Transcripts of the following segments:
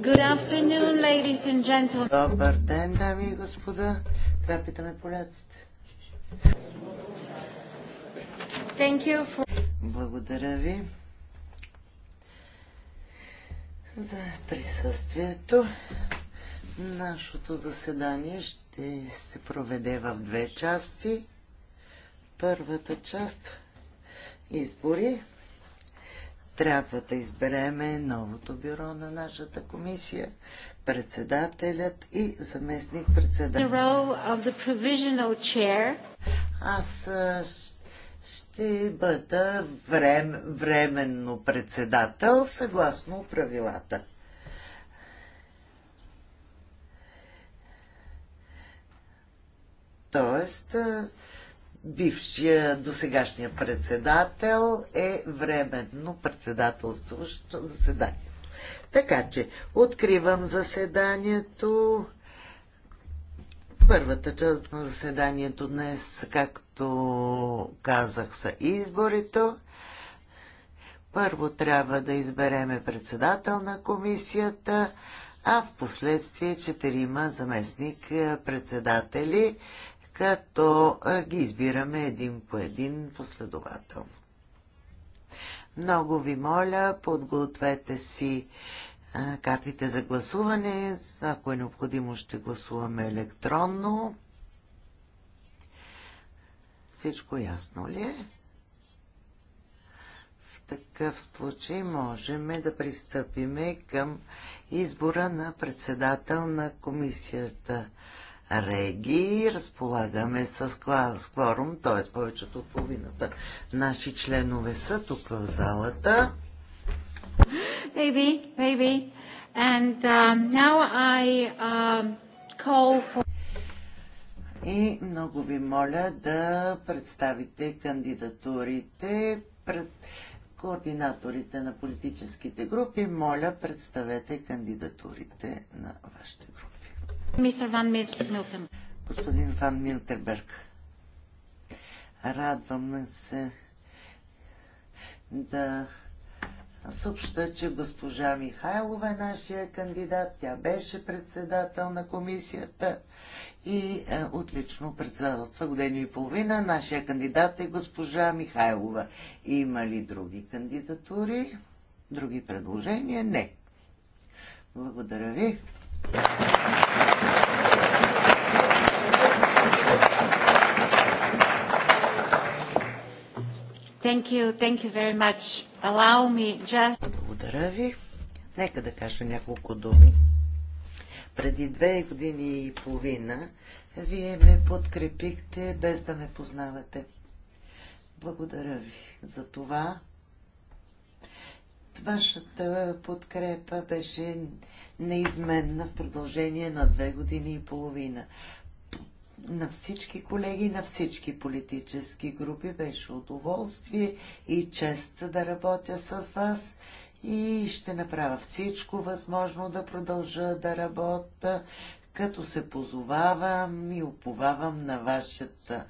Good afternoon, ladies and gentlemen. Добър ден, дами и господа. Трябва питаме поляците. Thank you for... Благодаря ви за присъствието. Нашето заседание ще се проведе в две части. Първата част избори трябва да избереме новото бюро на нашата комисия, председателят и заместник председател. Аз ще бъда врем, временно председател съгласно правилата. Тоест, бившия досегашния председател е временно председателстващ заседанието. Така че, откривам заседанието. Първата част на заседанието днес, както казах, са изборите. Първо трябва да избереме председател на комисията, а в последствие четирима заместник председатели като ги избираме един по един последователно. Много ви моля, подгответе си картите за гласуване. Ако е необходимо, ще гласуваме електронно. Всичко ясно ли е? В такъв случай можем да пристъпиме към избора на председател на комисията Реги. Разполагаме с кворум, т.е. повечето от половината наши членове са тук в залата. Maybe, maybe. And uh, now I uh, call for... И много ви моля да представите кандидатурите пред координаторите на политическите групи. Моля, представете кандидатурите на вашите Мистер Ван Милтенберг. Господин Ван Милтерберг, радвам се да съобща, че госпожа Михайлова е нашия кандидат. Тя беше председател на комисията и е, отлично председателства година и половина. Нашия кандидат е госпожа Михайлова. Има ли други кандидатури? Други предложения? Не. Благодаря ви. Thank you, thank you very much. Allow me just... Благодаря ви. Нека да кажа няколко думи. Преди две години и половина вие ме подкрепихте без да ме познавате. Благодаря ви за това. Вашата подкрепа беше неизменна в продължение на две години и половина на всички колеги, на всички политически групи. Беше удоволствие и чест да работя с вас и ще направя всичко възможно да продължа да работя, като се позовавам и уповавам на вашата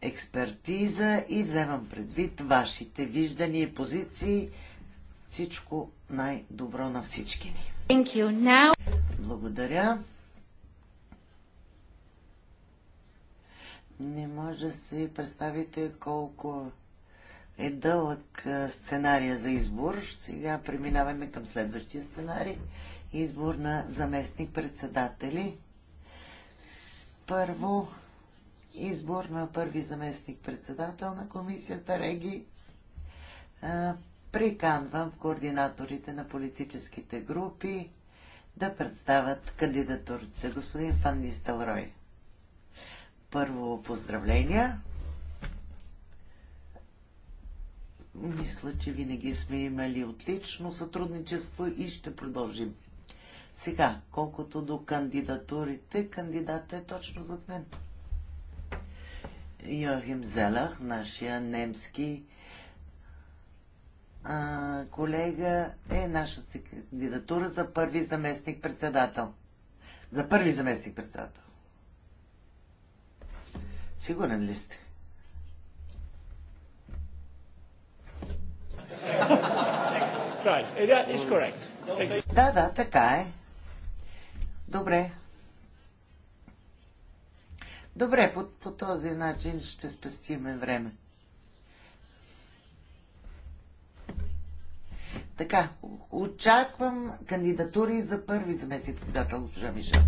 експертиза и вземам предвид вашите виждания и позиции. Всичко най-добро на всички ни. Благодаря. Не може да си представите колко е дълъг сценария за избор. Сега преминаваме към следващия сценарий. Избор на заместник-председатели. Първо, избор на първи заместник-председател на комисията Реги. Приканвам координаторите на политическите групи да представят кандидатурите. Господин Фан Нистелрой. Първо поздравления. Мисля, че винаги сме имали отлично сътрудничество и ще продължим. Сега, колкото до кандидатурите, кандидата е точно зад мен. Йохим Зелах, нашия немски а, колега, е нашата кандидатура за първи заместник-председател. За първи заместник-председател. Сигурен ли сте? Да, да, така е. Добре. Добре, по, по този начин ще спестиме време. Така, очаквам кандидатури за първи заместник председател госпожа Мишел.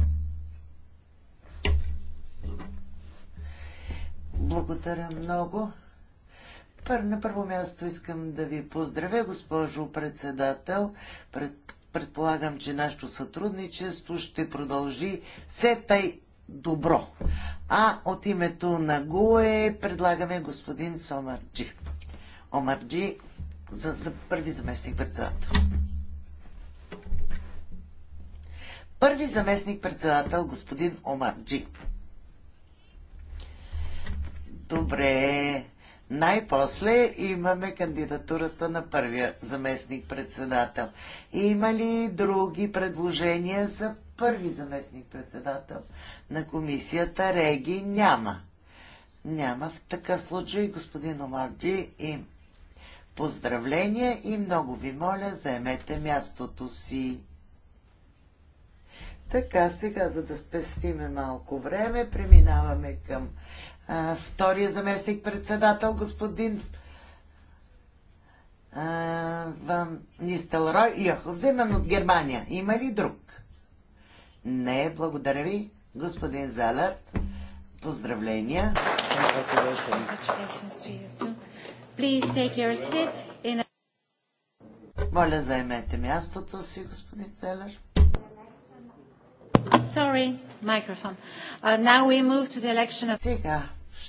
Благодаря много. Пър, на първо място искам да ви поздравя, госпожо председател. Пред, предполагам, че нашето сътрудничество ще продължи все тъй добро. А от името на ГУЕ предлагаме господин Сомарджи. Омарджи за, за първи заместник председател. Първи заместник председател господин Омарджи. Добре. Най-после имаме кандидатурата на първия заместник-председател. Има ли други предложения за първи заместник-председател на комисията Реги? Няма. Няма. В такъв случай, господин Омарджи, и поздравления и много ви моля, заемете мястото си. Така, сега, за да спестиме малко време, преминаваме към втория заместник председател, господин Ван Нистелрой Йохлзимен от Германия. Има ли друг? Не, благодаря ви, господин Залер. Поздравления. Моля, заемете мястото си, господин Зелер. Sorry, microphone. Uh, now we move to the election of... Сега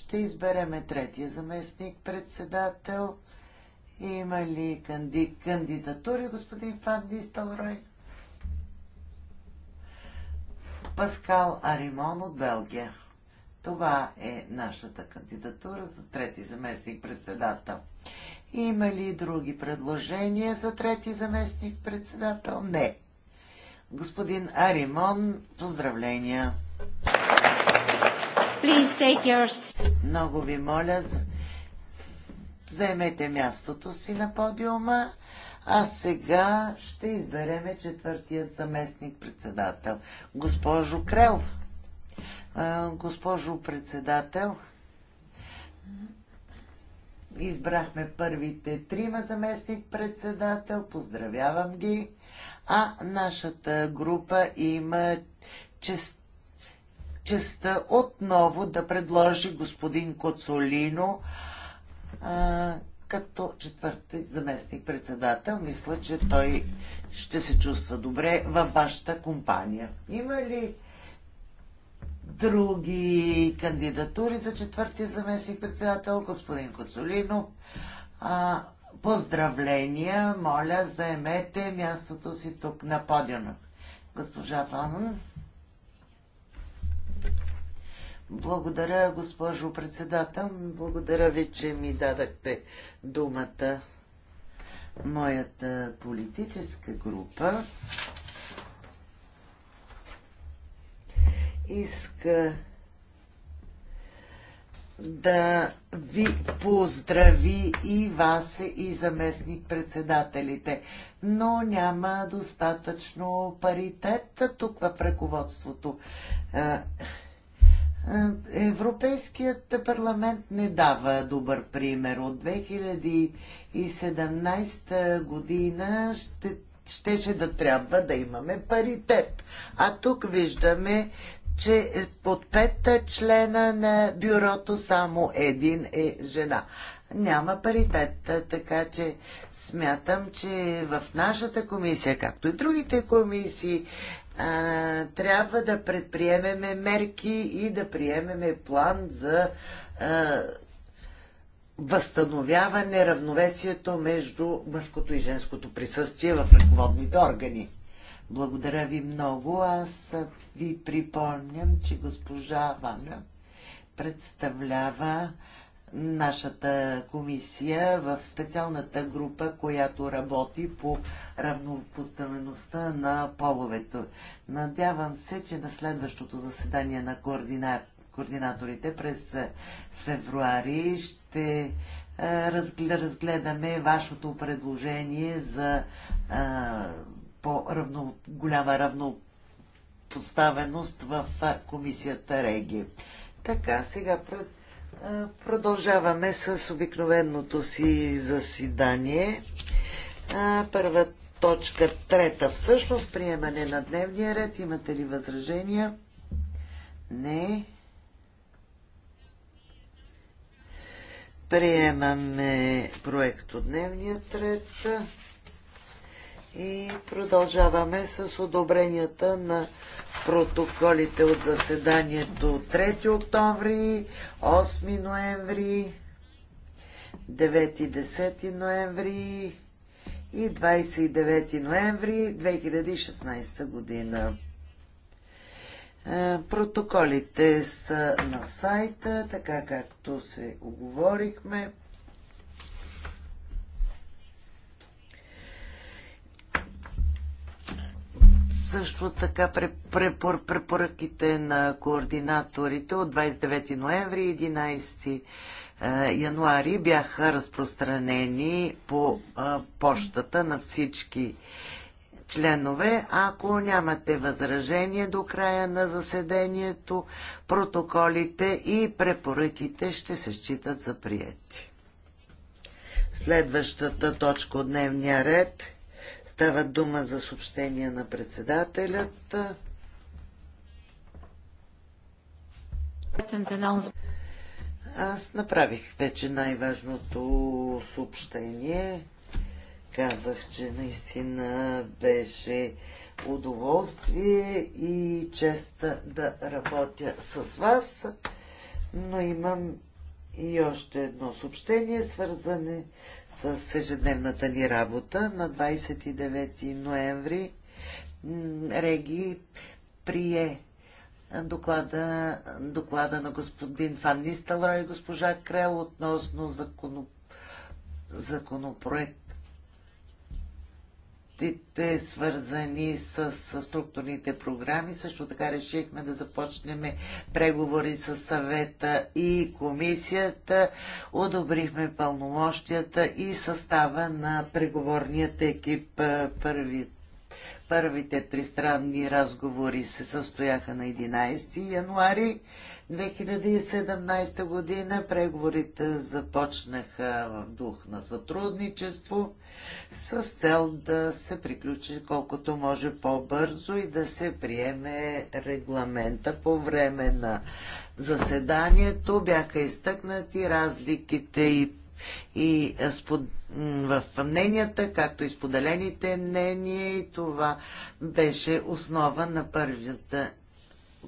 ще избереме третия заместник председател. Има ли канди... кандидатури, господин Фанди Сталрой? Паскал Аримон от Белгия. Това е нашата кандидатура за трети заместник председател. Има ли други предложения за трети заместник председател? Не. Господин Аримон, поздравления! Please take Много ви моля, вземете мястото си на подиума, а сега ще избереме четвъртият заместник председател. Госпожо Крел, госпожо председател, избрахме първите трима заместник председател, поздравявам ги, а нашата група има чест честа отново да предложи господин Коцолино а, като четвърти заместник-председател. Мисля, че той ще се чувства добре във вашата компания. Има ли други кандидатури за четвърти заместник-председател? Господин Коцолино, а, поздравления, моля, заемете мястото си тук на подиума. Госпожа Фанон. Благодаря, госпожо председател. Благодаря ви, че ми дадахте думата. Моята политическа група иска да ви поздрави и вас и заместник председателите. Но няма достатъчно паритет тук в ръководството. Е, е, Европейският парламент не дава добър пример. От 2017 година ще, щеше да трябва да имаме паритет. А тук виждаме, че под петта члена на бюрото само един е жена. Няма паритет, така че смятам, че в нашата комисия, както и другите комисии, а, трябва да предприемеме мерки и да приемеме план за а, възстановяване равновесието между мъжкото и женското присъствие в ръководните органи. Благодаря ви много. Аз ви припомням, че госпожа Вана представлява нашата комисия в специалната група, която работи по равнопоставеността на половето. Надявам се, че на следващото заседание на координаторите през февруари ще е, разгледаме вашето предложение за е, по-голяма равнопоставеност в е, комисията Реги. Така, сега пред Продължаваме с обикновеното си заседание. Първа точка, трета всъщност, приемане на дневния ред. Имате ли възражения? Не. Приемаме проект от дневния ред. И продължаваме с одобренията на протоколите от заседанието 3 октомври, 8 ноември, 9 и 10 ноември и 29 ноември 2016 година. Е, протоколите са на сайта, така както се оговорихме. Също така препоръките на координаторите от 29 ноември и 11 е, януари бяха разпространени по е, почтата на всички членове. Ако нямате възражение до края на заседанието, протоколите и препоръките ще се считат за приети. Следващата точка от дневния ред – Става дума за съобщение на председателят. Аз направих вече най-важното съобщение. Казах, че наистина беше удоволствие и чест да работя с вас, но имам и още едно съобщение, свързане с ежедневната ни работа. На 29 ноември Реги прие доклада, доклада на господин Фан Нистелрой и госпожа Крел относно законопроект проектите, свързани с, с структурните програми. Също така решихме да започнем преговори с съвета и комисията. Одобрихме пълномощията и състава на преговорният екип първи. Първите тристранни разговори се състояха на 11 януари. 2017 година. Преговорите започнаха в дух на сътрудничество с цел да се приключи колкото може по-бързо и да се приеме регламента по време на заседанието. Бяха изтъкнати разликите и и в мненията, както и споделените мнения и това беше основа на първата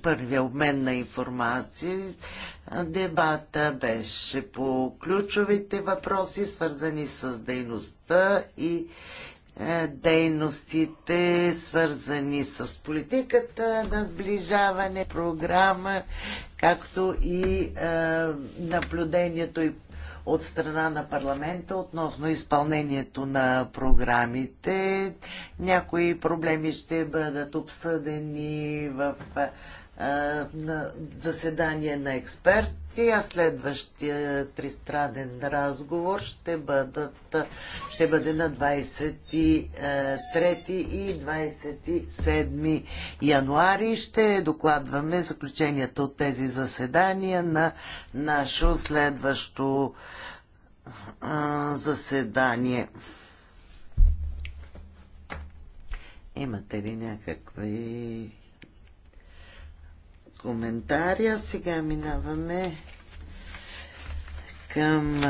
първия обмен на информация. Дебата беше по ключовите въпроси, свързани с дейността и е, дейностите, свързани с политиката на сближаване, програма, както и е, наблюдението и от страна на парламента относно изпълнението на програмите. Някои проблеми ще бъдат обсъдени в на заседание на експерти, а следващия тристраден разговор ще, бъдат, ще бъде на 23 и 27 януари. Ще докладваме заключенията от тези заседания на наше следващо заседание. Имате ли някакви Коментария. Сега минаваме към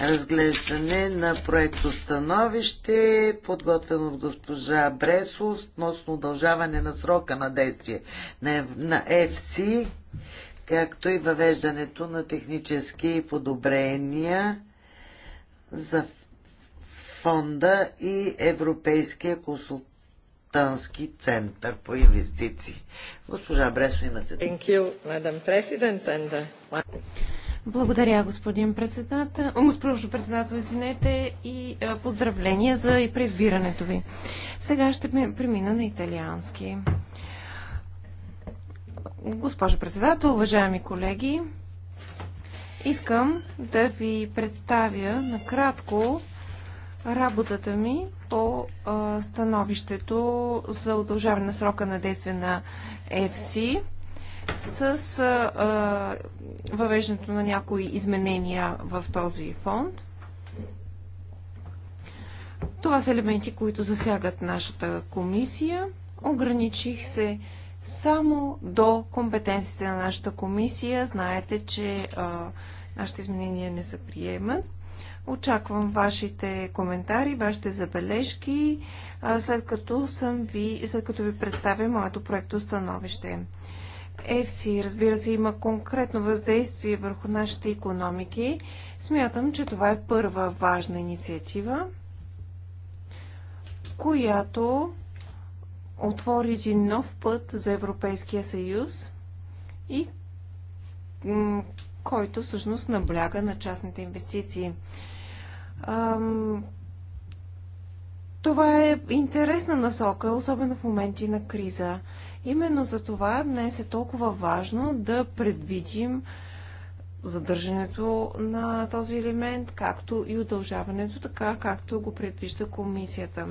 разглеждане на проекто становище, подготвен от госпожа Бресо, относно удължаване на срока на действие на ЕФСИ, както и въвеждането на технически подобрения за фонда и Европейския консул консултантски център по инвестиции. Госпожа Бресо, имате. Thank you, Madam President, and... Uh, Благодаря, господин председател. Госпожо председател, извинете и е, поздравления за и преизбирането ви. Сега ще премина на италиански. Госпожо председател, уважаеми колеги, искам да ви представя накратко работата ми по становището за удължаване на срока на действие на FC, с въвеждането на някои изменения в този фонд. Това са елементи, които засягат нашата комисия. Ограничих се само до компетенциите на нашата комисия. Знаете, че а, нашите изменения не се приемат. Очаквам вашите коментари, вашите забележки, след като, съм ви, след като ви представя моето проекто становище. ЕФСИ, разбира се, има конкретно въздействие върху нашите економики. Смятам, че това е първа важна инициатива, която отвори един нов път за Европейския съюз и който всъщност набляга на частните инвестиции. Ам, това е интересна насока, особено в моменти на криза. Именно за това днес е толкова важно да предвидим задържането на този елемент, както и удължаването, така както го предвижда комисията.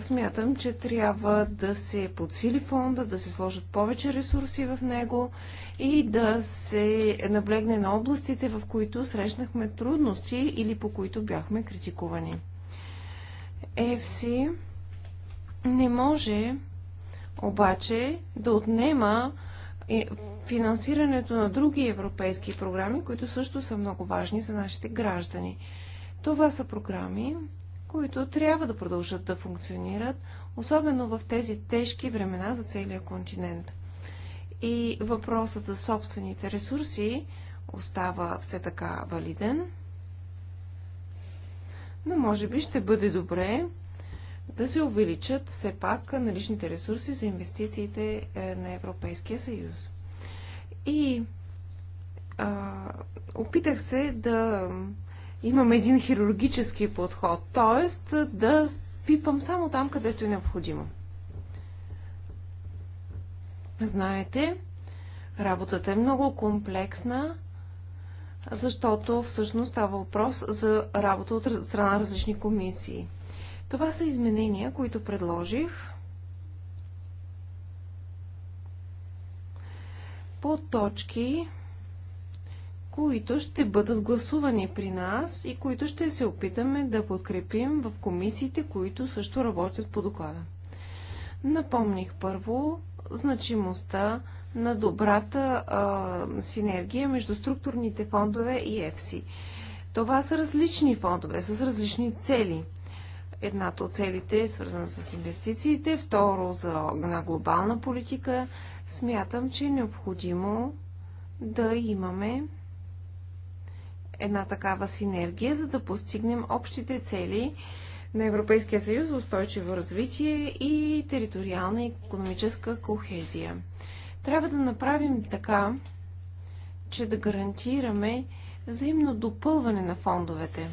Смятам, че трябва да се подсили фонда, да се сложат повече ресурси в него и да се наблегне на областите, в които срещнахме трудности или по които бяхме критикувани. ЕФСИ не може обаче да отнема финансирането на други европейски програми, които също са много важни за нашите граждани. Това са програми, които трябва да продължат да функционират, особено в тези тежки времена за целия континент. И въпросът за собствените ресурси остава все така валиден. Но може би ще бъде добре да се увеличат все пак наличните ресурси за инвестициите е, на Европейския съюз. И а, опитах се да имам един хирургически подход, т.е. да пипам само там, където е необходимо. Знаете, работата е много комплексна, защото всъщност става въпрос за работа от страна различни комисии. Това са изменения, които предложих по точки които ще бъдат гласувани при нас и които ще се опитаме да подкрепим в комисиите, които също работят по доклада. Напомних първо значимостта на добрата а, синергия между структурните фондове и ЕФСИ. Това са различни фондове с различни цели. Едната от целите е свързана с инвестициите, второ за една глобална политика. Смятам, че е необходимо да имаме една такава синергия, за да постигнем общите цели на Европейския съюз за устойчиво развитие и териториална и економическа кохезия. Трябва да направим така, че да гарантираме взаимно допълване на фондовете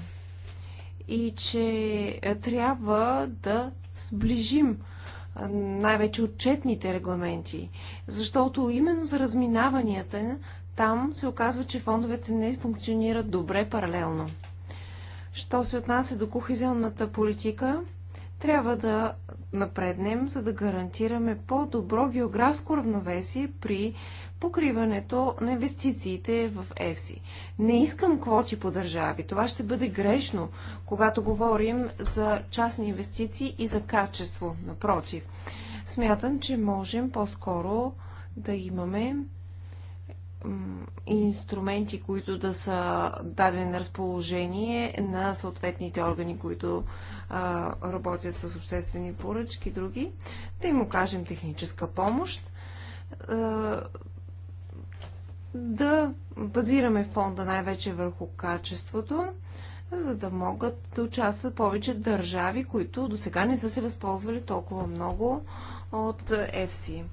и че е, трябва да сближим е, най-вече отчетните регламенти, защото именно за разминаванията там се оказва, че фондовете не функционират добре паралелно. Що се отнася до кохезионната политика, трябва да напреднем, за да гарантираме по-добро географско равновесие при покриването на инвестициите в ЕФСИ. Не искам квоти по държави. Това ще бъде грешно, когато говорим за частни инвестиции и за качество. Напротив, смятам, че можем по-скоро да имаме инструменти, които да са дадени на разположение на съответните органи, които а, работят с обществени поръчки и други, да им окажем техническа помощ, а, да базираме фонда най-вече върху качеството, за да могат да участват повече държави, които до сега не са се възползвали толкова много от ЕФСИ.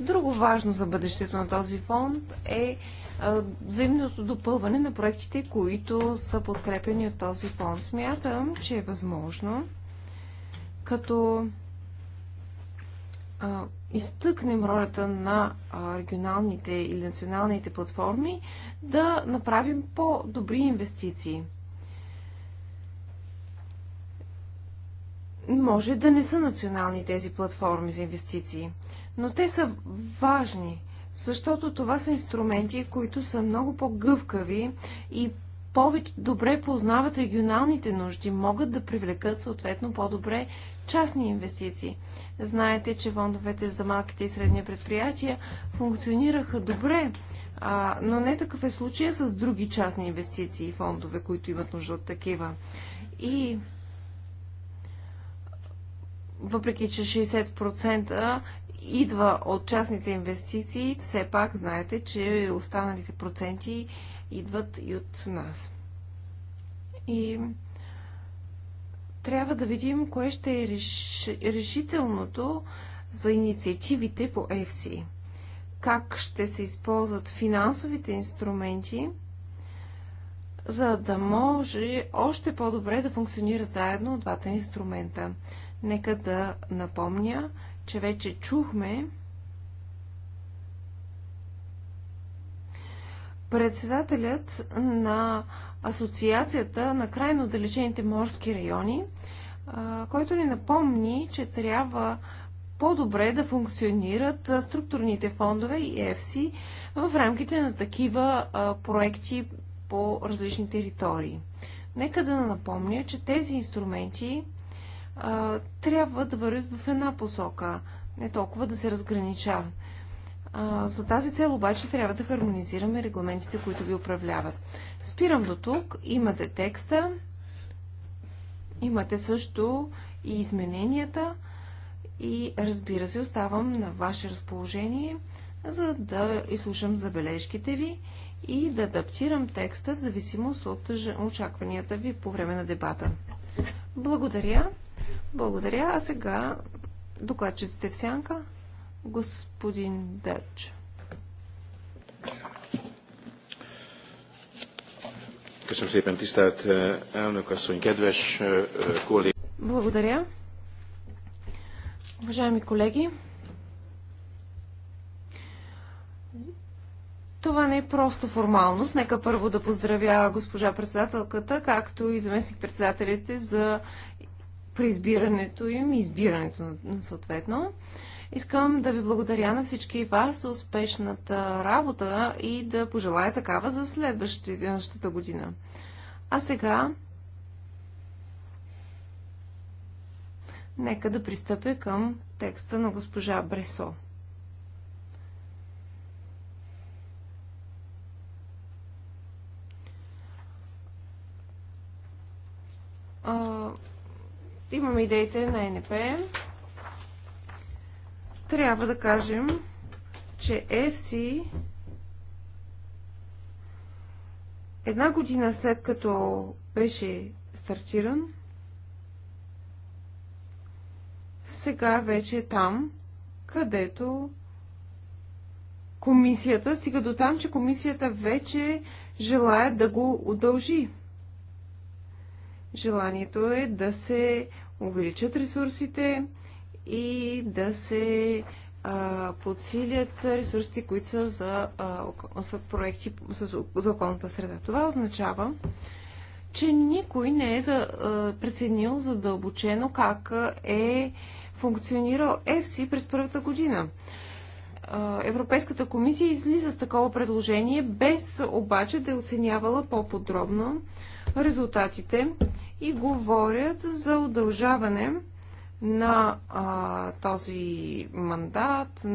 Друго важно за бъдещето на този фонд е, е взаимното допълване на проектите, които са подкрепени от този фонд. Смятам, че е възможно, като а, изтъкнем ролята на регионалните или националните платформи, да направим по-добри инвестиции. Може да не са национални тези платформи за инвестиции, но те са важни, защото това са инструменти, които са много по-гъвкави и повече добре познават регионалните нужди, могат да привлекат съответно по-добре частни инвестиции. Знаете, че фондовете за малките и средни предприятия функционираха добре, а, но не такъв е случая с други частни инвестиции и фондове, които имат нужда от такива. И въпреки, че 60% идва от частните инвестиции, все пак знаете, че останалите проценти идват и от нас. И трябва да видим кое ще е реш... решителното за инициативите по EFSI. Как ще се използват финансовите инструменти, за да може още по-добре да функционират заедно двата инструмента. Нека да напомня, че вече чухме, председателят на Асоциацията на крайно отдалечените морски райони, който ни напомни, че трябва по-добре да функционират структурните фондове и ЕФСИ в рамките на такива проекти по различни територии. Нека да напомня, че тези инструменти а, трябва да вървят в една посока, не толкова да се разграничават. А, за тази цел обаче трябва да хармонизираме регламентите, които ви управляват. Спирам до тук. Имате текста, имате също и измененията и разбира се, оставам на ваше разположение, за да изслушам забележките ви и да адаптирам текста в зависимост от очакванията ви по време на дебата. Благодаря. Благодаря. А сега докладчиците в сянка. Господин Дърч. Köszönöm szépen, tisztelt eh, elnök asszony, kedves eh, eh, kollég. Благодаря. Уважаеми колеги, това не е просто формалност. Нека първо да поздравя госпожа председателката, както и заместник председателите за при избирането им и избирането съответно. Искам да ви благодаря на всички вас за успешната работа и да пожелая такава за следващата година. А сега нека да пристъпя към текста на госпожа Бресо имаме идеите на НП. Трябва да кажем, че FC една година след като беше стартиран, сега вече е там, където комисията, стига до там, че комисията вече желая да го удължи. Желанието е да се увеличат ресурсите и да се а, подсилят ресурсите, които са за, а, са проекти за, околната среда. Това означава, че никой не е за, а, преценил задълбочено как е функционирал ЕФСИ през първата година. Европейската комисия излиза с такова предложение, без обаче да е оценявала по-подробно резултатите и говорят за удължаване на а, този мандат,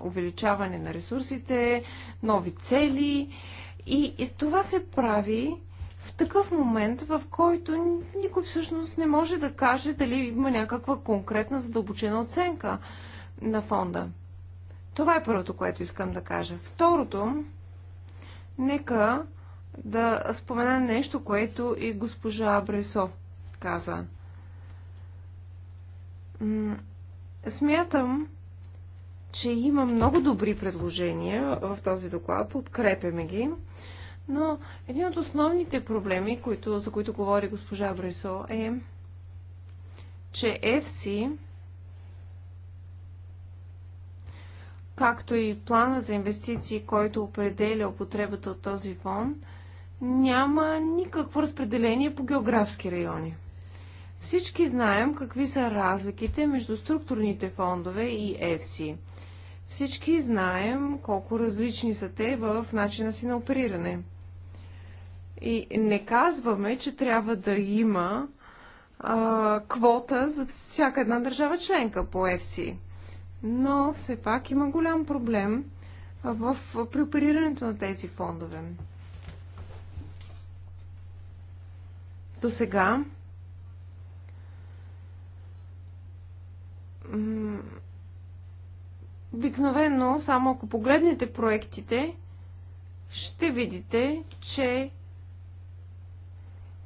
увеличаване на ресурсите, нови цели. И, и това се прави в такъв момент, в който никой всъщност не може да каже дали има някаква конкретна задълбочена оценка на фонда. Това е първото, което искам да кажа. Второто, нека да спомена нещо, което и госпожа Бресо каза. Смятам, че има много добри предложения в този доклад, подкрепяме ги, но един от основните проблеми, които, за които говори госпожа Бресо, е, че ЕФСИ FC както и плана за инвестиции, който определя употребата от този фонд, няма никакво разпределение по географски райони. Всички знаем какви са разликите между структурните фондове и ЕФСИ. Всички знаем колко различни са те в начина си на опериране. И не казваме, че трябва да има а, квота за всяка една държава членка по ЕФСИ но все пак има голям проблем в, преоперирането на тези фондове. До сега обикновено, само ако погледнете проектите, ще видите, че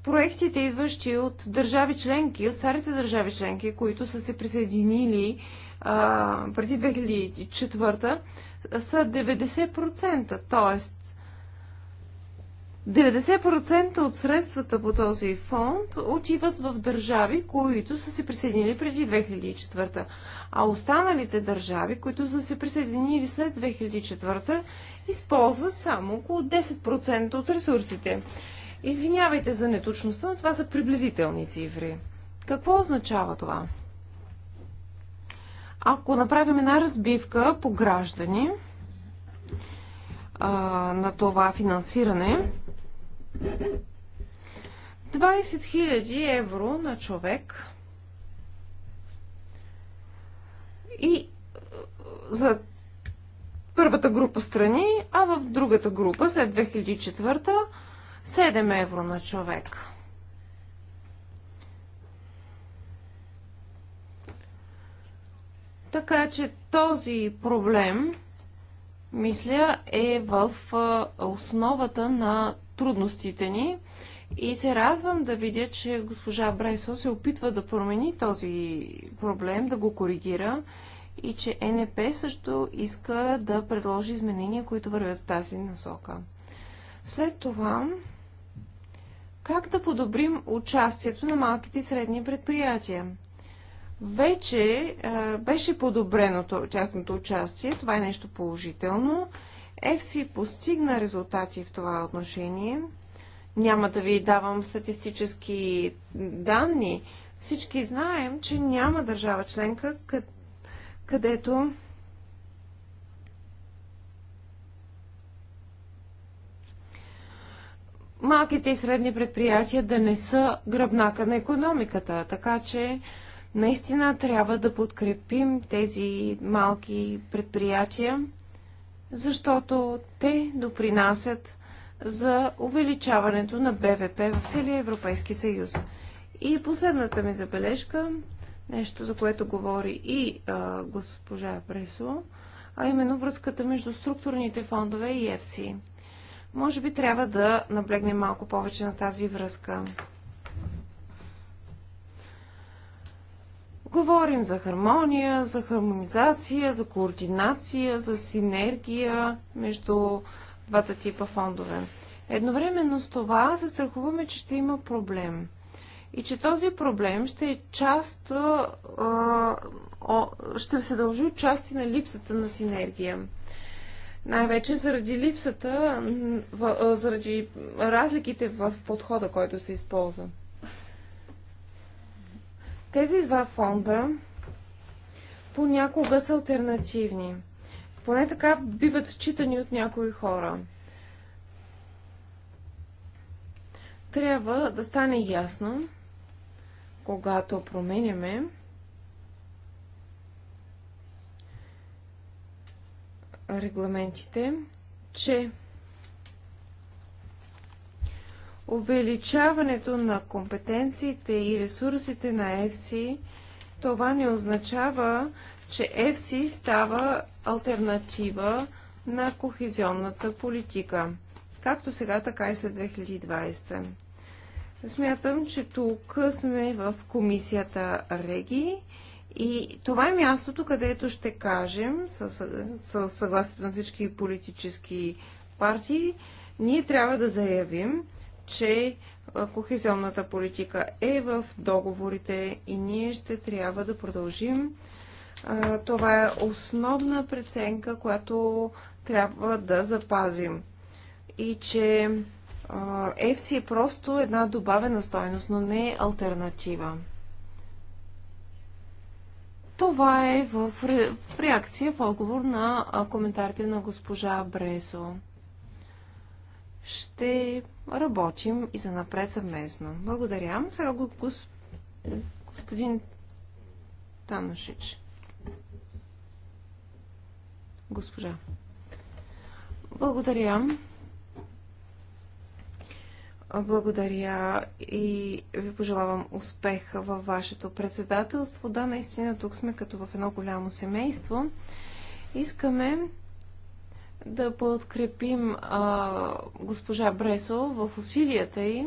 проектите, идващи от държави членки, от старите държави членки, които са се присъединили а, преди 2004 са 90%, т.е. 90% от средствата по този фонд отиват в държави, които са се присъединили преди 2004, а останалите държави, които са се присъединили след 2004, използват само около 10% от ресурсите. Извинявайте за неточността, но това са приблизителни цифри. Какво означава това? Ако направим една разбивка по граждани а, на това финансиране, 20 000 евро на човек и за първата група страни, а в другата група след 2004 7 евро на човек. Така че този проблем, мисля, е в основата на трудностите ни. И се радвам да видя, че госпожа Брайсо се опитва да промени този проблем, да го коригира и че НП също иска да предложи изменения, които вървят в тази насока. След това, как да подобрим участието на малките и средни предприятия? Вече а, беше подобрено тяхното участие. Това е нещо положително. FC постигна резултати в това отношение. Няма да ви давам статистически данни. Всички знаем, че няма държава членка, където малките и средни предприятия да не са гръбнака на економиката. Така че Наистина трябва да подкрепим тези малки предприятия, защото те допринасят за увеличаването на БВП в целия Европейски съюз. И последната ми забележка, нещо за което говори и а, госпожа Пресо, а именно връзката между структурните фондове и ЕФСИ. Може би трябва да наблегнем малко повече на тази връзка. Говорим за хармония, за хармонизация, за координация, за синергия между двата типа фондове. Едновременно с това се страхуваме, че ще има проблем. И че този проблем ще е част, ще се дължи от части на липсата на синергия. Най-вече заради липсата, заради разликите в подхода, който се използва. Тези два фонда понякога са альтернативни. Поне така биват считани от някои хора. Трябва да стане ясно, когато променяме регламентите, че увеличаването на компетенциите и ресурсите на ЕФСИ, това не означава, че ЕФСИ става альтернатива на кохезионната политика, както сега, така и след 2020. Смятам, че тук сме в комисията Реги и това е мястото, където ще кажем, със, със съгласието на всички политически партии, ние трябва да заявим, че кохезионната политика е в договорите и ние ще трябва да продължим. Това е основна преценка, която трябва да запазим. И че FC е просто една добавена стойност, но не е альтернатива. Това е в реакция в отговор на коментарите на госпожа Бресо ще работим и за напред съвместно. Благодаря. Сега го гос... господин Танашич. Госпожа. Благодаря. Благодаря и ви пожелавам успех във вашето председателство. Да, наистина тук сме като в едно голямо семейство. Искаме да подкрепим а, госпожа Бресо в усилията й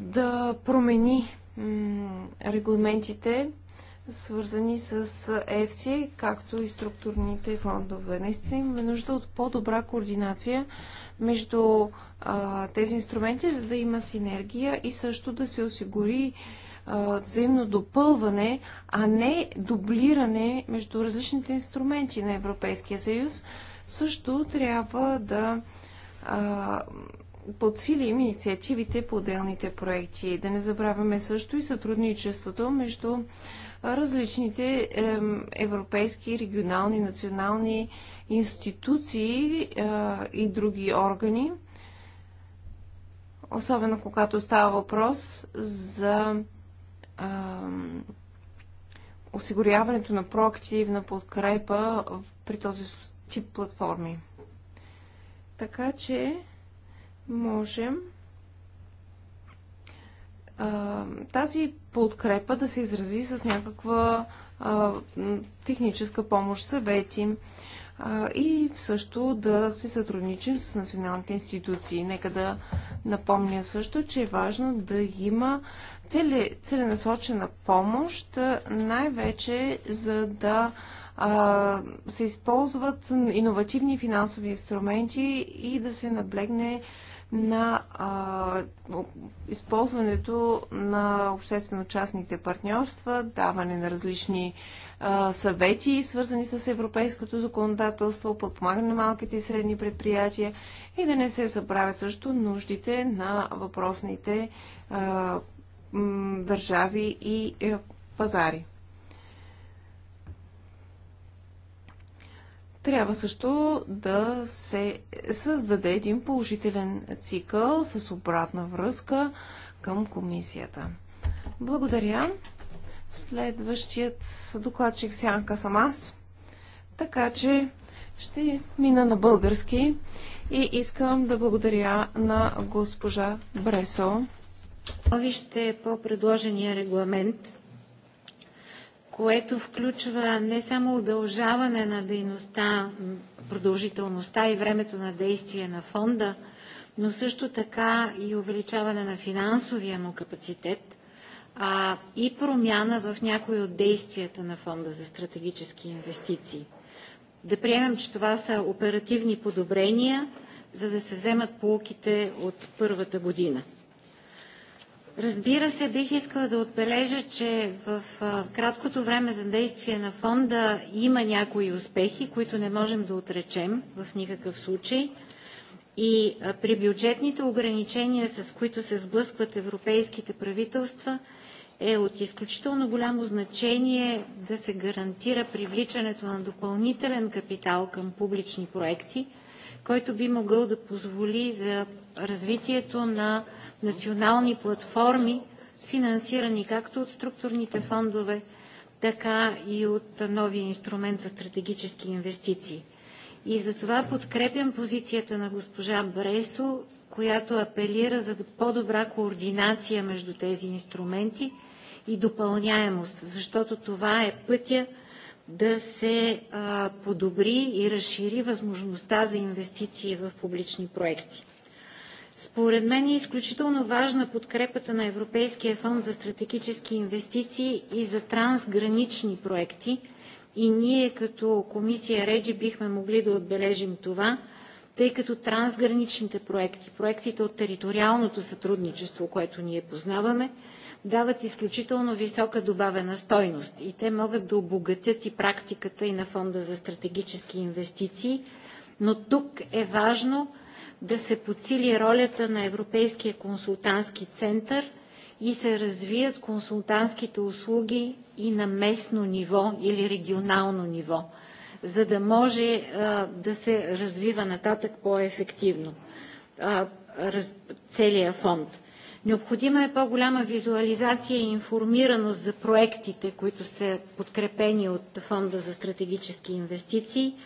да промени регламентите, свързани с ЕФСИ, както и структурните фондове. Наистина имаме нужда от по-добра координация между а, тези инструменти, за да има синергия и също да се осигури взаимно допълване, а не дублиране между различните инструменти на Европейския съюз, също трябва да подсилим инициативите по отделните проекти. Да не забравяме също и сътрудничеството между различните европейски, регионални, национални институции и други органи, особено когато става въпрос за а, осигуряването на проактивна подкрепа при този тип платформи. Така че можем а, тази подкрепа да се изрази с някаква а, техническа помощ, съвети а, и също да се сътрудничим с националните институции. Нека да напомня също, че е важно да има цели, целенасочена помощ, най-вече за да а, се използват иновативни финансови инструменти и да се наблегне на а, използването на обществено-частните партньорства, даване на различни а, съвети, свързани с европейското законодателство, подпомагане на малките и средни предприятия и да не се забравят също нуждите на въпросните а, държави и е, пазари. Трябва също да се създаде един положителен цикъл с обратна връзка към комисията. Благодаря. Следващият докладчик Сянка съм аз. Така че ще мина на български и искам да благодаря на госпожа Бресо Вижте по предложения регламент, което включва не само удължаване на дейността, продължителността и времето на действие на фонда, но също така и увеличаване на финансовия му капацитет а, и промяна в някои от действията на Фонда за стратегически инвестиции. Да приемем, че това са оперативни подобрения, за да се вземат полуките от първата година. Разбира се, бих искала да отбележа, че в краткото време за действие на фонда има някои успехи, които не можем да отречем в никакъв случай. И при бюджетните ограничения, с които се сблъскват европейските правителства, е от изключително голямо значение да се гарантира привличането на допълнителен капитал към публични проекти, който би могъл да позволи за развитието на национални платформи, финансирани както от структурните фондове, така и от новия инструмент за стратегически инвестиции. И затова подкрепям позицията на госпожа Бресо, която апелира за по-добра координация между тези инструменти и допълняемост, защото това е пътя да се а, подобри и разшири възможността за инвестиции в публични проекти. Според мен е изключително важна подкрепата на Европейския фонд за стратегически инвестиции и за трансгранични проекти. И ние като комисия Реджи бихме могли да отбележим това, тъй като трансграничните проекти, проектите от териториалното сътрудничество, което ние познаваме, дават изключително висока добавена стойност и те могат да обогатят и практиката и на Фонда за стратегически инвестиции. Но тук е важно да се подсили ролята на Европейския консултантски център и се развият консултантските услуги и на местно ниво или регионално ниво, за да може да се развива нататък по-ефективно целият фонд. Необходима е по-голяма визуализация и информираност за проектите, които са подкрепени от Фонда за стратегически инвестиции –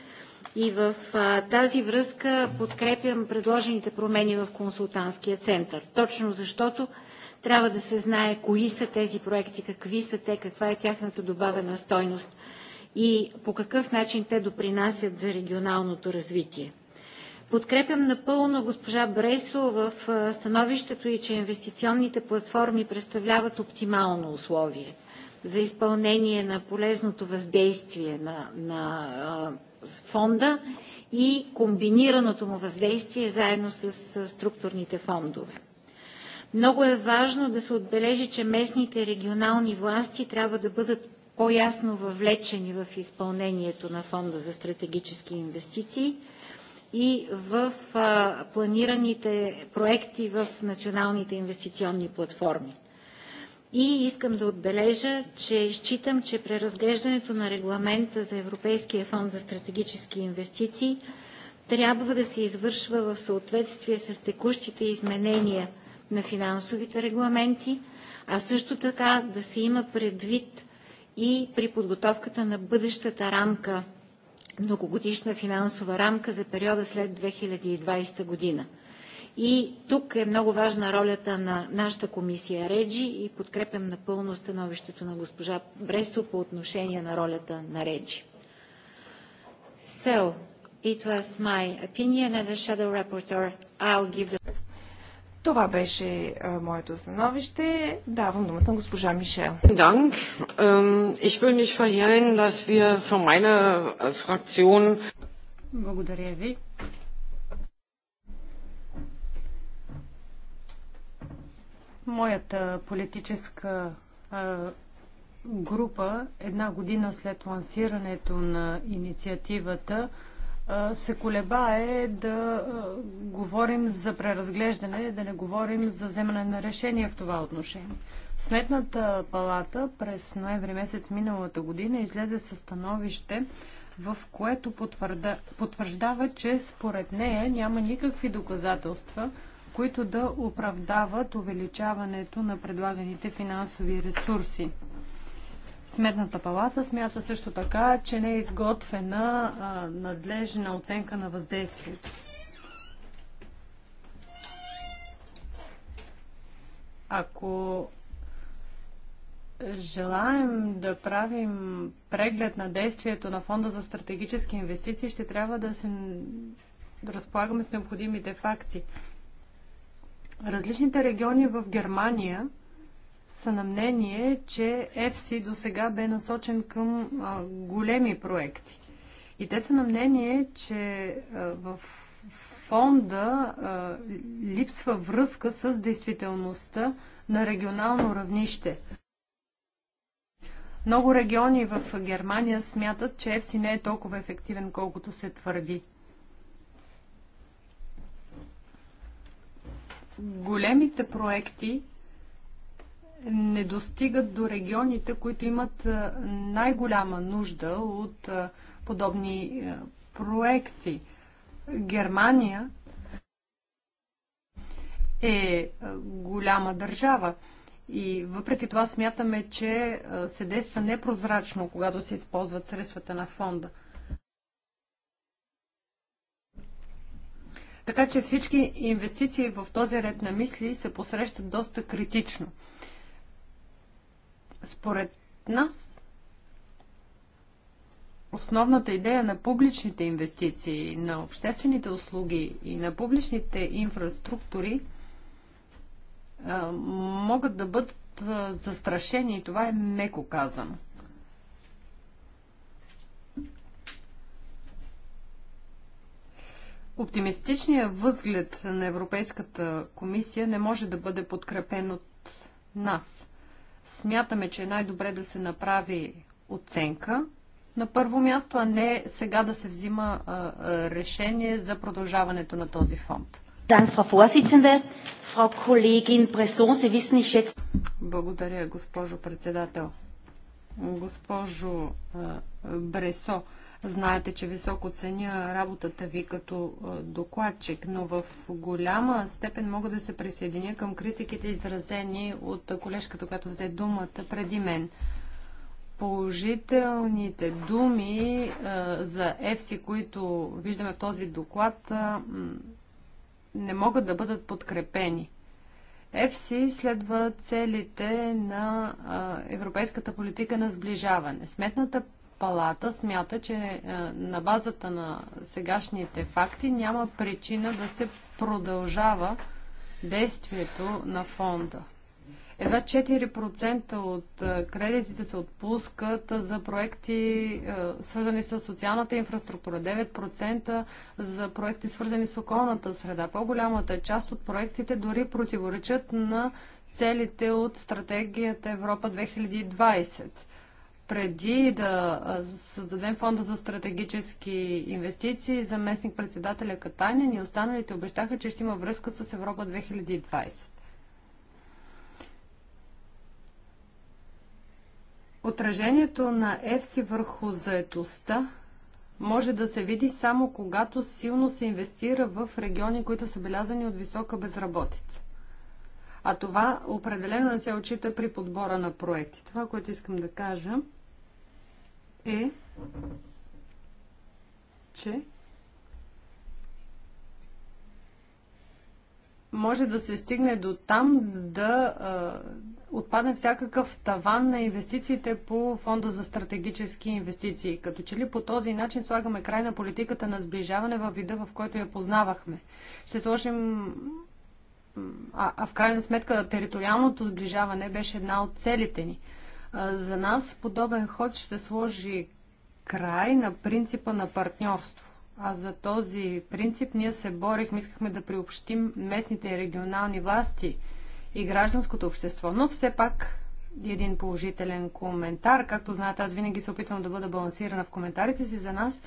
и в а, тази връзка подкрепям предложените промени в консултантския център. Точно защото трябва да се знае кои са тези проекти, какви са те, каква е тяхната добавена стойност и по какъв начин те допринасят за регионалното развитие. Подкрепям напълно госпожа Бресо в становището и, че инвестиционните платформи представляват оптимално условие за изпълнение на полезното въздействие на, на фонда и комбинираното му въздействие заедно с структурните фондове. Много е важно да се отбележи, че местните регионални власти трябва да бъдат по-ясно въвлечени в изпълнението на Фонда за стратегически инвестиции и в планираните проекти в националните инвестиционни платформи. И искам да отбележа, че считам, че преразглеждането на регламента за Европейския фонд за стратегически инвестиции трябва да се извършва в съответствие с текущите изменения на финансовите регламенти, а също така да се има предвид и при подготовката на бъдещата рамка, многогодишна финансова рамка за периода след 2020 година. И тук е много важна ролята на нашата комисия Реджи и подкрепям напълно становището на госпожа Бресо по отношение на ролята на Реджи. So, it was my opinion as a shadow rapporteur. I'll give the... Това беше моето становище. Давам думата на госпожа Мишел. Ähm, ich will nicht verhehlen, dass wir von meiner äh, Fraktion... Благодаря ви. Моята политическа група една година след лансирането на инициативата се колебае да говорим за преразглеждане, да не говорим за вземане на решение в това отношение. Сметната палата през ноември месец миналата година излезе със становище, в което потвърда, потвърждава, че според нея няма никакви доказателства които да оправдават увеличаването на предлаганите финансови ресурси. Сметната палата смята също така, че не е изготвена надлежна оценка на въздействието. Ако желаем да правим преглед на действието на Фонда за стратегически инвестиции, ще трябва да се разполагаме с необходимите факти. Различните региони в Германия са на мнение, че ЕФСИ до сега бе насочен към а, големи проекти. И те са на мнение, че а, в фонда а, липсва връзка с действителността на регионално равнище. Много региони в Германия смятат, че ЕФСИ не е толкова ефективен, колкото се твърди. големите проекти не достигат до регионите, които имат най-голяма нужда от подобни проекти. Германия е голяма държава. И въпреки това смятаме, че се действа непрозрачно, когато се използват средствата на фонда. Така че всички инвестиции в този ред на мисли се посрещат доста критично. Според нас, основната идея на публичните инвестиции, на обществените услуги и на публичните инфраструктури могат да бъдат застрашени и това е меко казано. Оптимистичният възглед на Европейската комисия не може да бъде подкрепен от нас. Смятаме, че е най-добре да се направи оценка на първо място, а не сега да се взима решение за продължаването на този фонд. Благодаря, госпожо председател. Госпожо Бресо, Знаете, че високо ценя работата ви като докладчик, но в голяма степен мога да се присъединя към критиките, изразени от колежката, която взе думата преди мен. Положителните думи за ЕФСИ, които виждаме в този доклад, не могат да бъдат подкрепени. ЕФСИ следва целите на Европейската политика на сближаване. Сметната палата смята, че е, на базата на сегашните факти няма причина да се продължава действието на фонда. Едва 4% от е, кредитите се отпускат за проекти е, свързани с социалната инфраструктура, 9% за проекти свързани с околната среда. По-голямата част от проектите дори противоречат на целите от стратегията Европа 2020 преди да създадем фонда за стратегически инвестиции, заместник председателя Катанин и останалите обещаха, че ще има връзка с Европа 2020. Отражението на ЕФСИ върху заетостта може да се види само когато силно се инвестира в региони, които са белязани от висока безработица. А това определено не се очита при подбора на проекти. Това, което искам да кажа, е, че може да се стигне до там да а, отпадне всякакъв таван на инвестициите по фонда за стратегически инвестиции. Като че ли по този начин слагаме край на политиката на сближаване във вида, в който я познавахме. Ще сложим. А, а в крайна сметка териториалното сближаване беше една от целите ни. За нас подобен ход ще сложи край на принципа на партньорство. А за този принцип ние се борихме, искахме да приобщим местните и регионални власти и гражданското общество. Но все пак един положителен коментар. Както знаете, аз винаги се опитвам да бъда балансирана в коментарите си. За нас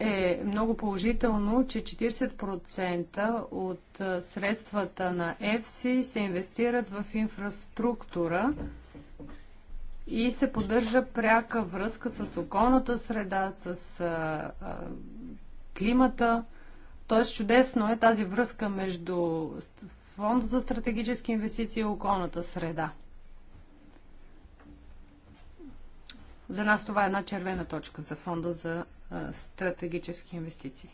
е много положително, че 40% от средствата на ЕФСИ се инвестират в инфраструктура, и се поддържа пряка връзка с околната среда, с а, а, климата. Тоест чудесно е тази връзка между Фонд за стратегически инвестиции и околната среда. За нас това е една червена точка за Фонда за а, стратегически инвестиции.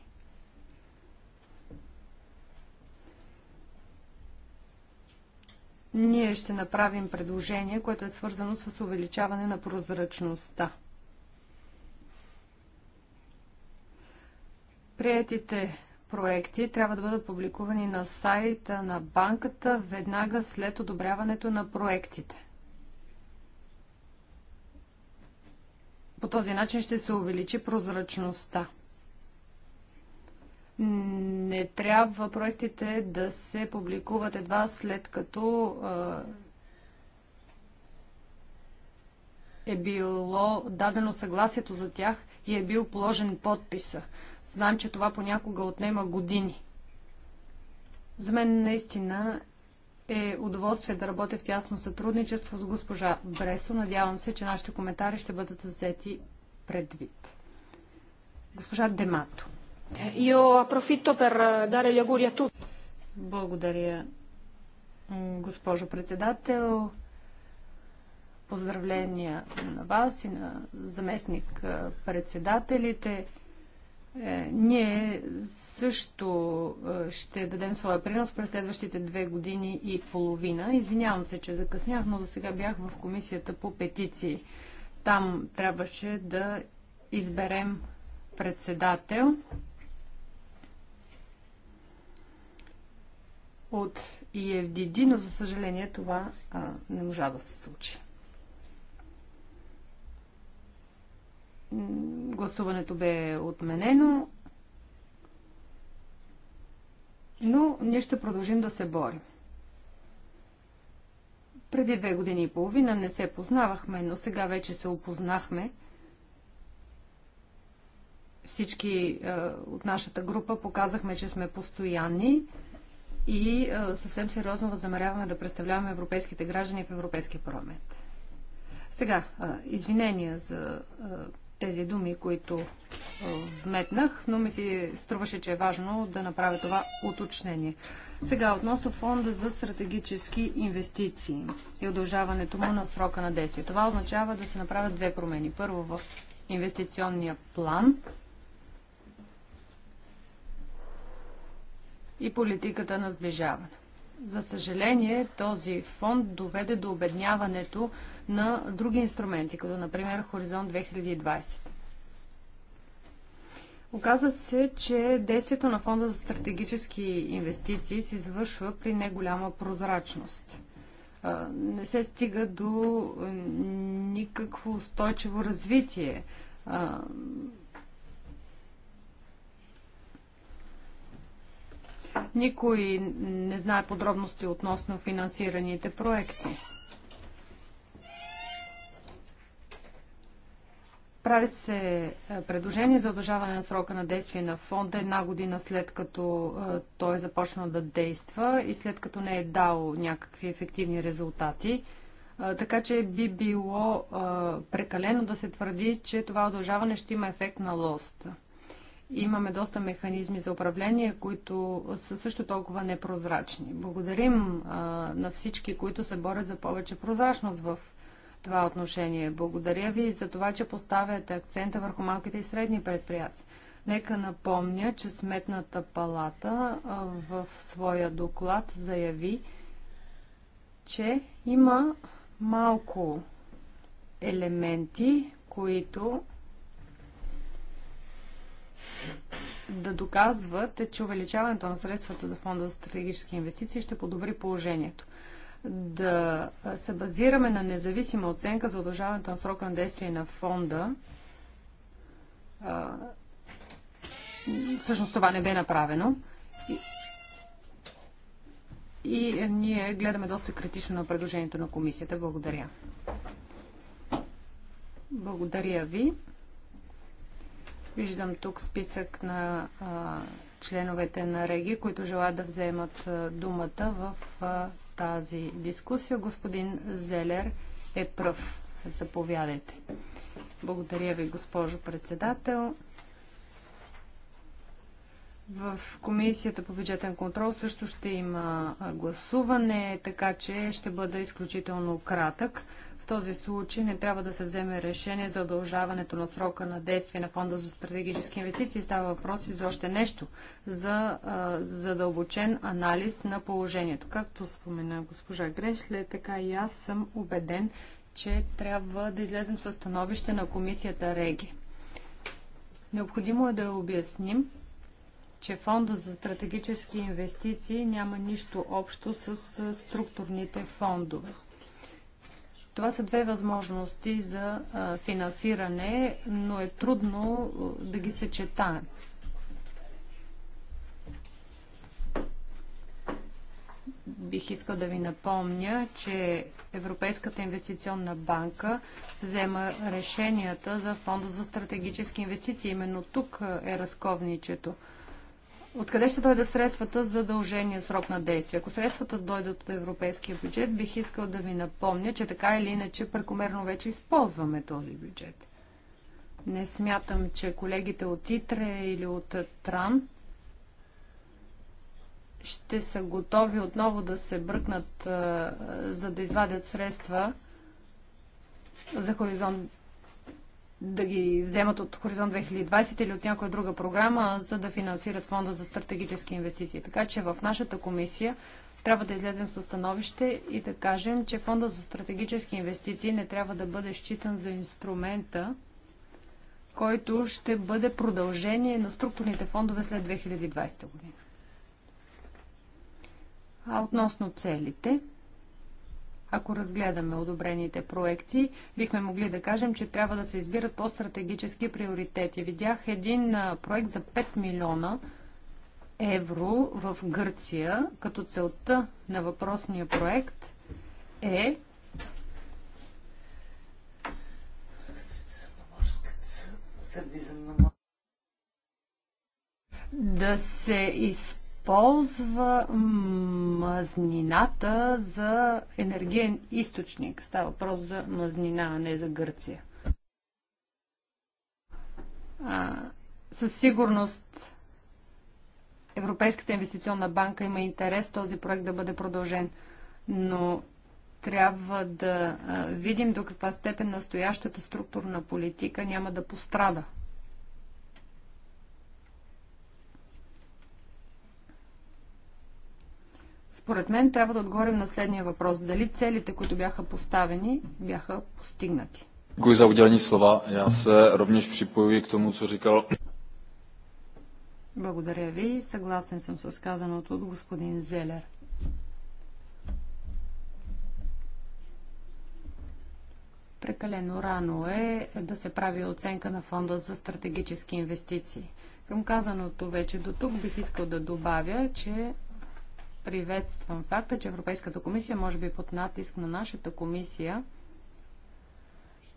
ние ще направим предложение, което е свързано с увеличаване на прозрачността. Приетите проекти трябва да бъдат публикувани на сайта на банката веднага след одобряването на проектите. По този начин ще се увеличи прозрачността не трябва проектите да се публикуват едва след като е било дадено съгласието за тях и е бил положен подписа. Знам, че това понякога отнема години. За мен наистина е удоволствие да работя в тясно сътрудничество с госпожа Бресо. Надявам се, че нашите коментари ще бъдат взети предвид. Госпожа Демато. Io approfitto per eh, dare gli auguri a tutti. Благодаря, госпожо председател. Поздравления на вас и на заместник е, председателите. Е, ние също е, ще дадем своя принос през следващите две години и половина. Извинявам се, че закъснях, но до сега бях в комисията по петиции. Там трябваше да изберем председател. от EFDD, е но за съжаление това а, не можа да се случи. Гласуването бе отменено, но ние ще продължим да се борим. Преди две години и половина не се познавахме, но сега вече се опознахме. Всички е, от нашата група показахме, че сме постоянни и съвсем сериозно възнамеряваме да представляваме европейските граждани в Европейския парламент. Сега, извинения за тези думи, които вметнах, но ми се струваше, че е важно да направя това уточнение. Сега, относно фонда за стратегически инвестиции и удължаването му на срока на действие. Това означава да се направят две промени. Първо в инвестиционния план, и политиката на сближаване. За съжаление, този фонд доведе до обедняването на други инструменти, като например Хоризонт 2020. Оказва се, че действието на фонда за стратегически инвестиции се извършва при неголяма прозрачност. Не се стига до никакво устойчиво развитие Никой не знае подробности относно финансираните проекти. Прави се е, предложение за удължаване на срока на действие на фонда една година след като е, той е започнал да действа и след като не е дал някакви ефективни резултати. Е, така че би било прекалено да се твърди, че това удължаване ще има ефект на лост. Имаме доста механизми за управление, които са също толкова непрозрачни. Благодарим а, на всички, които се борят за повече прозрачност в това отношение. Благодаря ви за това, че поставяте акцента върху малките и средни предприятия. Нека напомня, че Сметната палата в своя доклад заяви, че има малко елементи, които да доказват, е, че увеличаването на средствата за фонда за стратегически инвестиции ще подобри положението. Да се базираме на независима оценка за удължаването на срока на действие на фонда. Всъщност това не бе направено. И ние гледаме доста критично на предложението на комисията. Благодаря. Благодаря ви. Виждам тук списък на а, членовете на Реги, които желаят да вземат а, думата в а, тази дискусия. Господин Зелер е пръв. Заповядайте. Благодаря ви, госпожо председател. В Комисията по бюджетен контрол също ще има гласуване, така че ще бъда изключително кратък този случай не трябва да се вземе решение за удължаването на срока на действие на Фонда за стратегически инвестиции. Става въпрос и за още нещо, за задълбочен анализ на положението. Както спомена госпожа Грешле, така и аз съм убеден, че трябва да излезем със становище на комисията Реги. Необходимо е да обясним, че фонда за стратегически инвестиции няма нищо общо с структурните фондове. Това са две възможности за финансиране, но е трудно да ги съчетаем. бих искал да ви напомня, че Европейската инвестиционна банка взема решенията за фонда за стратегически инвестиции. Именно тук е разковничето. Откъде ще дойдат средствата за дължения срок на действие? Ако средствата дойдат от европейския бюджет, бих искал да ви напомня, че така или иначе прекомерно вече използваме този бюджет. Не смятам, че колегите от ИТРЕ или от ТРАН ще са готови отново да се бръкнат, за да извадят средства за хоризонт да ги вземат от Хоризонт 2020 или от някоя друга програма, за да финансират фонда за стратегически инвестиции. Така че в нашата комисия трябва да излезем със становище и да кажем, че фонда за стратегически инвестиции не трябва да бъде считан за инструмента, който ще бъде продължение на структурните фондове след 2020 година. А относно целите, ако разгледаме одобрените проекти, бихме могли да кажем, че трябва да се избират по-стратегически приоритети. Видях един проект за 5 милиона евро в Гърция, като целта на въпросния проект е да се изпълнят използва мазнината за енергиен източник. Става въпрос за мазнина, а не за Гърция. А, със сигурност Европейската инвестиционна банка има интерес този проект да бъде продължен, но трябва да видим до каква степен настоящата структурна политика няма да пострада. Според мен трябва да отговорим на следния въпрос. Дали целите, които бяха поставени, бяха постигнати? Děkuji za udělení slova. Já se rovněž připojuji k tomu, co říkal. Благодаря ви. Съгласен съм с казаното от господин Зелер. Прекалено рано е да се прави оценка на фонда за стратегически инвестиции. Към казаното вече до тук бих искал да добавя, че приветствам факта, че Европейската комисия, може би под натиск на нашата комисия,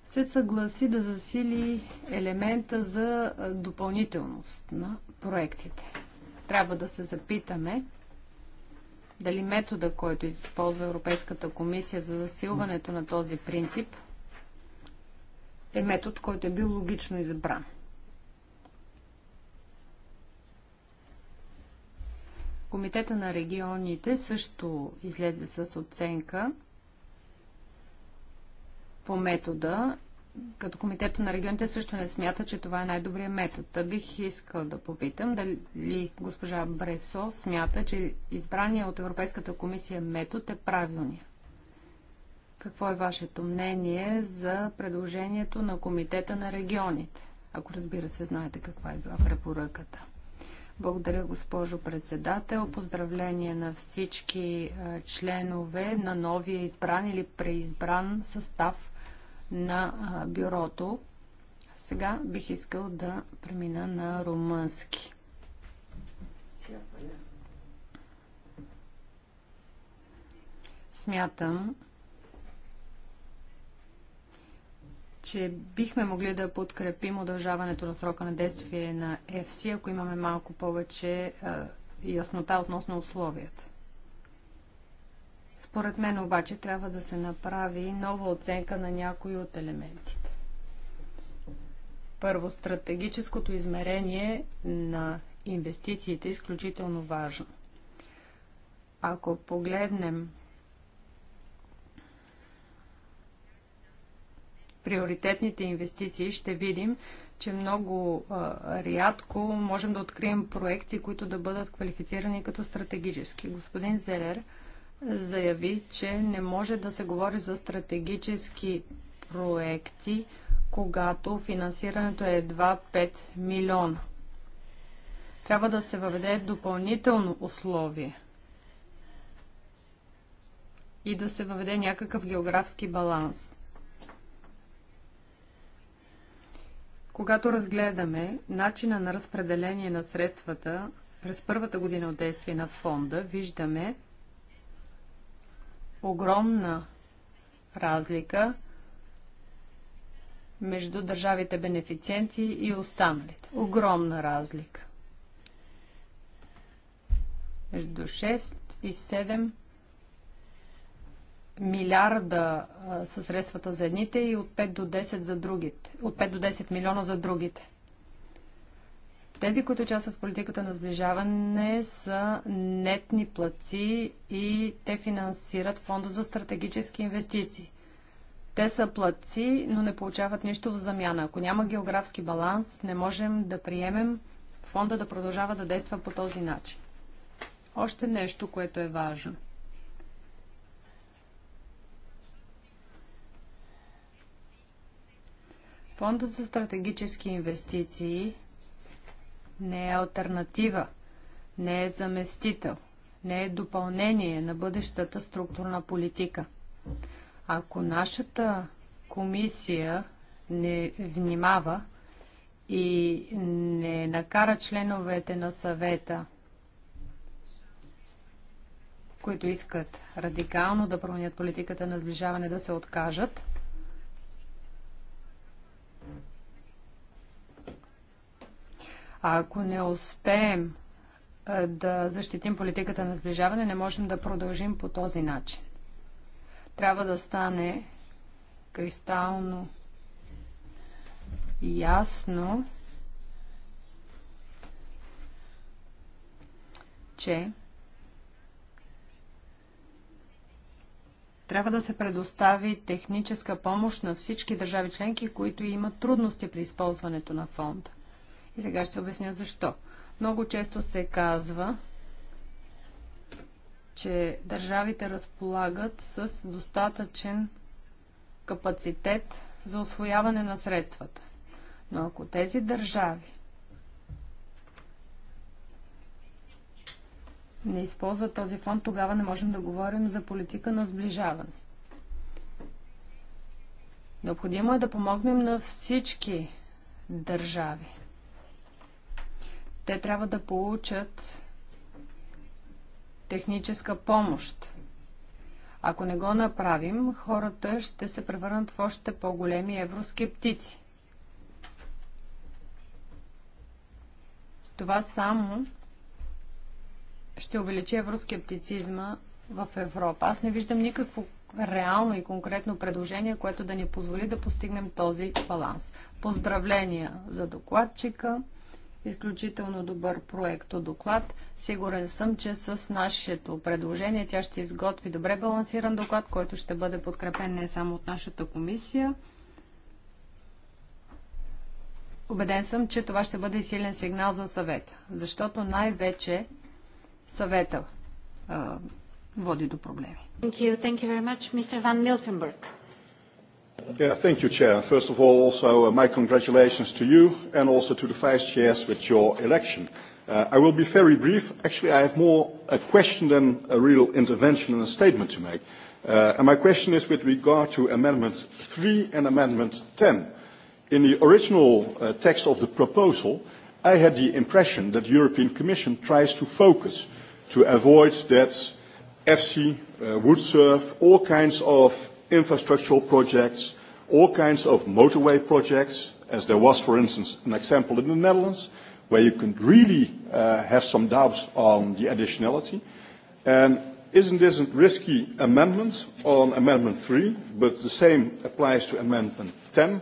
се съгласи да засили елемента за допълнителност на проектите. Трябва да се запитаме дали метода, който използва Европейската комисия за засилването на този принцип, е метод, който е бил логично избран. Комитета на регионите също излезе с оценка по метода, като Комитета на регионите също не смята, че това е най-добрият метод. Та бих искал да попитам дали госпожа Бресо смята, че избрания от Европейската комисия метод е правилният. Какво е вашето мнение за предложението на Комитета на регионите? Ако разбира се, знаете каква е била препоръката. Благодаря, госпожо председател. Поздравление на всички е, членове на новия избран или преизбран състав на е, бюрото. Сега бих искал да премина на румънски. Смятам, че бихме могли да подкрепим удължаването на срока на действие на FC, ако имаме малко повече а, яснота относно условията. Според мен обаче трябва да се направи нова оценка на някои от елементите. Първо, стратегическото измерение на инвестициите е изключително важно. Ако погледнем приоритетните инвестиции, ще видим, че много а, рядко можем да открием проекти, които да бъдат квалифицирани като стратегически. Господин Зелер заяви, че не може да се говори за стратегически проекти, когато финансирането е едва 5 милиона. Трябва да се въведе допълнително условие и да се въведе някакъв географски баланс. Когато разгледаме начина на разпределение на средствата през първата година от действие на фонда, виждаме огромна разлика между държавите бенефициенти и останалите. Огромна разлика. Между 6 и 7 милиарда са средствата за едните и от 5 до 10 за другите. От 5 до 10 милиона за другите. Тези, които участват в политиката на сближаване, са нетни плаци и те финансират фонда за стратегически инвестиции. Те са плаци, но не получават нищо в замяна. Ако няма географски баланс, не можем да приемем фонда да продължава да действа по този начин. Още нещо, което е важно – Фондът за стратегически инвестиции не е альтернатива, не е заместител, не е допълнение на бъдещата структурна политика. Ако нашата комисия не внимава и не накара членовете на съвета, които искат радикално да променят политиката на сближаване, да се откажат, ако не успеем да защитим политиката на сближаване, не можем да продължим по този начин. Трябва да стане кристално ясно, че трябва да се предостави техническа помощ на всички държави членки, които имат трудности при използването на фонда. И сега ще обясня защо. Много често се казва, че държавите разполагат с достатъчен капацитет за освояване на средствата. Но ако тези държави не използват този фонд, тогава не можем да говорим за политика на сближаване. Необходимо е да помогнем на всички държави. Те трябва да получат техническа помощ. Ако не го направим, хората ще се превърнат в още по-големи евроскептици. Това само ще увеличи евроскептицизма в Европа. Аз не виждам никакво реално и конкретно предложение, което да ни позволи да постигнем този баланс. Поздравления за докладчика изключително добър проект от доклад. Сигурен съм, че с нашето предложение тя ще изготви добре балансиран доклад, който ще бъде подкрепен не само от нашата комисия. Обеден съм, че това ще бъде силен сигнал за съвета, защото най-вече съвета а, води до проблеми. Thank you. Thank you very much, Mr. Van Yeah, thank you, Chair. First of all, also uh, my congratulations to you and also to the Vice Chairs with your election. Uh, I will be very brief. Actually, I have more a question than a real intervention and a statement to make. Uh, and my question is with regard to Amendment 3 and Amendment 10. In the original uh, text of the proposal, I had the impression that the European Commission tries to focus to avoid that EFSI uh, would serve all kinds of infrastructural projects, all kinds of motorway projects, as there was, for instance, an example in the Netherlands, where you can really uh, have some doubts on the additionality. And isn't this a risky amendment on Amendment 3, but the same applies to Amendment 10?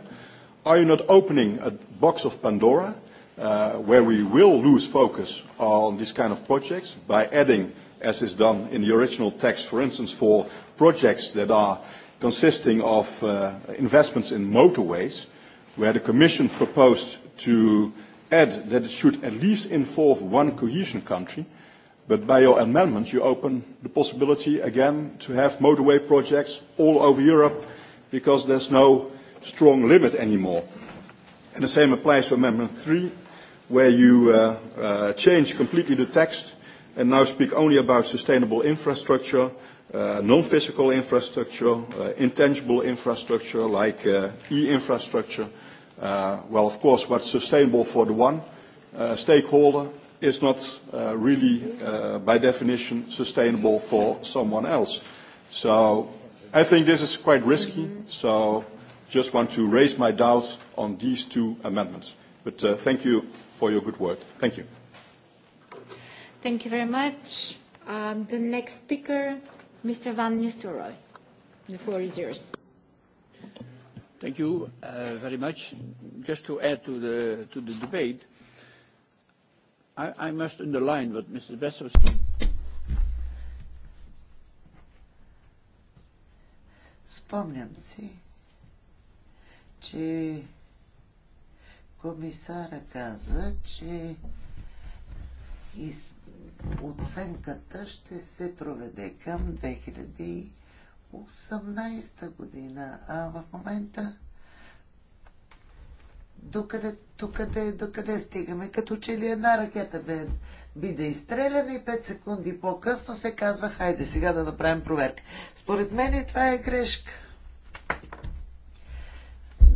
Are you not opening a box of Pandora uh, where we will lose focus on these kind of projects by adding, as is done in the original text, for instance, for projects that are consisting of uh, investments in motorways, where the Commission proposed to add that it should at least involve one cohesion country, but by your amendment you open the possibility again to have motorway projects all over Europe because there's no strong limit anymore. And the same applies to Amendment 3, where you uh, uh, change completely the text and now speak only about sustainable infrastructure non-physical infrastructure, intangible infrastructure like e-infrastructure. well, of course, what's sustainable for the one stakeholder is not really, by definition, sustainable for someone else. So I think this is quite risky, so just want to raise my doubts on these two amendments. But thank you for your good work. Thank you. Thank you very much. the next speaker Mr. Van Nistelrooy, the floor is yours. Thank you uh, very much. Just to add to the, to the debate, I, I must underline what Mr. Besser said. Спомням си, че комисара каза, че из оценката ще се проведе към 2018 година, а в момента докъде, докъде, докъде стигаме? Като че ли една ракета бе, биде изстреляна и 5 секунди по-късно се казва, хайде сега да направим проверка. Според мен това е грешка.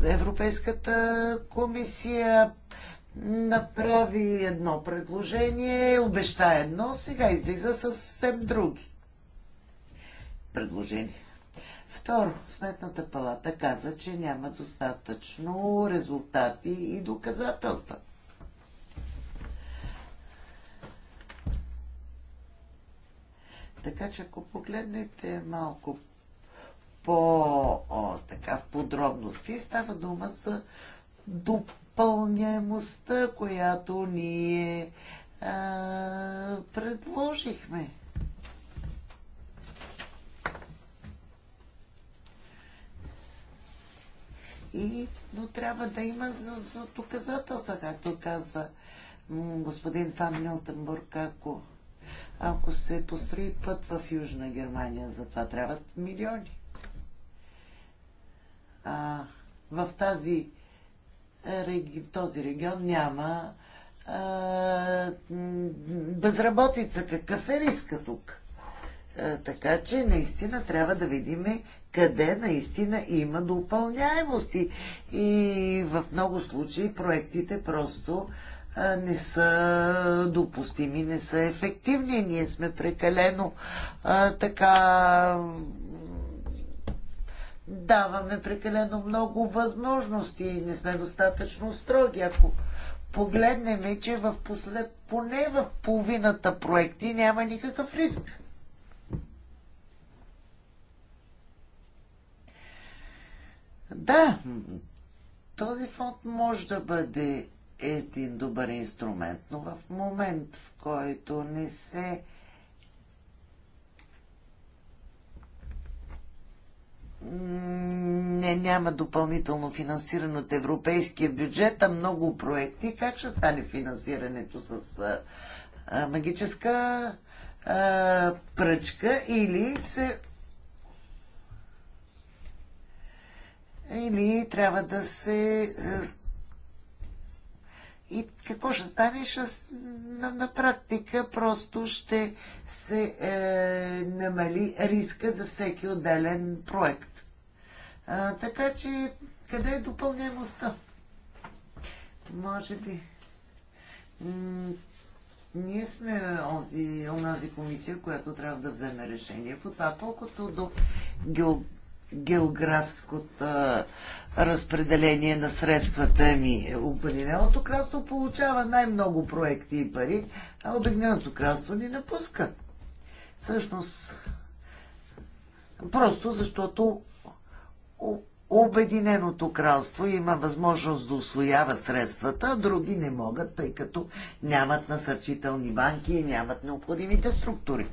Европейската комисия направи едно предложение, обеща едно, сега излиза съвсем други предложения. Второ, Сметната палата каза, че няма достатъчно резултати и доказателства. Така че ако погледнете малко по-така в подробности, става дума за допълняемостта, която ние а, предложихме. И, но трябва да има за, за доказателства, както казва господин Фан Милтенбург, ако, ако се построи път в Южна Германия, за това трябват милиони. А, в тази в този регион няма безработица. Какъв е риска тук? Така че наистина трябва да видим къде наистина има допълняемости. И в много случаи проектите просто не са допустими, не са ефективни. Ние сме прекалено а, така даваме прекалено много възможности и не сме достатъчно строги. Ако погледнем, че в послед, поне в половината проекти няма никакъв риск. Да, този фонд може да бъде един добър инструмент, но в момент, в който не се не, няма допълнително финансиране от европейския бюджет, а много проекти. Как ще стане финансирането с а, магическа а, пръчка или се или трябва да се и какво ще стане? Ще, на, на практика просто ще се е, намали риска за всеки отделен проект. А, така че, къде е допълняемостта? Може би. ние сме онзи, онази комисия, която трябва да вземе решение по това. Колкото до гео, географското разпределение на средствата ми. Обединеното кралство получава най-много проекти и пари, а Обединеното кралство ни напуска. Всъщност, просто защото Обединеното кралство има възможност да освоява средствата, а други не могат, тъй като нямат насърчителни банки и нямат необходимите структури.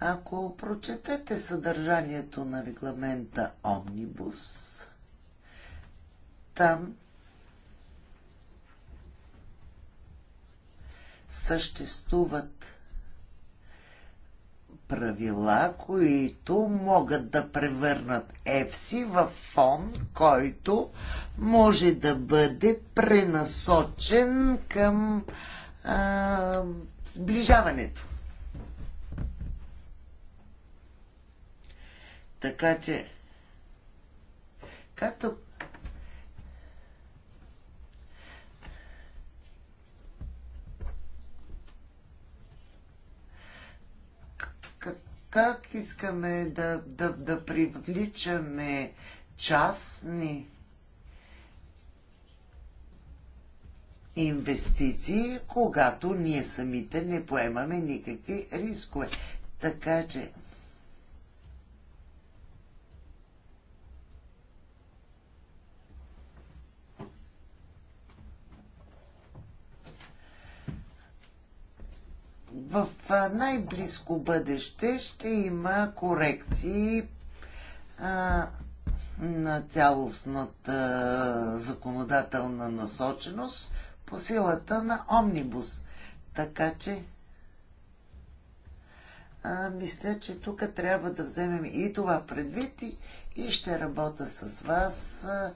Ако прочетете съдържанието на регламента Омнибус, там съществуват правила, които могат да превърнат ЕФСИ в фон, който може да бъде пренасочен към а, сближаването. Така че, както как искаме да, да, да привличаме частни инвестиции, когато ние самите не поемаме никакви рискове. Така че в най-близко бъдеще ще има корекции а, на цялостната законодателна насоченост по силата на омнибус. Така че а, мисля, че тук трябва да вземем и това предвид и, и ще работя с вас. А,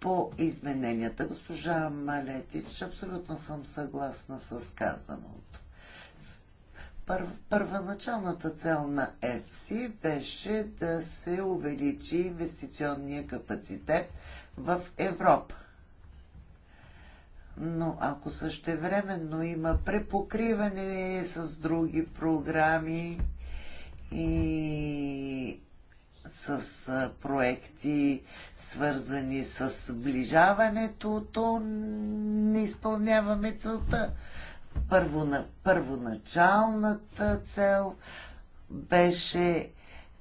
по измененията. Госпожа Малетич, абсолютно съм съгласна с казаното. първоначалната цел на ЕФСИ беше да се увеличи инвестиционния капацитет в Европа. Но ако същевременно има препокриване с други програми и с проекти, свързани с сближаването, то не изпълняваме целта. Първона, първоначалната цел беше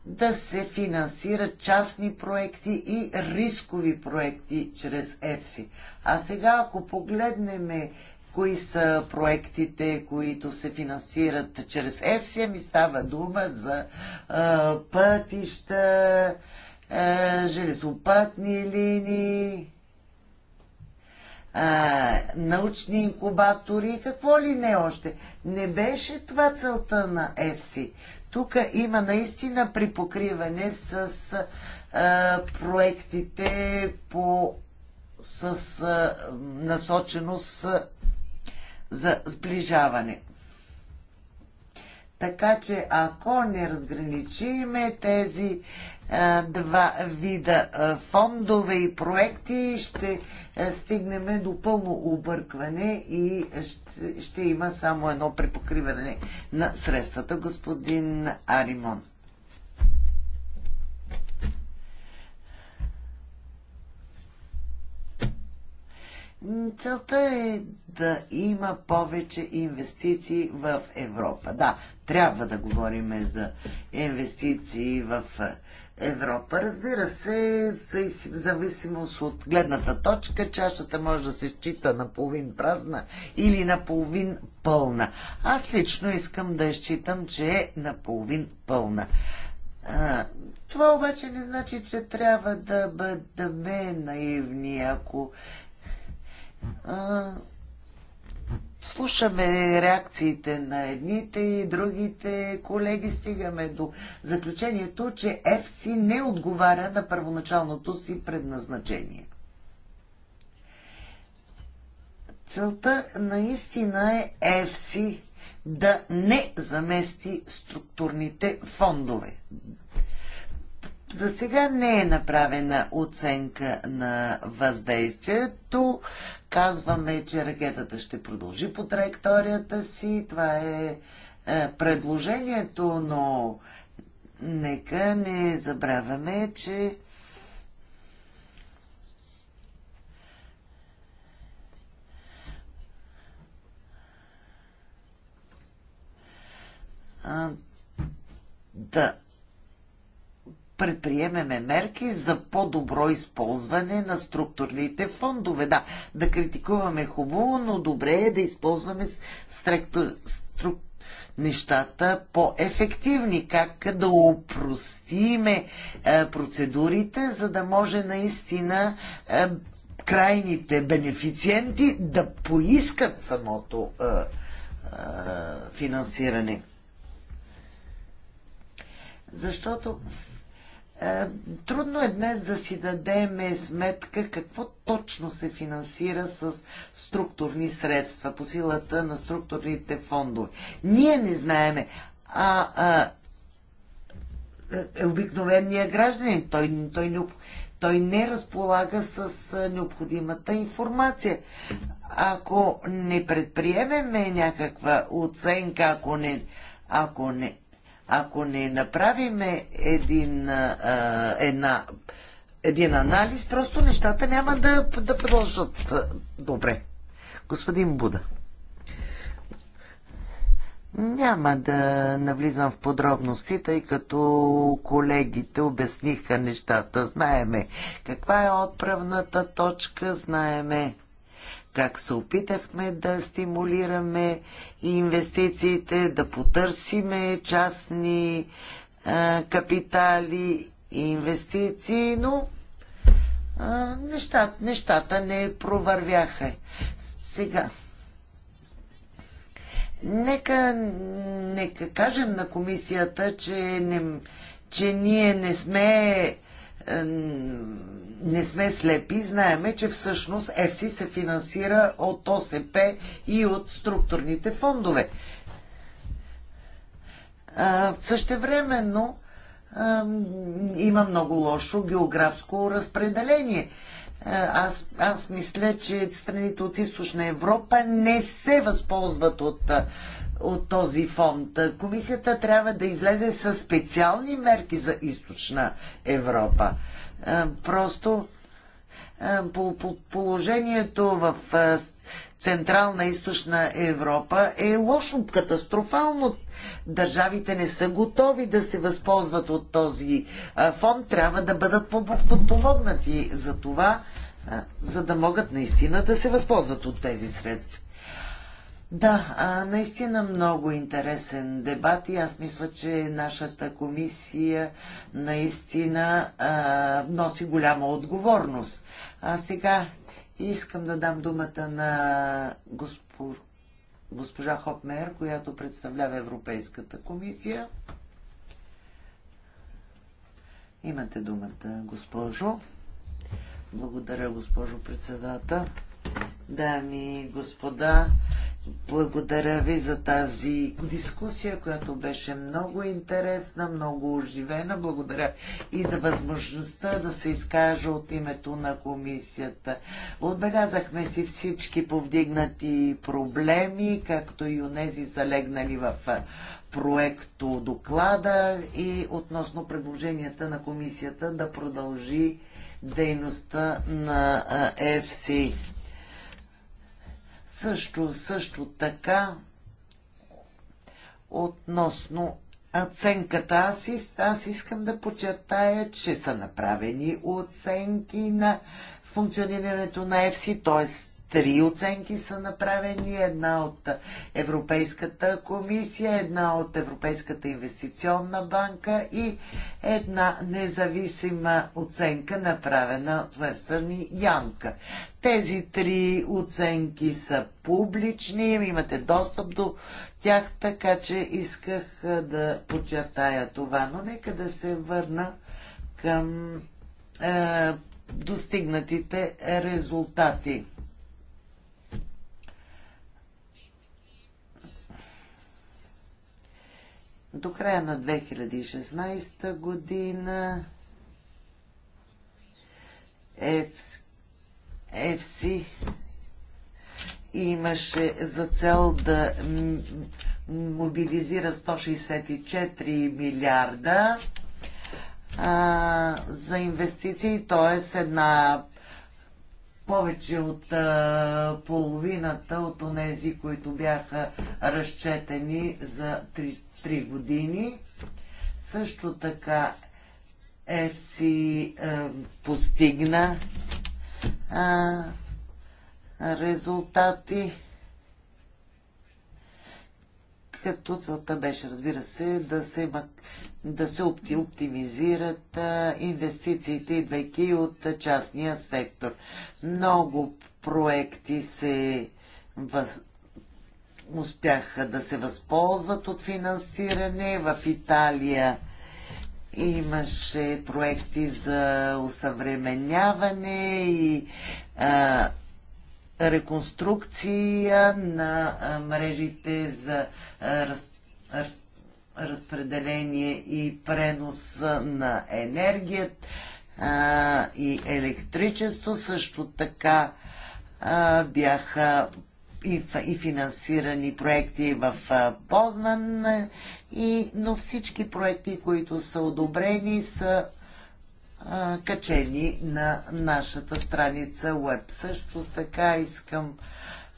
да се финансират частни проекти и рискови проекти чрез ЕФСИ. А сега, ако погледнем кои са проектите, които се финансират чрез ЕФСИ, ми става дума за а, пътища, а, железопътни линии, а, научни инкубатори какво ли не още. Не беше това целта на ЕФСИ. Тук има наистина припокриване с а, проектите по с а, насоченост за сближаване. Така че ако не разграничиме тези а, два вида а, фондове и проекти, ще а, стигнем до пълно объркване и ще, ще има само едно препокриване на средствата, господин Аримон. Целта е да има повече инвестиции в Европа. Да, трябва да говорим за инвестиции в Европа. Разбира се, в зависимост от гледната точка, чашата може да се счита наполовин празна или наполовин пълна. Аз лично искам да изчитам, че е наполовин пълна. А, това обаче не значи, че трябва да бъдем наивни. Ако слушаме реакциите на едните и другите колеги, стигаме до заключението, че ЕФСИ не отговаря на първоначалното си предназначение. Целта наистина е FC да не замести структурните фондове, за сега не е направена оценка на въздействието. Казваме, че ракетата ще продължи по траекторията си. Това е, е предложението, но нека не забравяме, че а, да предприемеме мерки за по-добро използване на структурните фондове. Да, да критикуваме хубаво, но добре е да използваме структур... Струк... нещата по-ефективни, как да упростиме е, процедурите, за да може наистина е, крайните бенефициенти да поискат самото е, финансиране. Защото е, трудно е днес да си дадеме сметка какво точно се финансира с структурни средства по силата на структурните фондове. Ние не знаеме, а, а е, обикновения гражданин, той, той, не, той не разполага с е, необходимата информация. Ако не предприемеме някаква оценка, ако не, ако не, ако не направиме един, една, един анализ, просто нещата няма да, да продължат добре. Господин Буда. Няма да навлизам в подробности, тъй като колегите обясниха нещата. Знаеме каква е отправната точка, знаеме как се опитахме да стимулираме инвестициите, да потърсиме частни а, капитали и инвестиции, но а, нещата, нещата не провървяха. Сега. Нека, нека кажем на комисията, че, не, че ние не сме не сме слепи, знаеме, че всъщност ЕФСИ се финансира от ОСП и от структурните фондове. Същевременно има много лошо географско разпределение. Аз, аз мисля, че страните от източна Европа не се възползват от от този фонд. Комисията трябва да излезе с специални мерки за източна Европа. Е, просто е, положението в е, Централна и източна Европа е лошо, катастрофално. Държавите не са готови да се възползват от този фонд. Трябва да бъдат подпомогнати за това, за да могат наистина да се възползват от тези средства. Да, а, наистина много интересен дебат и аз мисля, че нашата комисия наистина а, носи голяма отговорност. А сега искам да дам думата на госпо... госпожа Хопмер, която представлява Европейската комисия. Имате думата, госпожо. Благодаря, госпожо председател дами и господа, благодаря ви за тази дискусия, която беше много интересна, много оживена. Благодаря и за възможността да се изкажа от името на комисията. Отбелязахме си всички повдигнати проблеми, както и онези залегнали в проекто доклада и относно предложенията на комисията да продължи дейността на ФСИ. Също, също така относно оценката. Аз, аз искам да подчертая, че са направени оценки на функционирането на FC, т.е. Три оценки са направени. Една от Европейската комисия, една от Европейската инвестиционна банка и една независима оценка, направена от Western Янка. Тези три оценки са публични, имате достъп до тях, така че исках да подчертая това. Но нека да се върна към е, достигнатите резултати. До края на 2016 година FC имаше за цел да мобилизира 164 милиарда а, за инвестиции, т.е. една повече от а, половината от онези, които бяха разчетени за 3 години. Също така FC е, постигна а, резултати. Като целта беше, разбира се, да се, да се оптимизират а, инвестициите, идвайки от частния сектор. Много проекти се въз, успяха да се възползват от финансиране. В Италия имаше проекти за усъвременяване и а, реконструкция на а, мрежите за а, раз, раз, разпределение и пренос на енергията и електричество. Също така бяха и, и финансирани проекти в Познан, и, но всички проекти, които са одобрени, са а, качени на нашата страница Web. Също така искам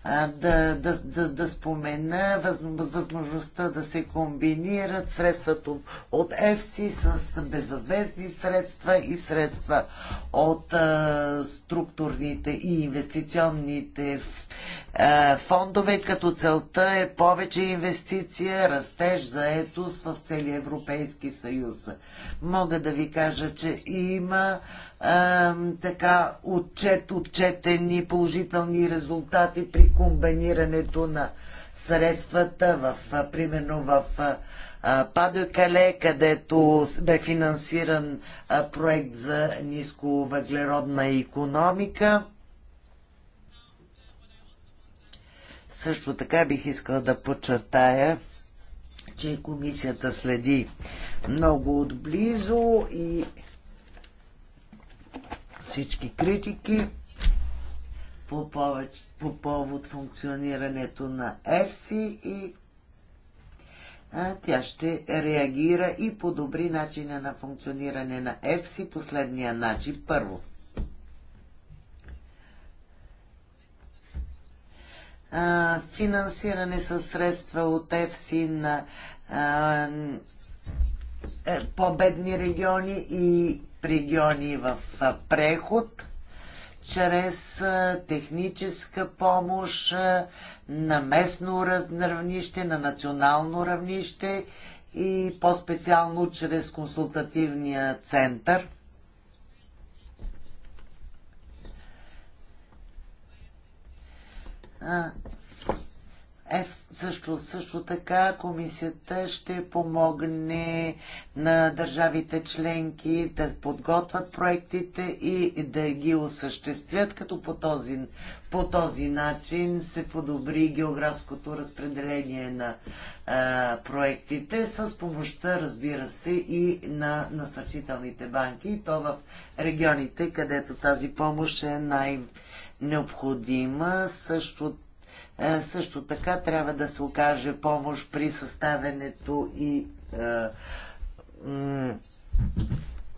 а, да, да, да, да спомена възможността да се комбинират средствата от ЕФСИ с безвъзмезни средства и средства от а, структурните и инвестиционните е, фондове, като целта е повече инвестиция, растеж, заетост в целия Европейски съюз. Мога да ви кажа, че има а, е, така отчет, отчетени положителни резултати при комбинирането на средствата в, е, примерно в Падокале, където бе финансиран проект за нисковъглеродна економика. Също така бих искала да подчертая, че комисията следи много отблизо и всички критики по, повече, по повод функционирането на ЕФСИ и а, тя ще реагира и по добри начина на функциониране на ЕФСИ последния начин. Първо, финансиране със средства от ЕФСИ на е, по-бедни региони и региони в преход, чрез техническа помощ на местно равнище, на национално равнище и по-специално чрез консултативния център – А, е, също, също така комисията ще помогне на държавите членки да подготвят проектите и да ги осъществят, като по този, по този начин се подобри географското разпределение на а, проектите с помощта, разбира се, и на насърчителните банки, и то в регионите, където тази помощ е най- необходима. Също, е, също така трябва да се окаже помощ при съставянето и е,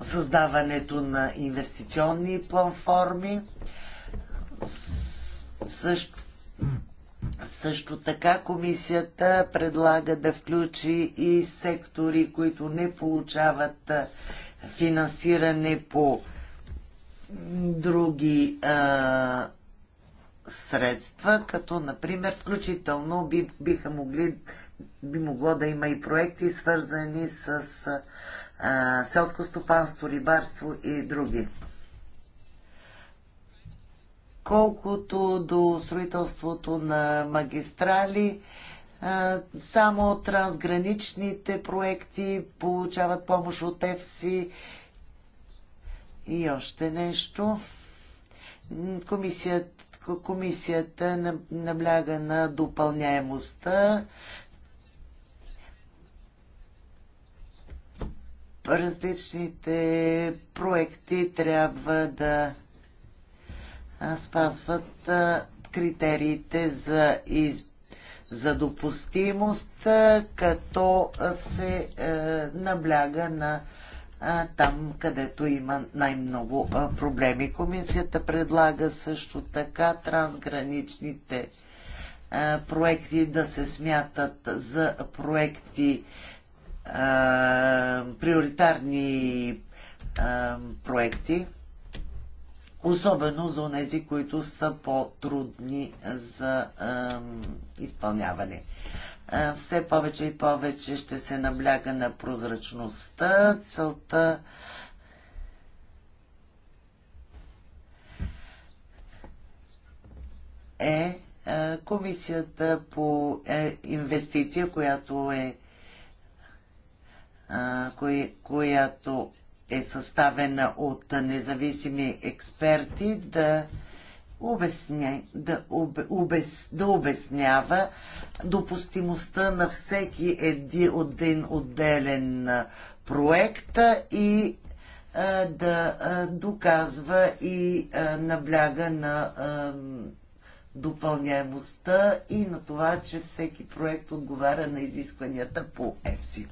създаването на инвестиционни платформи. Също, също така комисията предлага да включи и сектори, които не получават е, финансиране по други а, средства, като например включително би, биха могли, би могло да има и проекти свързани с а, селско стопанство, рибарство и други. Колкото до строителството на магистрали, само трансграничните проекти получават помощ от ЕФСИ и още нещо. Комисията, комисията набляга на допълняемостта. Различните проекти трябва да спазват критериите за из... за допустимост, като се набляга на там, където има най-много проблеми. Комисията предлага също така трансграничните проекти да се смятат за проекти приоритарни проекти, особено за тези, които са по-трудни за изпълняване все повече и повече ще се набляга на прозрачността, целта е комисията по е, инвестиция, която е която е съставена от независими експерти да обясня, да, об, обяс, да обяснява допустимостта на всеки един, един отделен проект и а, да а, доказва и а, набляга на а, допълняемостта и на това, че всеки проект отговаря на изискванията по ЕФСИ.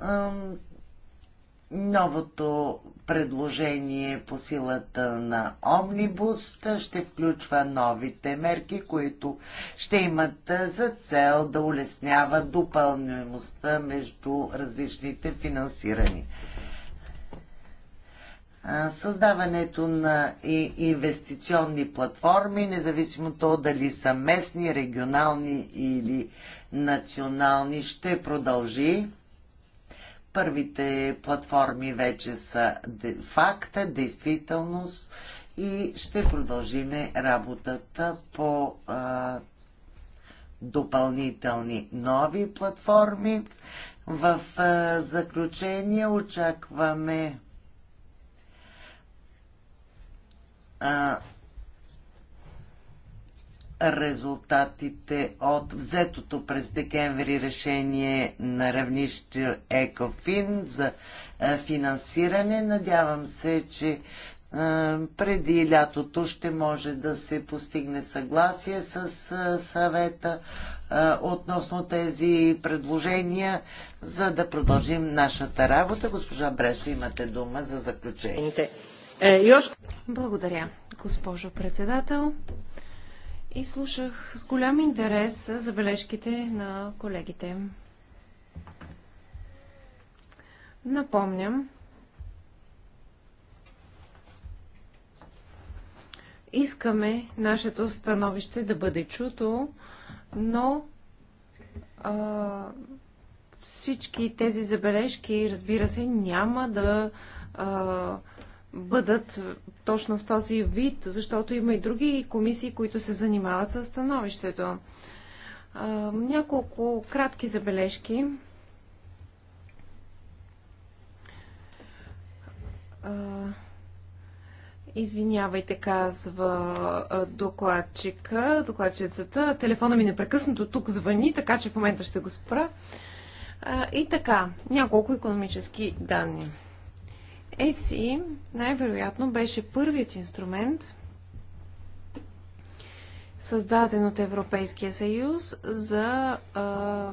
Um, Новото предложение по силата на Омнибус ще включва новите мерки, които ще имат за цел да улеснява допълнимостта между различните финансирани. Създаването на инвестиционни платформи, независимо то дали са местни, регионални или национални, ще продължи Първите платформи вече са факта, действителност и ще продължиме работата по а, допълнителни нови платформи. В а, заключение очакваме а, резултатите от взетото през декември решение на равнище ЕКОФИН за е, финансиране. Надявам се, че е, преди лятото ще може да се постигне съгласие с е, съвета относно тези предложения, за да продължим нашата работа. Госпожа Бресо, имате дума за заключение. Благодаря, госпожо председател и слушах с голям интерес забележките на колегите. Напомням, искаме нашето становище да бъде чуто, но а, всички тези забележки, разбира се, няма да а, бъдат точно в този вид, защото има и други комисии, които се занимават с становището. Няколко кратки забележки. Извинявайте, казва докладчика, докладчицата. Телефона ми непрекъснато тук звъни, така че в момента ще го спра. И така, няколко економически данни. ЕФСИ най-вероятно беше първият инструмент, създаден от Европейския съюз за а,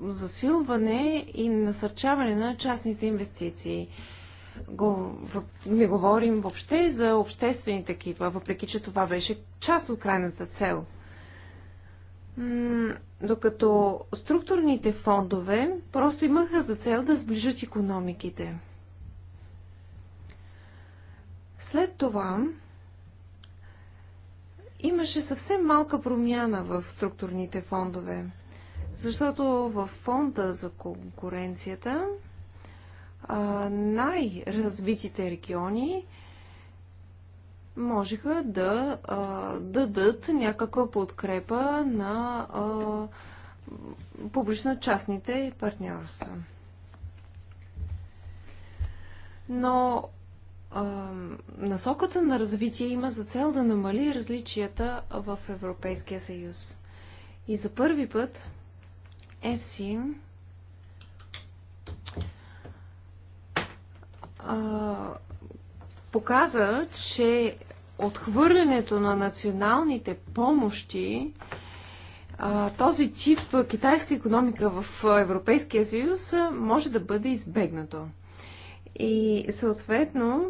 засилване и насърчаване на частните инвестиции. Го, не говорим въобще за обществени такива, въпреки че това беше част от крайната цел. М докато структурните фондове просто имаха за цел да сближат економиките. След това имаше съвсем малка промяна в структурните фондове, защото в фонда за конкуренцията най-развитите региони можеха да дадат някаква подкрепа на публично-частните партньорства. Но насоката на развитие има за цел да намали различията в Европейския съюз. И за първи път ЕФСИ показа, че отхвърлянето на националните помощи този тип китайска економика в Европейския съюз може да бъде избегнато. И съответно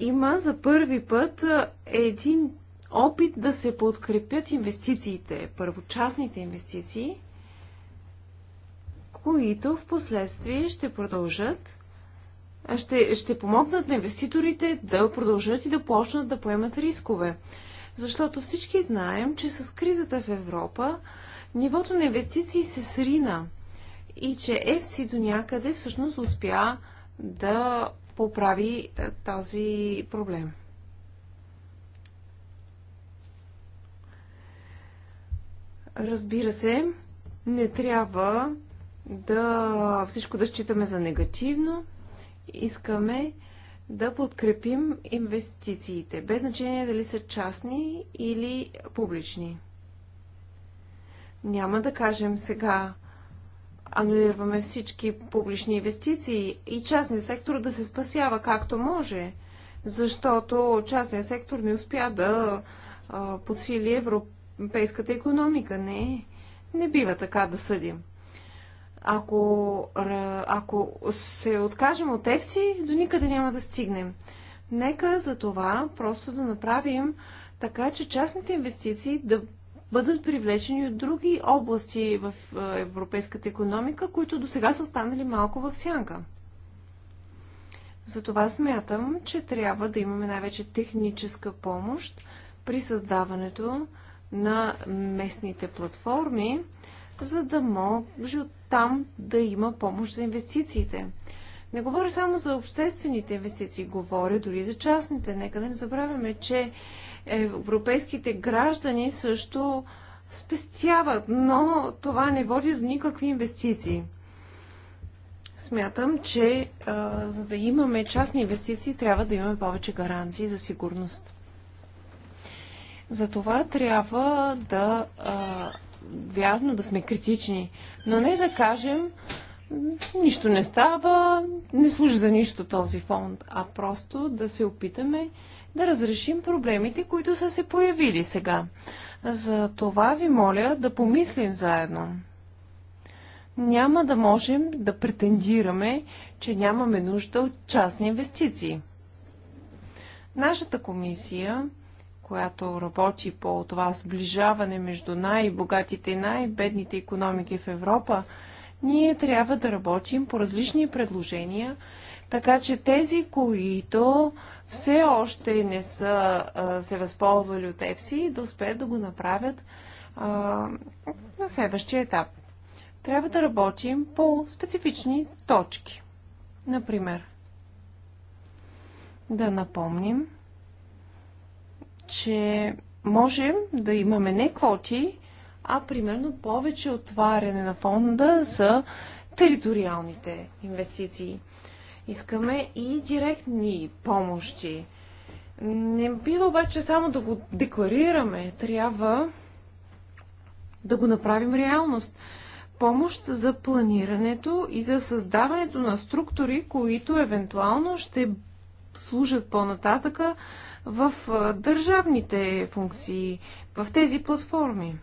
има за първи път един опит да се подкрепят инвестициите, първочастните инвестиции, които в последствие ще продължат, ще, ще помогнат на инвеститорите да продължат и да почнат да поемат рискове. Защото всички знаем, че с кризата в Европа нивото на инвестиции се срина и че ЕФСИ до някъде всъщност успя да поправи е, този проблем. Разбира се, не трябва да всичко да считаме за негативно. Искаме да подкрепим инвестициите, без значение дали са частни или публични. Няма да кажем сега, анулираме всички публични инвестиции и частния сектор да се спасява както може, защото частния сектор не успя да а, подсили европейската економика. Не, не бива така да съдим. Ако, ако се откажем от ЕФСИ, до никъде няма да стигнем. Нека за това просто да направим така, че частните инвестиции да бъдат привлечени от други области в европейската економика, които до сега са останали малко в сянка. Затова смятам, че трябва да имаме най-вече техническа помощ при създаването на местните платформи, за да може там да има помощ за инвестициите. Не говоря само за обществените инвестиции, говоря дори за частните. Нека да не забравяме, че европейските граждани също спестяват, но това не води до никакви инвестиции. Смятам, че а, за да имаме частни инвестиции, трябва да имаме повече гаранции за сигурност. Затова трябва да а, вярно да сме критични, но не да кажем нищо не става, не служи за нищо този фонд, а просто да се опитаме да разрешим проблемите, които са се появили сега. За това ви моля да помислим заедно. Няма да можем да претендираме, че нямаме нужда от частни инвестиции. Нашата комисия, която работи по това сближаване между най-богатите и най-бедните економики в Европа, ние трябва да работим по различни предложения – така че тези, които все още не са се възползвали от EFSI, да успеят да го направят на следващия етап. Трябва да работим по специфични точки. Например, да напомним, че можем да имаме не квоти, а примерно повече отваряне на фонда за териториалните инвестиции. Искаме и директни помощи. Не бива обаче само да го декларираме. Трябва да го направим реалност. Помощ за планирането и за създаването на структури, които евентуално ще служат по-нататъка в държавните функции, в тези платформи.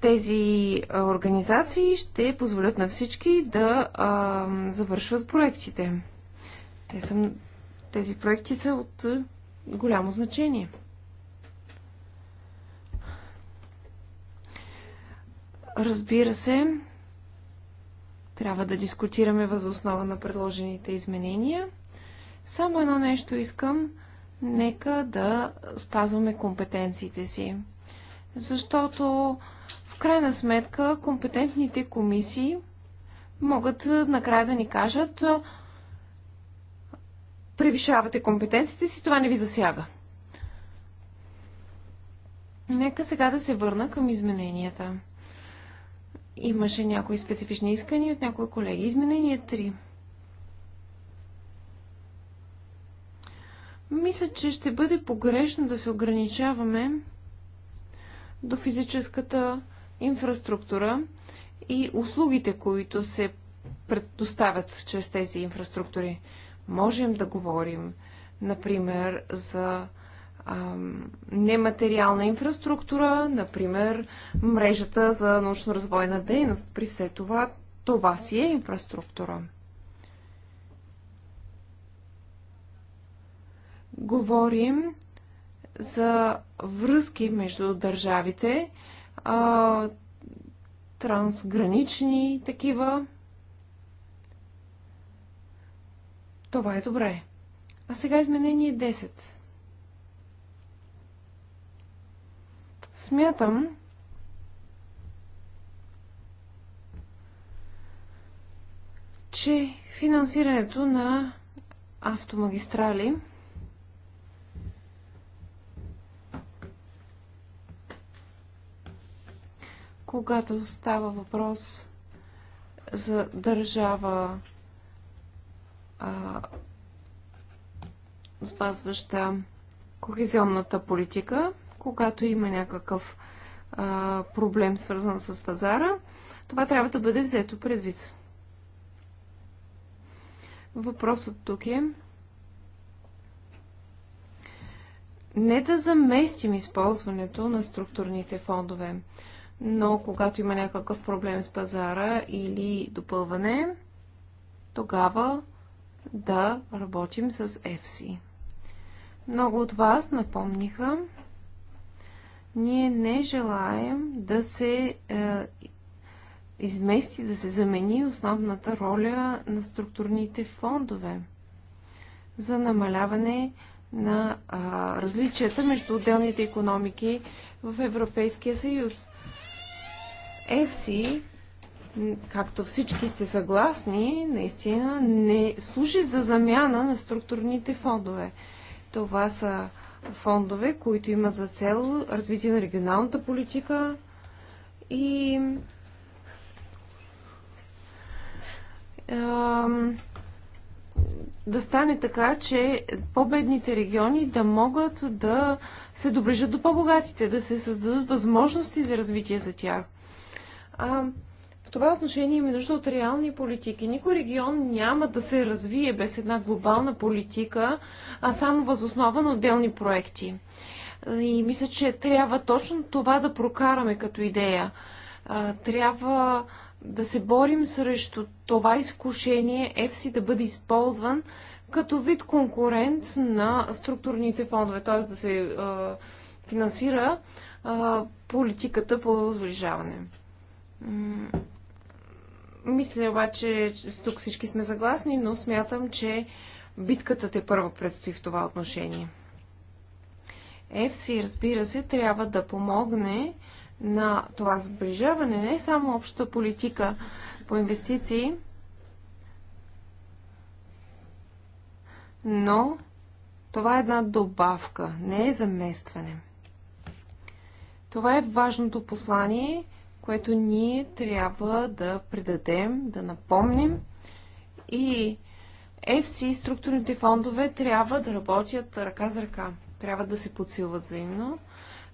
Тези организации ще позволят на всички да а, завършват проектите. Те са, тези проекти са от голямо значение. Разбира се, трябва да дискутираме възоснова на предложените изменения. Само едно нещо искам. Нека да спазваме компетенциите си защото в крайна сметка компетентните комисии могат е, накрая да ни кажат е, превишавате компетенциите си, това не ви засяга. Нека сега да се върна към измененията. Имаше някои специфични искания от някои колеги. Изменение 3. Мисля, че ще бъде погрешно да се ограничаваме до физическата инфраструктура и услугите, които се предоставят чрез тези инфраструктури. Можем да говорим, например, за ам, нематериална инфраструктура, например, мрежата за научно-развойна дейност. При все това, това си е инфраструктура. Говорим за връзки между държавите, а, трансгранични такива. Това е добре. А сега изменение 10. Смятам, че финансирането на автомагистрали когато става въпрос за държава, а, спазваща кохезионната политика, когато има някакъв а, проблем, свързан с пазара, това трябва да бъде взето предвид. Въпросът тук е не да заместим използването на структурните фондове но когато има някакъв проблем с пазара или допълване, тогава да работим с FC. Много от вас напомниха, ние не желаем да се е, измести, да се замени основната роля на структурните фондове за намаляване на а, различията между отделните економики в Европейския съюз. ЕФСИ, както всички сте съгласни, наистина не служи за замяна на структурните фондове. Това са фондове, които имат за цел развитие на регионалната политика и да стане така, че по-бедните региони да могат да се доближат до по-богатите, да се създадат възможности за развитие за тях. А, в това отношение има нужда от реални политики. Никой регион няма да се развие без една глобална политика, а само възоснова на отделни проекти. И мисля, че трябва точно това да прокараме като идея. Трябва да се борим срещу това изкушение ЕФСИ да бъде използван като вид конкурент на структурните фондове, т.е. да се финансира политиката по сближаване. Мисля обаче, че тук всички сме съгласни, но смятам, че битката те първа предстои в това отношение. Евси, разбира се, трябва да помогне на това сближаване, не само общата политика по инвестиции, но това е една добавка, не е заместване. Това е важното послание, което ние трябва да предадем, да напомним и FC структурните фондове трябва да работят ръка за ръка. Трябва да се подсилват взаимно,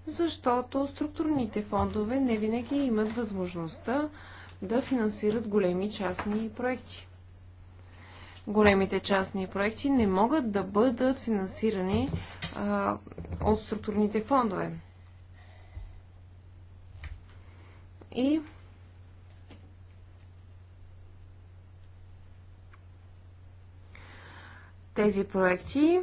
защото структурните фондове не винаги имат възможността да финансират големи частни проекти. Големите частни проекти не могат да бъдат финансирани а, от структурните фондове. И тези проекти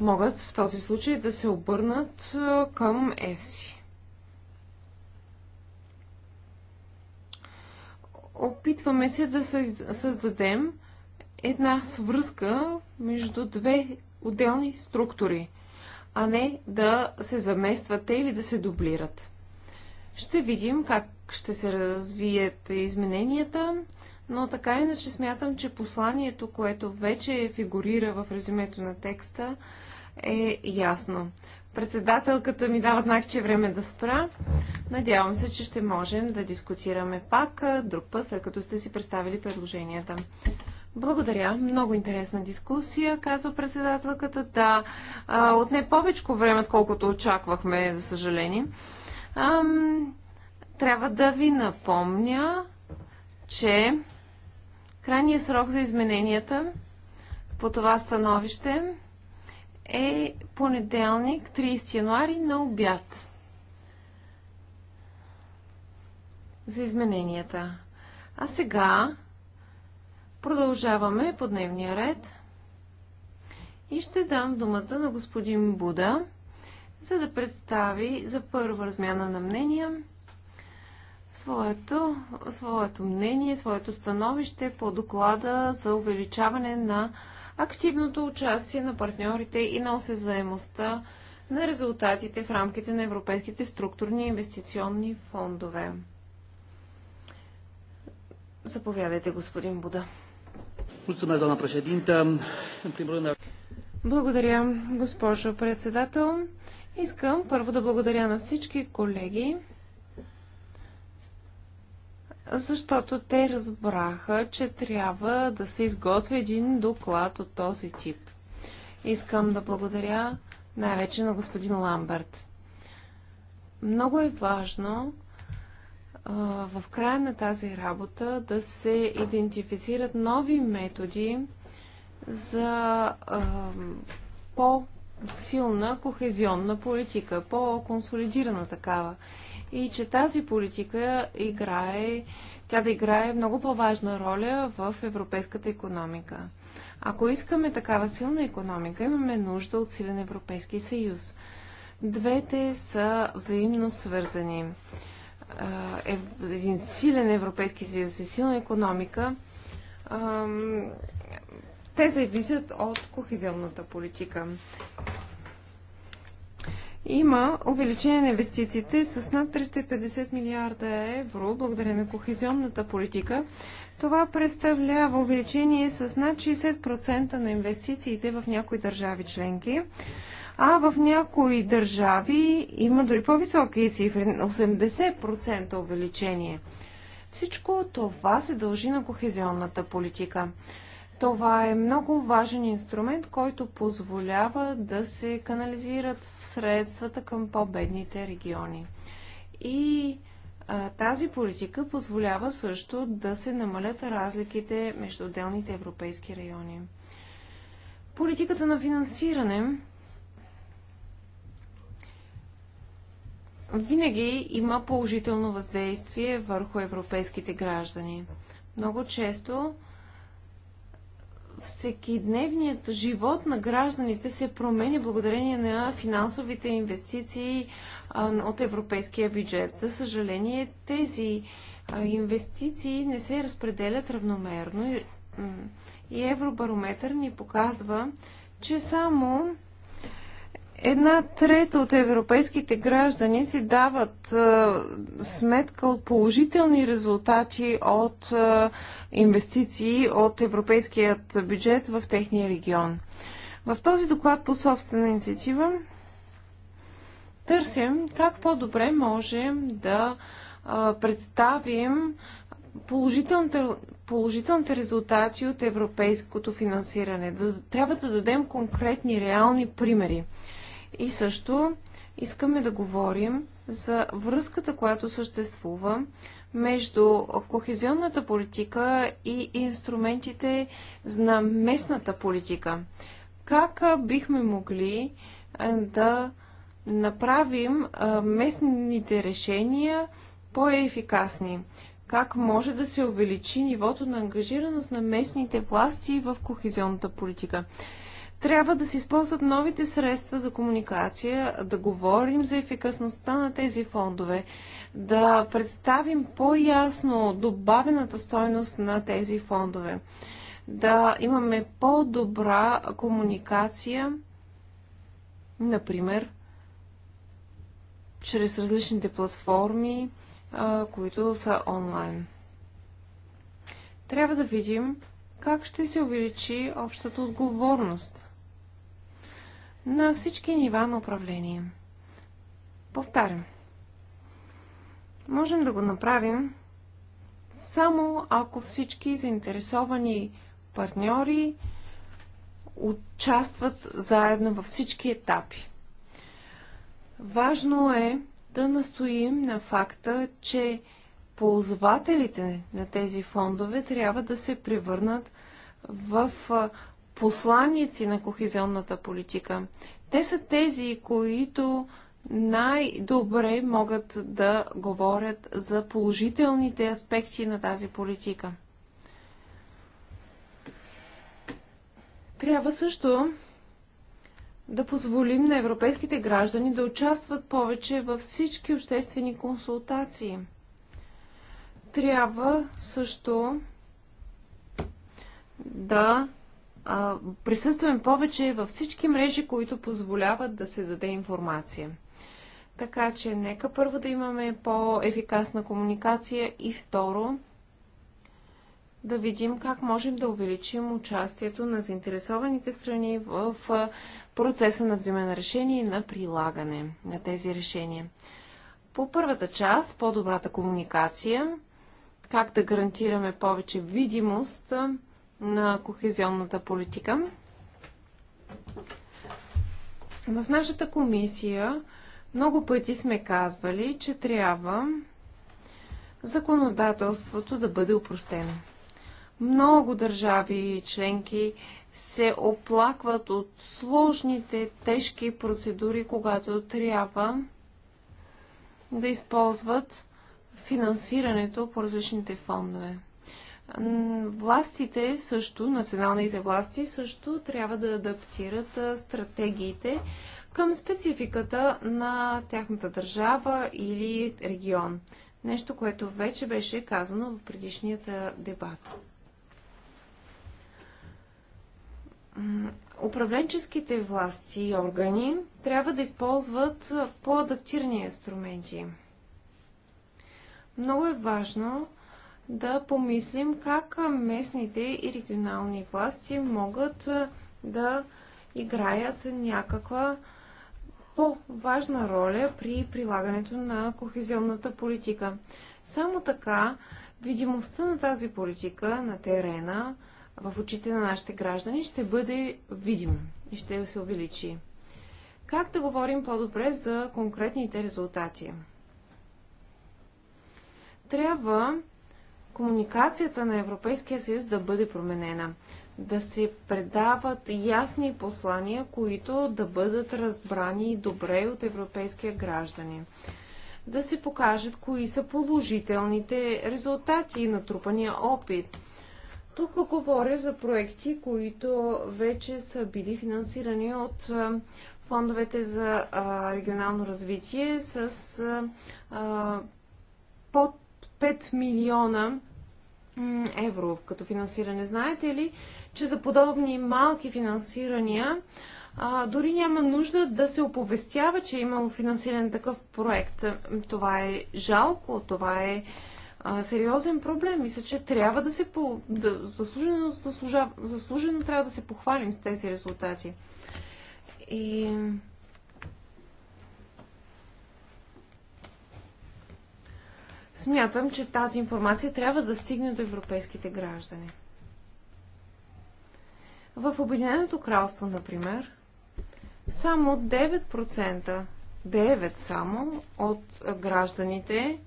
могат в този случай да се обърнат към ЕФСИ. Опитваме се да създадем една свръзка между две отделни структури а не да се замествате или да се дублират. Ще видим как ще се развият измененията, но така иначе смятам, че посланието, което вече фигурира в резюмето на текста, е ясно. Председателката ми дава знак, че е време да спра. Надявам се, че ще можем да дискутираме пак друг път, след като сте си представили предложенията. Благодаря. Много интересна дискусия, казва председателката. Да, отне повече време, отколкото очаквахме, за съжаление. Ам, трябва да ви напомня, че крайният срок за измененията по това становище е понеделник, 30 януари на обяд. За измененията. А сега Продължаваме по дневния ред и ще дам думата на господин Буда, за да представи за първа размяна на мнения своето, своето мнение, своето становище по доклада за увеличаване на активното участие на партньорите и на осезаемостта на резултатите в рамките на европейските структурни инвестиционни фондове. Заповядайте, господин Буда doamna președintă. În primul rând... Благодаря, госпожо председател. Искам първо да благодаря на всички колеги, защото те разбраха, че трябва да се изготви един доклад от този тип. Искам да благодаря най-вече на господин Ламберт. Много е важно в края на тази работа да се идентифицират нови методи за по-силна кохезионна политика, по-консолидирана такава. И че тази политика играе, тя да играе много по-важна роля в европейската економика. Ако искаме такава силна економика, имаме нужда от силен Европейски съюз. Двете са взаимно свързани е, един силен Европейски съюз и силна економика, а, те зависят от кохизионната политика. Има увеличение на инвестициите с над 350 милиарда евро, благодарение на кохизионната политика. Това представлява увеличение с над 60% на инвестициите в някои държави членки а в някои държави има дори по-високи цифри 80% увеличение. Всичко това се дължи на кохезионната политика. Това е много важен инструмент, който позволява да се канализират в средствата към по-бедните региони. И а, тази политика позволява също да се намалят разликите между отделните европейски райони. Политиката на финансиране винаги има положително въздействие върху европейските граждани. Много често всекидневният живот на гражданите се променя благодарение на финансовите инвестиции от европейския бюджет. За съжаление, тези инвестиции не се разпределят равномерно и Евробарометър ни показва, че само Една трета от европейските граждани си дават е, сметка от положителни резултати от е, инвестиции от европейският бюджет в техния регион. В този доклад по собствена инициатива търсим как по-добре можем да е, представим положителните, положителните резултати от европейското финансиране. Да, трябва да дадем конкретни, реални примери. И също искаме да говорим за връзката, която съществува между кохезионната политика и инструментите на местната политика. Как бихме могли да направим местните решения по-ефикасни? Как може да се увеличи нивото на ангажираност на местните власти в кохезионната политика? Трябва да се използват новите средства за комуникация, да говорим за ефикасността на тези фондове, да представим по-ясно добавената стойност на тези фондове, да имаме по-добра комуникация, например, чрез различните платформи, които са онлайн. Трябва да видим как ще се увеличи общата отговорност на всички нива на управление. Повтарям. Можем да го направим само ако всички заинтересовани партньори участват заедно във всички етапи. Важно е да настоим на факта, че ползвателите на тези фондове трябва да се превърнат в посланици на кохезионната политика. Те са тези, които най-добре могат да говорят за положителните аспекти на тази политика. Трябва също да позволим на европейските граждани да участват повече във всички обществени консултации. Трябва също да присъстваме повече във всички мрежи, които позволяват да се даде информация. Така че нека първо да имаме по-ефикасна комуникация и второ да видим как можем да увеличим участието на заинтересованите страни в процеса на взимане на решение и на прилагане на тези решения. По първата част, по-добрата комуникация, как да гарантираме повече видимост на кохезионната политика. В нашата комисия много пъти сме казвали, че трябва законодателството да бъде упростено. Много държави и членки се оплакват от сложните, тежки процедури, когато трябва да използват финансирането по различните фондове. Властите също, националните власти също трябва да адаптират стратегиите към спецификата на тяхната държава или регион. Нещо, което вече беше казано в предишният дебат. Управленческите власти и органи трябва да използват по-адаптирани инструменти. Много е важно да помислим как местните и регионални власти могат да играят някаква по-важна роля при прилагането на кохезионната политика. Само така видимостта на тази политика на терена в очите на нашите граждани ще бъде видима и ще се увеличи. Как да говорим по-добре за конкретните резултати? Трябва комуникацията на Европейския съюз да бъде променена. Да се предават ясни послания, които да бъдат разбрани добре от европейския граждани. Да се покажат кои са положителните резултати и натрупания опит. Тук говоря за проекти, които вече са били финансирани от фондовете за регионално развитие с под 5 милиона евро като финансиране. Знаете ли, че за подобни малки финансирания а, дори няма нужда да се оповестява, че е имало финансиране такъв проект. Това е жалко, това е а, сериозен проблем. Мисля, че трябва да се по... да, заслужено, заслужа... заслужено трябва да се похвалим с тези резултати. И смятам, че тази информация трябва да стигне до европейските граждани. В Обединеното кралство, например, само 9%, 9 само от гражданите,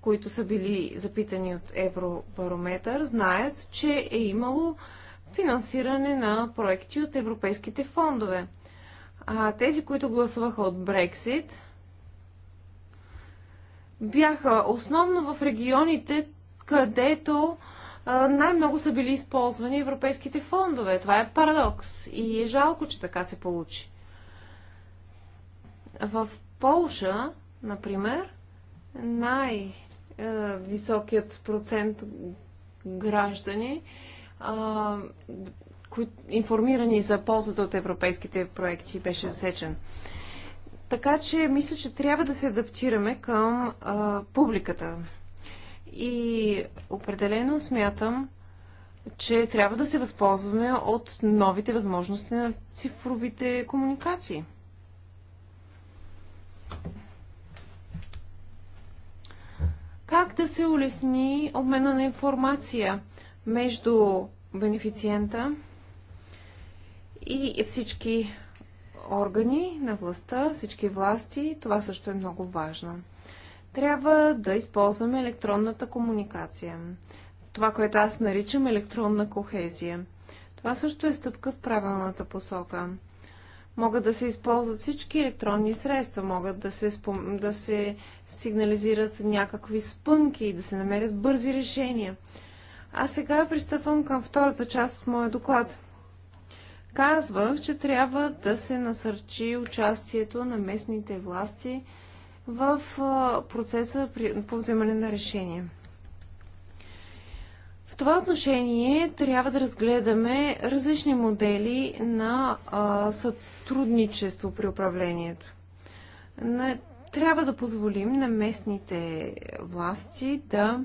които са били запитани от Евробарометър, знаят, че е имало финансиране на проекти от европейските фондове. А тези, които гласуваха от Брексит, бяха основно в регионите, където най-много са били използвани европейските фондове. Това е парадокс и е жалко, че така се получи. В Полша, например, най-високият процент граждани, информирани за ползата от европейските проекти, беше засечен. Така че мисля, че трябва да се адаптираме към а, публиката. И определено смятам, че трябва да се възползваме от новите възможности на цифровите комуникации. Как да се улесни обмена на информация между бенефициента и всички органи на властта, всички власти. Това също е много важно. Трябва да използваме електронната комуникация. Това, което аз наричам електронна кохезия. Това също е стъпка в правилната посока. Могат да се използват всички електронни средства, могат да се, спом... да се сигнализират някакви спънки, да се намерят бързи решения. А сега пристъпвам към втората част от моя доклад Казвах, че трябва да се насърчи участието на местните власти в процеса по вземане на решение. В това отношение трябва да разгледаме различни модели на сътрудничество при управлението. трябва да позволим на местните власти да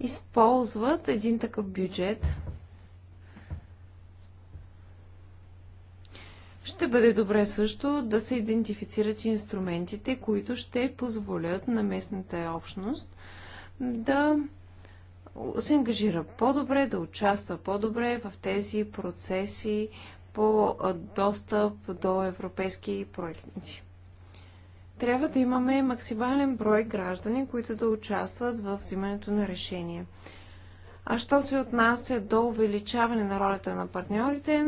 използват един такъв бюджет Ще бъде добре също да се идентифицират инструментите, които ще позволят на местната общност да се ангажира по-добре, да участва по-добре в тези процеси по достъп до европейски проекти. Трябва да имаме максимален брой граждани, които да участват в взимането на решение. А що се отнася до увеличаване на ролята на партньорите,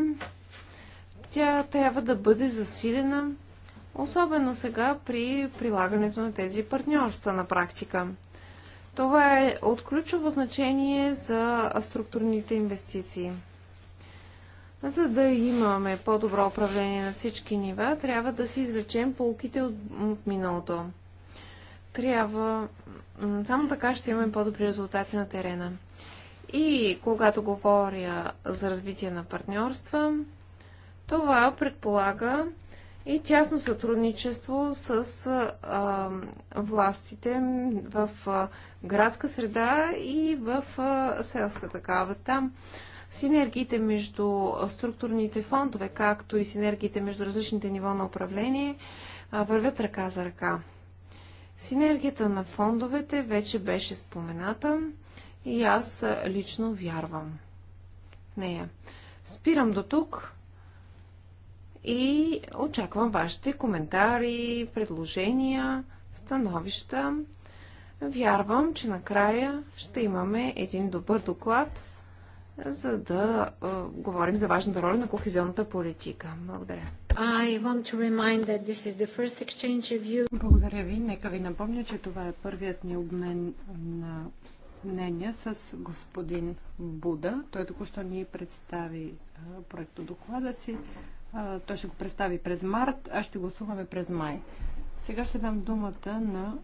тя трябва да бъде засилена, особено сега при прилагането на тези партньорства на практика. Това е от ключово значение за структурните инвестиции. За да имаме по-добро управление на всички нива, трябва да си извлечем полките от, от миналото. Трябва. Само така ще имаме по-добри резултати на терена. И когато говоря за развитие на партньорства, това предполага и тясно сътрудничество с а, властите в а, градска среда и в а, селска такава. Там синергиите между структурните фондове, както и синергиите между различните нива на управление, а, вървят ръка за ръка. Синергията на фондовете вече беше спомената и аз лично вярвам в нея. Спирам до тук и очаквам вашите коментари, предложения, становища. Вярвам, че накрая ще имаме един добър доклад, за да е, говорим за важната роля на кохезионната политика. Благодаря. Благодаря ви. Нека ви напомня, че това е първият ни обмен на мнения с господин Буда. Той току-що ни представи проекто доклада си. Той ще го представи през март, а ще гласуваме през май. Сега ще дам думата на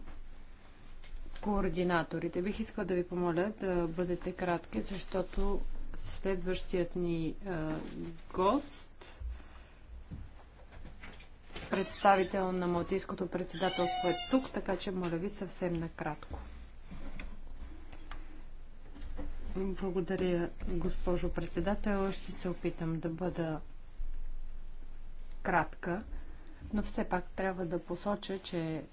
координаторите. Бих искала да ви помоля да бъдете кратки, защото следващият ни гост представител на Малтийското председателство е тук, така че моля ви съвсем накратко. Благодаря, госпожо председател. Ще се опитам да бъда кратка, но все пак трябва да посоча, че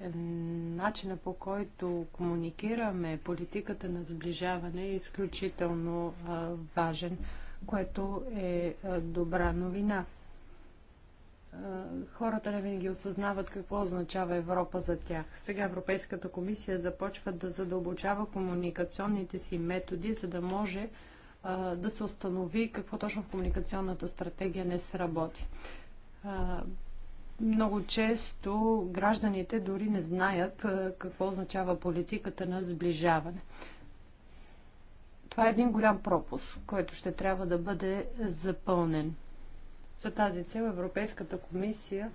начина по който комуникираме политиката на сближаване е изключително важен, което е добра новина. Хората не винаги осъзнават какво означава Европа за тях. Сега Европейската комисия започва да задълбочава комуникационните си методи, за да може да се установи какво точно в комуникационната стратегия не сработи много често гражданите дори не знаят какво означава политиката на сближаване. Това е един голям пропуск, който ще трябва да бъде запълнен. За тази цел Европейската комисия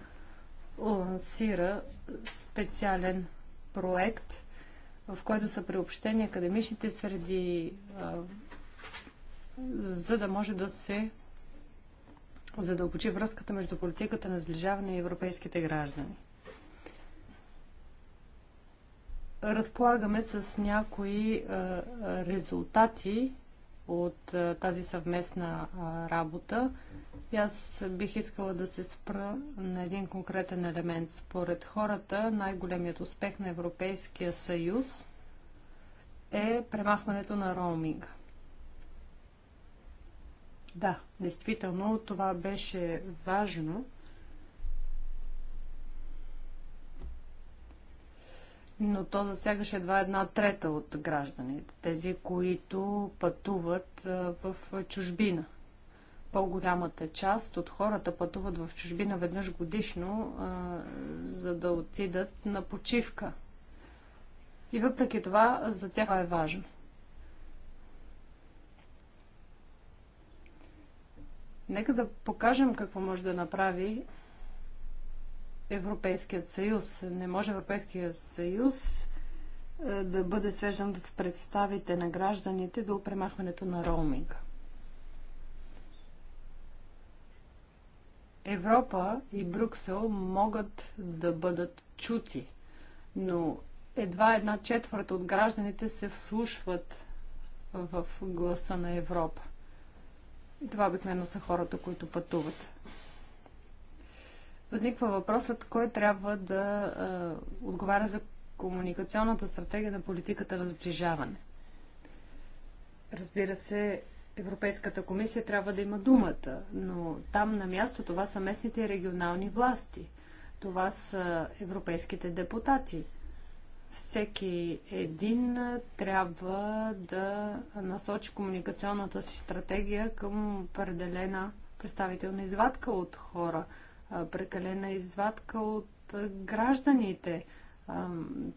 лансира специален проект, в който са приобщени академичните среди, за да може да се за да връзката между политиката на сближаване и европейските граждани. Разполагаме с някои е, резултати от е, тази съвместна е, работа. И аз бих искала да се спра на един конкретен елемент. Според хората, най-големият успех на Европейския съюз е премахването на роуминга. Да, действително това беше важно. но то засягаше едва една трета от гражданите, тези, които пътуват в чужбина. По-голямата част от хората пътуват в чужбина веднъж годишно, за да отидат на почивка. И въпреки това, за тях е важно. Нека да покажем какво може да направи Европейският съюз. Не може Европейският съюз е, да бъде свеждан в представите на гражданите до премахването на роуминга. Европа и Брюксел могат да бъдат чути, но едва една четвърта от гражданите се вслушват в гласа на Европа. И това обикновено са хората, които пътуват. Възниква въпросът, кой трябва да а, отговаря за комуникационната стратегия на политиката на сближаване. Разбира се, Европейската комисия трябва да има думата, но там на място това са местните и регионални власти. Това са европейските депутати всеки един трябва да насочи комуникационната си стратегия към определена представителна извадка от хора, прекалена извадка от гражданите.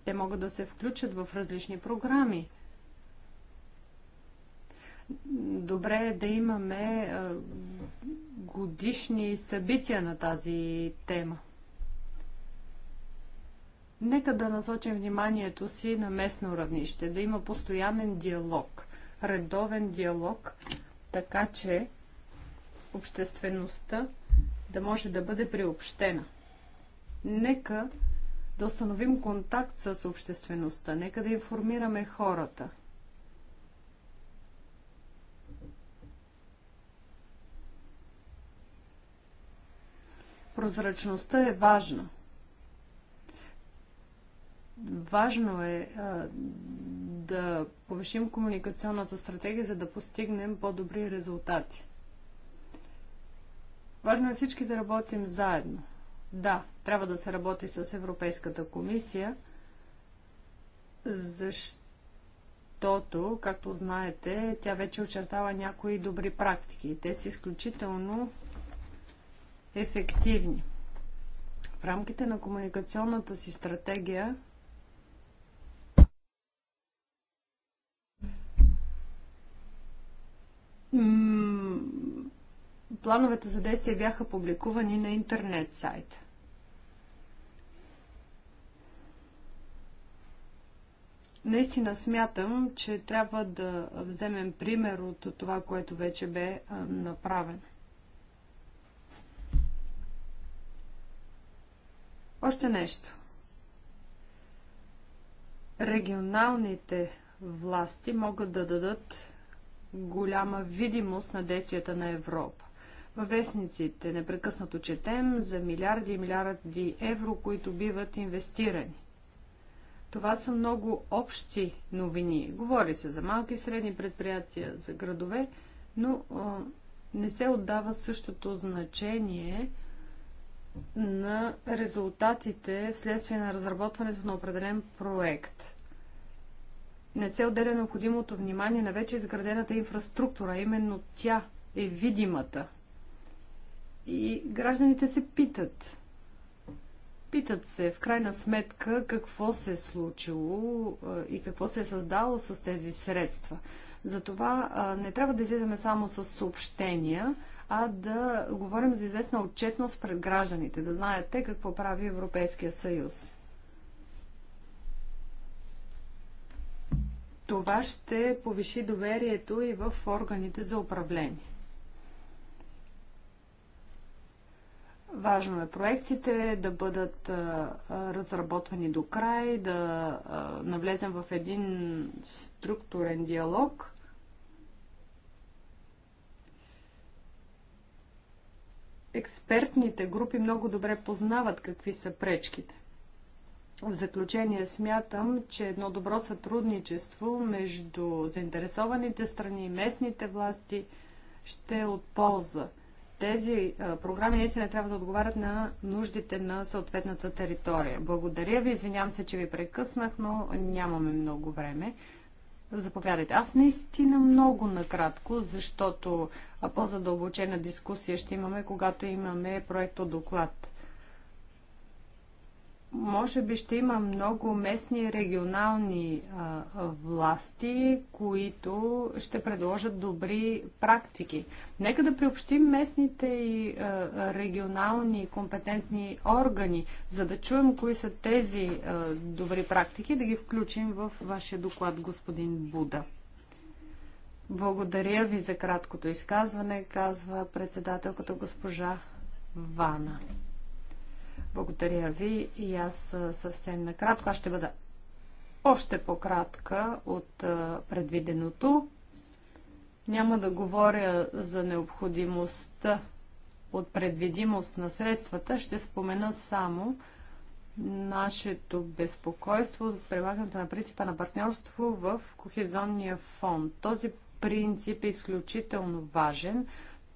Те могат да се включат в различни програми. Добре е да имаме годишни събития на тази тема. Нека да насочим вниманието си на местно равнище, да има постоянен диалог, редовен диалог, така че обществеността да може да бъде приобщена. Нека да установим контакт с обществеността, нека да информираме хората. Прозрачността е важна. Важно е а, да повишим комуникационната стратегия, за да постигнем по-добри резултати. Важно е всички да работим заедно. Да, трябва да се работи с Европейската комисия, защото, както знаете, тя вече очертава някои добри практики. Те са изключително ефективни. В рамките на комуникационната си стратегия плановете за действие бяха публикувани на интернет сайта. Наистина смятам, че трябва да вземем пример от това, което вече бе направено. Още нещо. Регионалните власти могат да дадат голяма видимост на действията на Европа. Във вестниците непрекъснато четем за милиарди и милиарди евро, които биват инвестирани. Това са много общи новини. Говори се за малки и средни предприятия, за градове, но а, не се отдава същото значение на резултатите вследствие на разработването на определен проект – не се отделя необходимото внимание на вече изградената инфраструктура. Именно тя е видимата. И гражданите се питат. Питат се в крайна сметка какво се е случило и какво се е създало с тези средства. Затова не трябва да излизаме само с съобщения, а да говорим за известна отчетност пред гражданите, да знаят те какво прави Европейския съюз. Това ще повиши доверието и в органите за управление. Важно е проектите да бъдат разработвани до край, да навлезем в един структурен диалог. Експертните групи много добре познават какви са пречките. В заключение смятам, че едно добро сътрудничество между заинтересованите страни и местните власти ще е от полза. Тези е, програми наистина трябва да отговарят на нуждите на съответната територия. Благодаря ви, извинявам се, че ви прекъснах, но нямаме много време. Заповядайте. Аз наистина много накратко, защото е, по-задълбочена дискусия ще имаме, когато имаме проекто доклад може би ще има много местни и регионални а, власти, които ще предложат добри практики. Нека да приобщим местните и а, регионални компетентни органи, за да чуем кои са тези а, добри практики, да ги включим в вашия доклад, господин Буда. Благодаря ви за краткото изказване, казва председателката госпожа Вана. Благодаря ви и аз съвсем накратко. Аз ще бъда още по-кратка от предвиденото. Няма да говоря за необходимостта от предвидимост на средствата. Ще спомена само нашето безпокойство от прилагането на принципа на партньорство в Кохезонния фонд. Този принцип е изключително важен,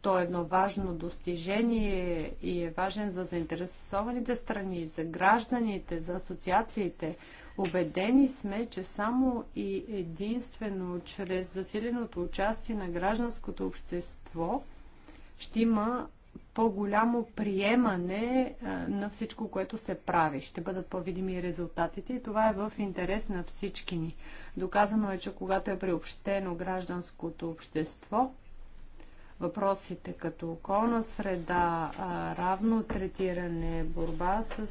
то е едно важно достижение и е важен за заинтересованите страни, за гражданите, за асоциациите. Обедени сме, че само и единствено чрез засиленото участие на гражданското общество ще има по-голямо приемане е, на всичко, което се прави. Ще бъдат по-видими резултатите и това е в интерес на всички ни. Доказано е, че когато е приобщено гражданското общество, въпросите като околна среда, равно третиране, борба с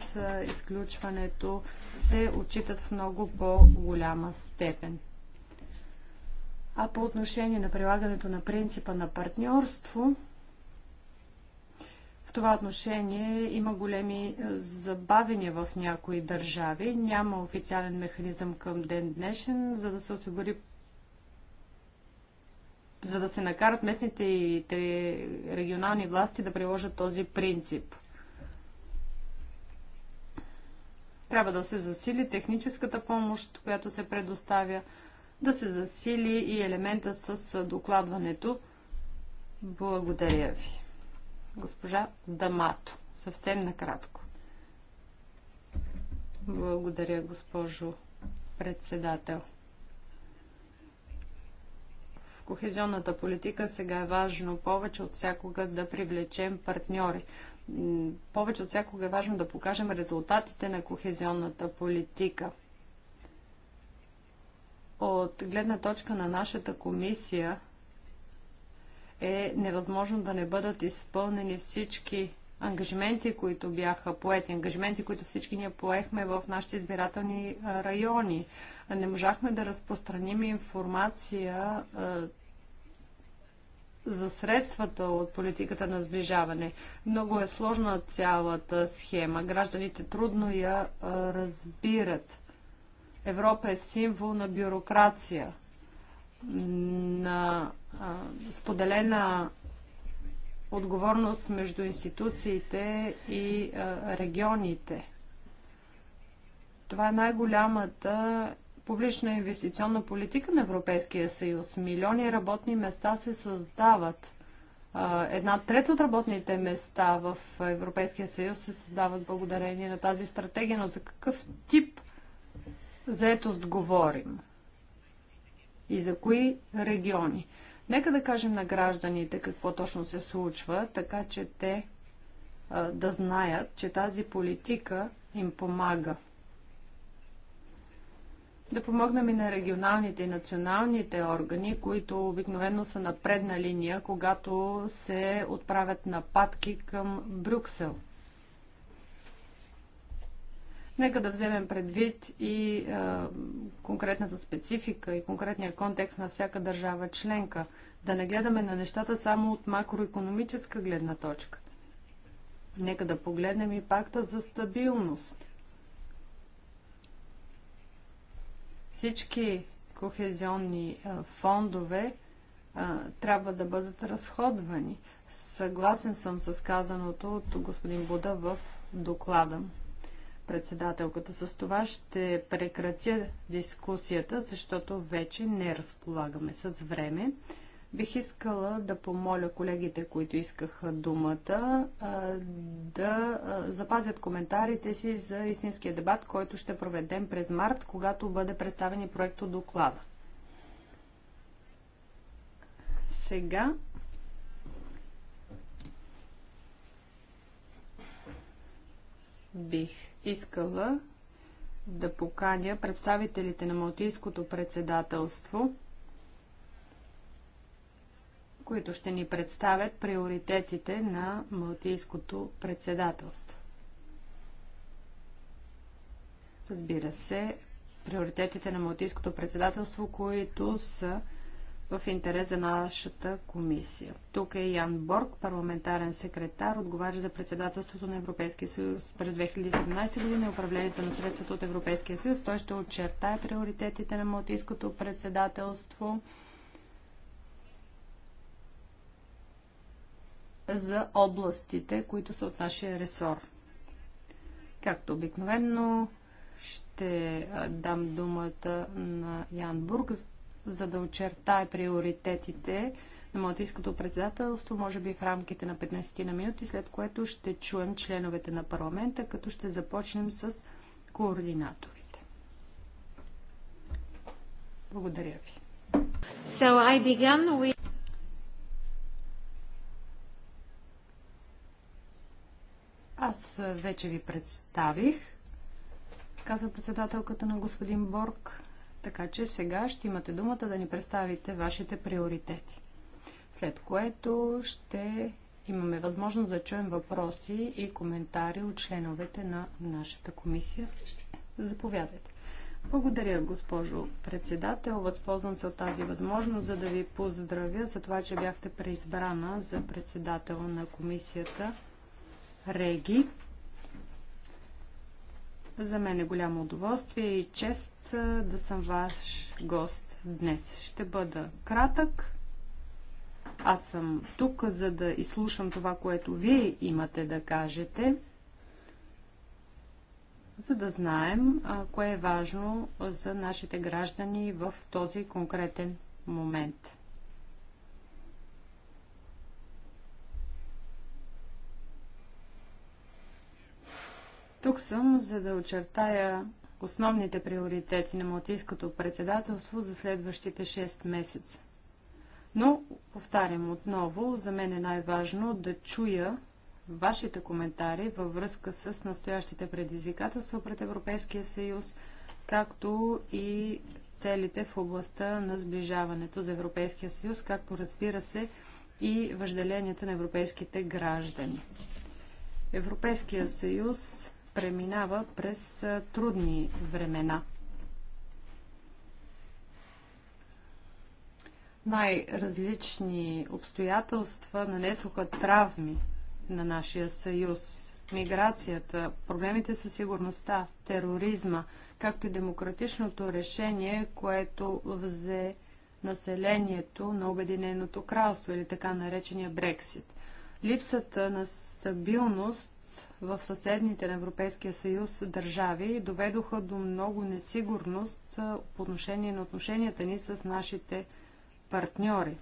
изключването се отчитат в много по-голяма степен. А по отношение на прилагането на принципа на партньорство, в това отношение има големи забавения в някои държави. Няма официален механизъм към ден днешен, за да се осигури за да се накарат местните и регионални власти да приложат този принцип. Трябва да се засили техническата помощ, която се предоставя, да се засили и елемента с докладването. Благодаря ви. Госпожа Дамато, съвсем накратко. Благодаря, госпожо председател кохезионната политика сега е важно повече от всякога да привлечем партньори. Повече от всякога е важно да покажем резултатите на кохезионната политика. От гледна точка на нашата комисия е невъзможно да не бъдат изпълнени всички ангажименти, които бяха поети, ангажименти, които всички ние поехме в нашите избирателни райони. Не можахме да разпространим информация за средствата от политиката на сближаване. Много е сложна цялата схема. Гражданите трудно я разбират. Европа е символ на бюрокрация, на споделена отговорност между институциите и регионите. Това е най-голямата публична инвестиционна политика на Европейския съюз. Милиони работни места се създават. Една трета от работните места в Европейския съюз се създават благодарение на тази стратегия, но за какъв тип заетост говорим? И за кои региони? Нека да кажем на гражданите какво точно се случва, така че те а, да знаят, че тази политика им помага. Да помогнем и на регионалните и националните органи, които обикновено са на предна линия, когато се отправят нападки към Брюксел. Нека да вземем предвид и а, конкретната специфика и конкретния контекст на всяка държава членка. Да не гледаме на нещата само от макроекономическа гледна точка. Нека да погледнем и пакта за стабилност. Всички кохезионни а, фондове а, трябва да бъдат разходвани. Съгласен съм с казаното от господин Буда в доклада председателката. С това ще прекратя дискусията, защото вече не разполагаме с време. Бих искала да помоля колегите, които искаха думата, да запазят коментарите си за истинския дебат, който ще проведем през март, когато бъде представен и проекто доклада. Сега бих искала да поканя представителите на Малтийското председателство, които ще ни представят приоритетите на Малтийското председателство. Разбира се, приоритетите на Малтийското председателство, които са в интерес за нашата комисия. Тук е Ян Борг, парламентарен секретар, отговаря за председателството на Европейския съюз през 2017 година и е управлението на средствата от Европейския съюз. Той ще очертае приоритетите на Малтийското председателство за областите, които са от нашия ресор. Както обикновено, ще дам думата на Ян Бург, за да очертае приоритетите на Малтийското председателство, може би в рамките на 15 на минути, след което ще чуем членовете на парламента, като ще започнем с координаторите. Благодаря ви. So I began with... Аз вече ви представих, казва председателката на господин Борг. Така че сега ще имате думата да ни представите вашите приоритети. След което ще имаме възможност да чуем въпроси и коментари от членовете на нашата комисия. Заповядайте. Благодаря, госпожо председател. Възползвам се от тази възможност, за да ви поздравя за това, че бяхте преизбрана за председател на комисията Реги. За мен е голямо удоволствие и чест да съм ваш гост днес. Ще бъда кратък. Аз съм тук, за да изслушам това, което вие имате да кажете, за да знаем кое е важно за нашите граждани в този конкретен момент. Тук съм, за да очертая основните приоритети на Малтийското председателство за следващите 6 месеца. Но, повтарям отново, за мен е най-важно да чуя вашите коментари във връзка с настоящите предизвикателства пред Европейския съюз, както и целите в областта на сближаването за Европейския съюз, както разбира се и въжделенията на европейските граждани. Европейския съюз преминава през трудни времена. Най-различни обстоятелства нанесоха травми на нашия съюз. Миграцията, проблемите със сигурността, тероризма, както и демократичното решение, което взе населението на Обединеното кралство или така наречения Брексит. Липсата на стабилност в съседните на Европейския съюз държави доведоха до много несигурност по отношение на отношенията ни с нашите партньори.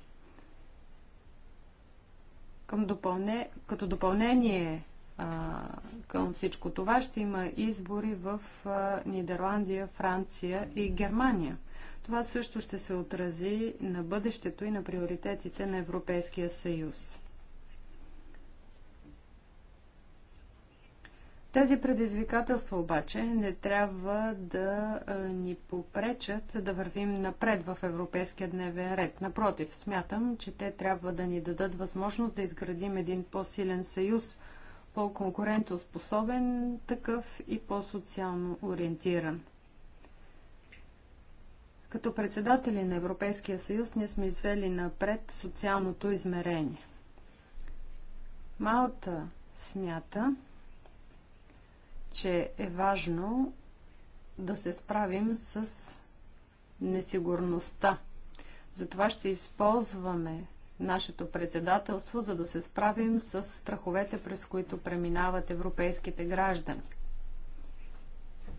Към допълне, като допълнение а, към всичко това ще има избори в а, Нидерландия, Франция и Германия. Това също ще се отрази на бъдещето и на приоритетите на Европейския съюз. Тези предизвикателства обаче не трябва да ни попречат да вървим напред в европейския дневен ред. Напротив, смятам, че те трябва да ни дадат възможност да изградим един по-силен съюз, по-конкурентоспособен такъв и по-социално ориентиран. Като председатели на Европейския съюз ние сме извели напред социалното измерение. Малта смята, че е важно да се справим с несигурността. Затова ще използваме нашето председателство, за да се справим с страховете, през които преминават европейските граждани.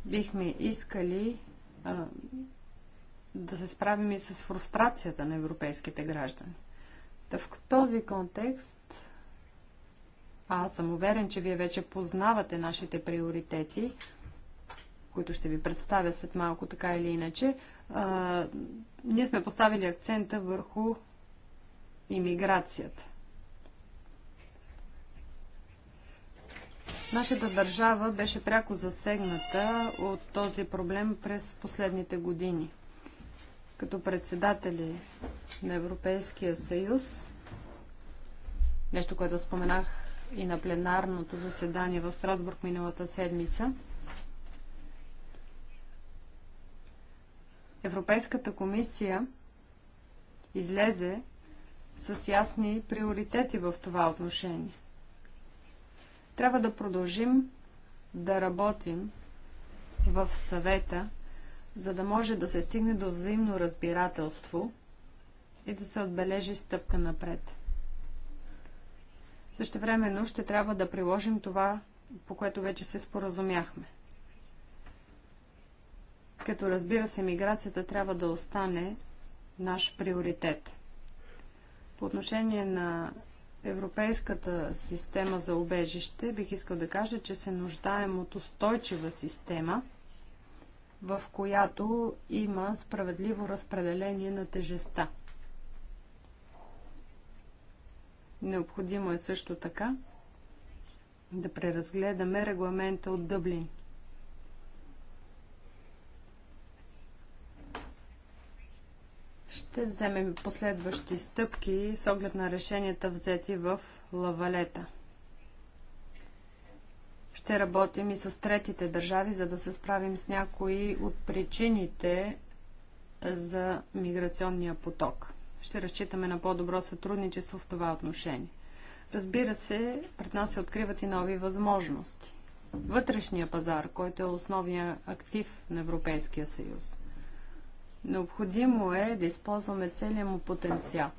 Бихме искали а, да се справим и с фрустрацията на европейските граждани. Та в този контекст аз съм уверен, че вие вече познавате нашите приоритети, които ще ви представя след малко, така или иначе. А, ние сме поставили акцента върху имиграцията. Нашата държава беше пряко засегната от този проблем през последните години. Като председатели на Европейския съюз, нещо, което споменах и на пленарното заседание в Страсбург миналата седмица. Европейската комисия излезе с ясни приоритети в това отношение. Трябва да продължим да работим в съвета, за да може да се стигне до взаимно разбирателство и да се отбележи стъпка напред времено ще трябва да приложим това, по което вече се споразумяхме. Като разбира се, миграцията трябва да остане наш приоритет. По отношение на европейската система за убежище, бих искал да кажа, че се нуждаем от устойчива система, в която има справедливо разпределение на тежеста. Необходимо е също така да преразгледаме регламента от Дъблин. Ще вземем последващи стъпки с оглед на решенията взети в Лавалета. Ще работим и с третите държави, за да се справим с някои от причините за миграционния поток ще разчитаме на по-добро сътрудничество в това отношение. Разбира се, пред нас се откриват и нови възможности. Вътрешния пазар, който е основния актив на Европейския съюз. Необходимо е да използваме целият му потенциал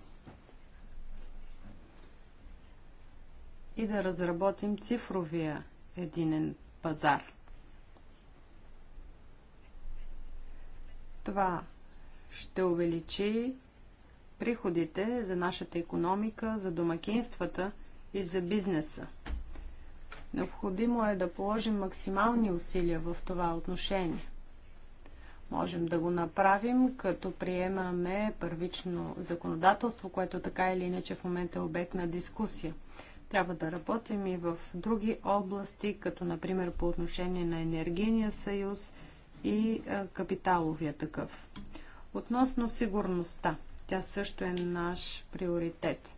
и да разработим цифровия единен пазар. Това ще увеличи приходите за нашата економика, за домакинствата и за бизнеса. Необходимо е да положим максимални усилия в това отношение. Можем да го направим, като приемаме първично законодателство, което така или иначе в момента е обект на дискусия. Трябва да работим и в други области, като например по отношение на енергийния съюз и капиталовия такъв. Относно сигурността. Тя също е наш приоритет.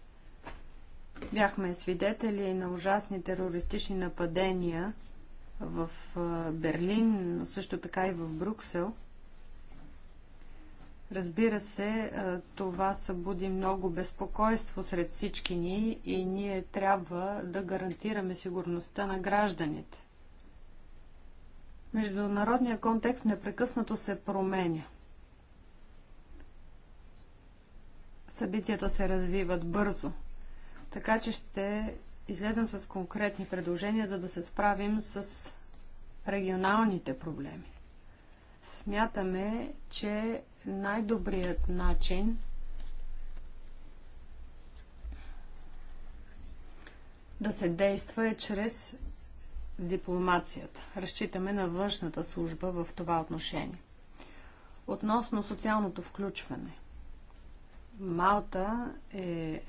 Бяхме свидетели на ужасни терористични нападения в Берлин, но също така и в Бруксел. Разбира се, това събуди много безпокойство сред всички ни и ние трябва да гарантираме сигурността на гражданите. Международният контекст непрекъснато се променя – събитията се развиват бързо. Така че ще излезем с конкретни предложения, за да се справим с регионалните проблеми. Смятаме, че най-добрият начин да се действа е чрез дипломацията. Разчитаме на външната служба в това отношение. Относно социалното включване – Малта е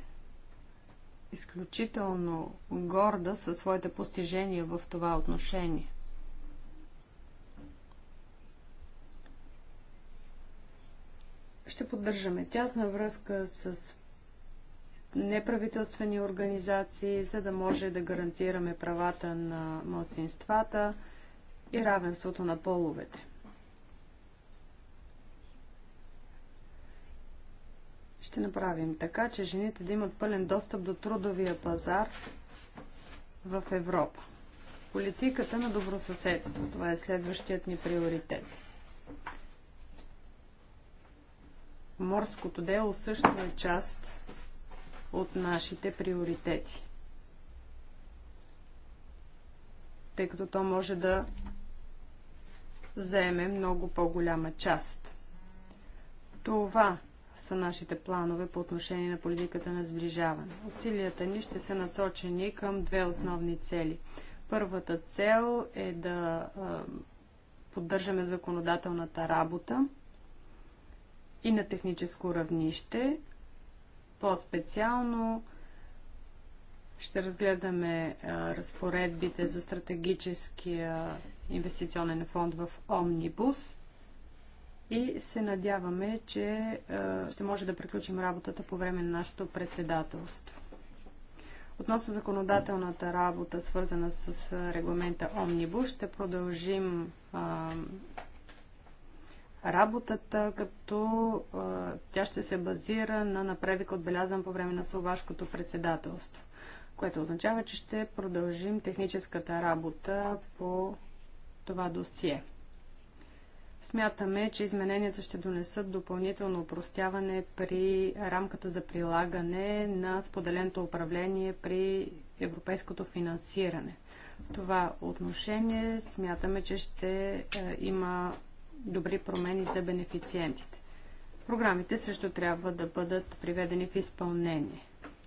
изключително горда със своите постижения в това отношение. Ще поддържаме тясна връзка с неправителствени организации, за да може да гарантираме правата на младсинствата и равенството на половете. ще направим така, че жените да имат пълен достъп до трудовия пазар в Европа. Политиката на добросъседство. Това е следващият ни приоритет. Морското дело също е част от нашите приоритети. Тъй като то може да заеме много по-голяма част. Това са нашите планове по отношение на политиката на сближаване. Усилията ни ще са насочени към две основни цели. Първата цел е да поддържаме законодателната работа и на техническо равнище. По-специално ще разгледаме а, разпоредбите за стратегическия инвестиционен фонд в Омнибус и се надяваме, че е, ще може да приключим работата по време на нашето председателство. Относно законодателната работа, свързана с е, регламента Омнибус, ще продължим а, е, работата, като а, тя ще се базира на напредък отбелязан по време на словашкото председателство, което означава, че ще продължим техническата работа по това досие. Смятаме, че измененията ще донесат допълнително упростяване при рамката за прилагане на споделеното управление при европейското финансиране. В това отношение смятаме, че ще е, има добри промени за бенефициентите. Програмите също трябва да бъдат приведени в изпълнение.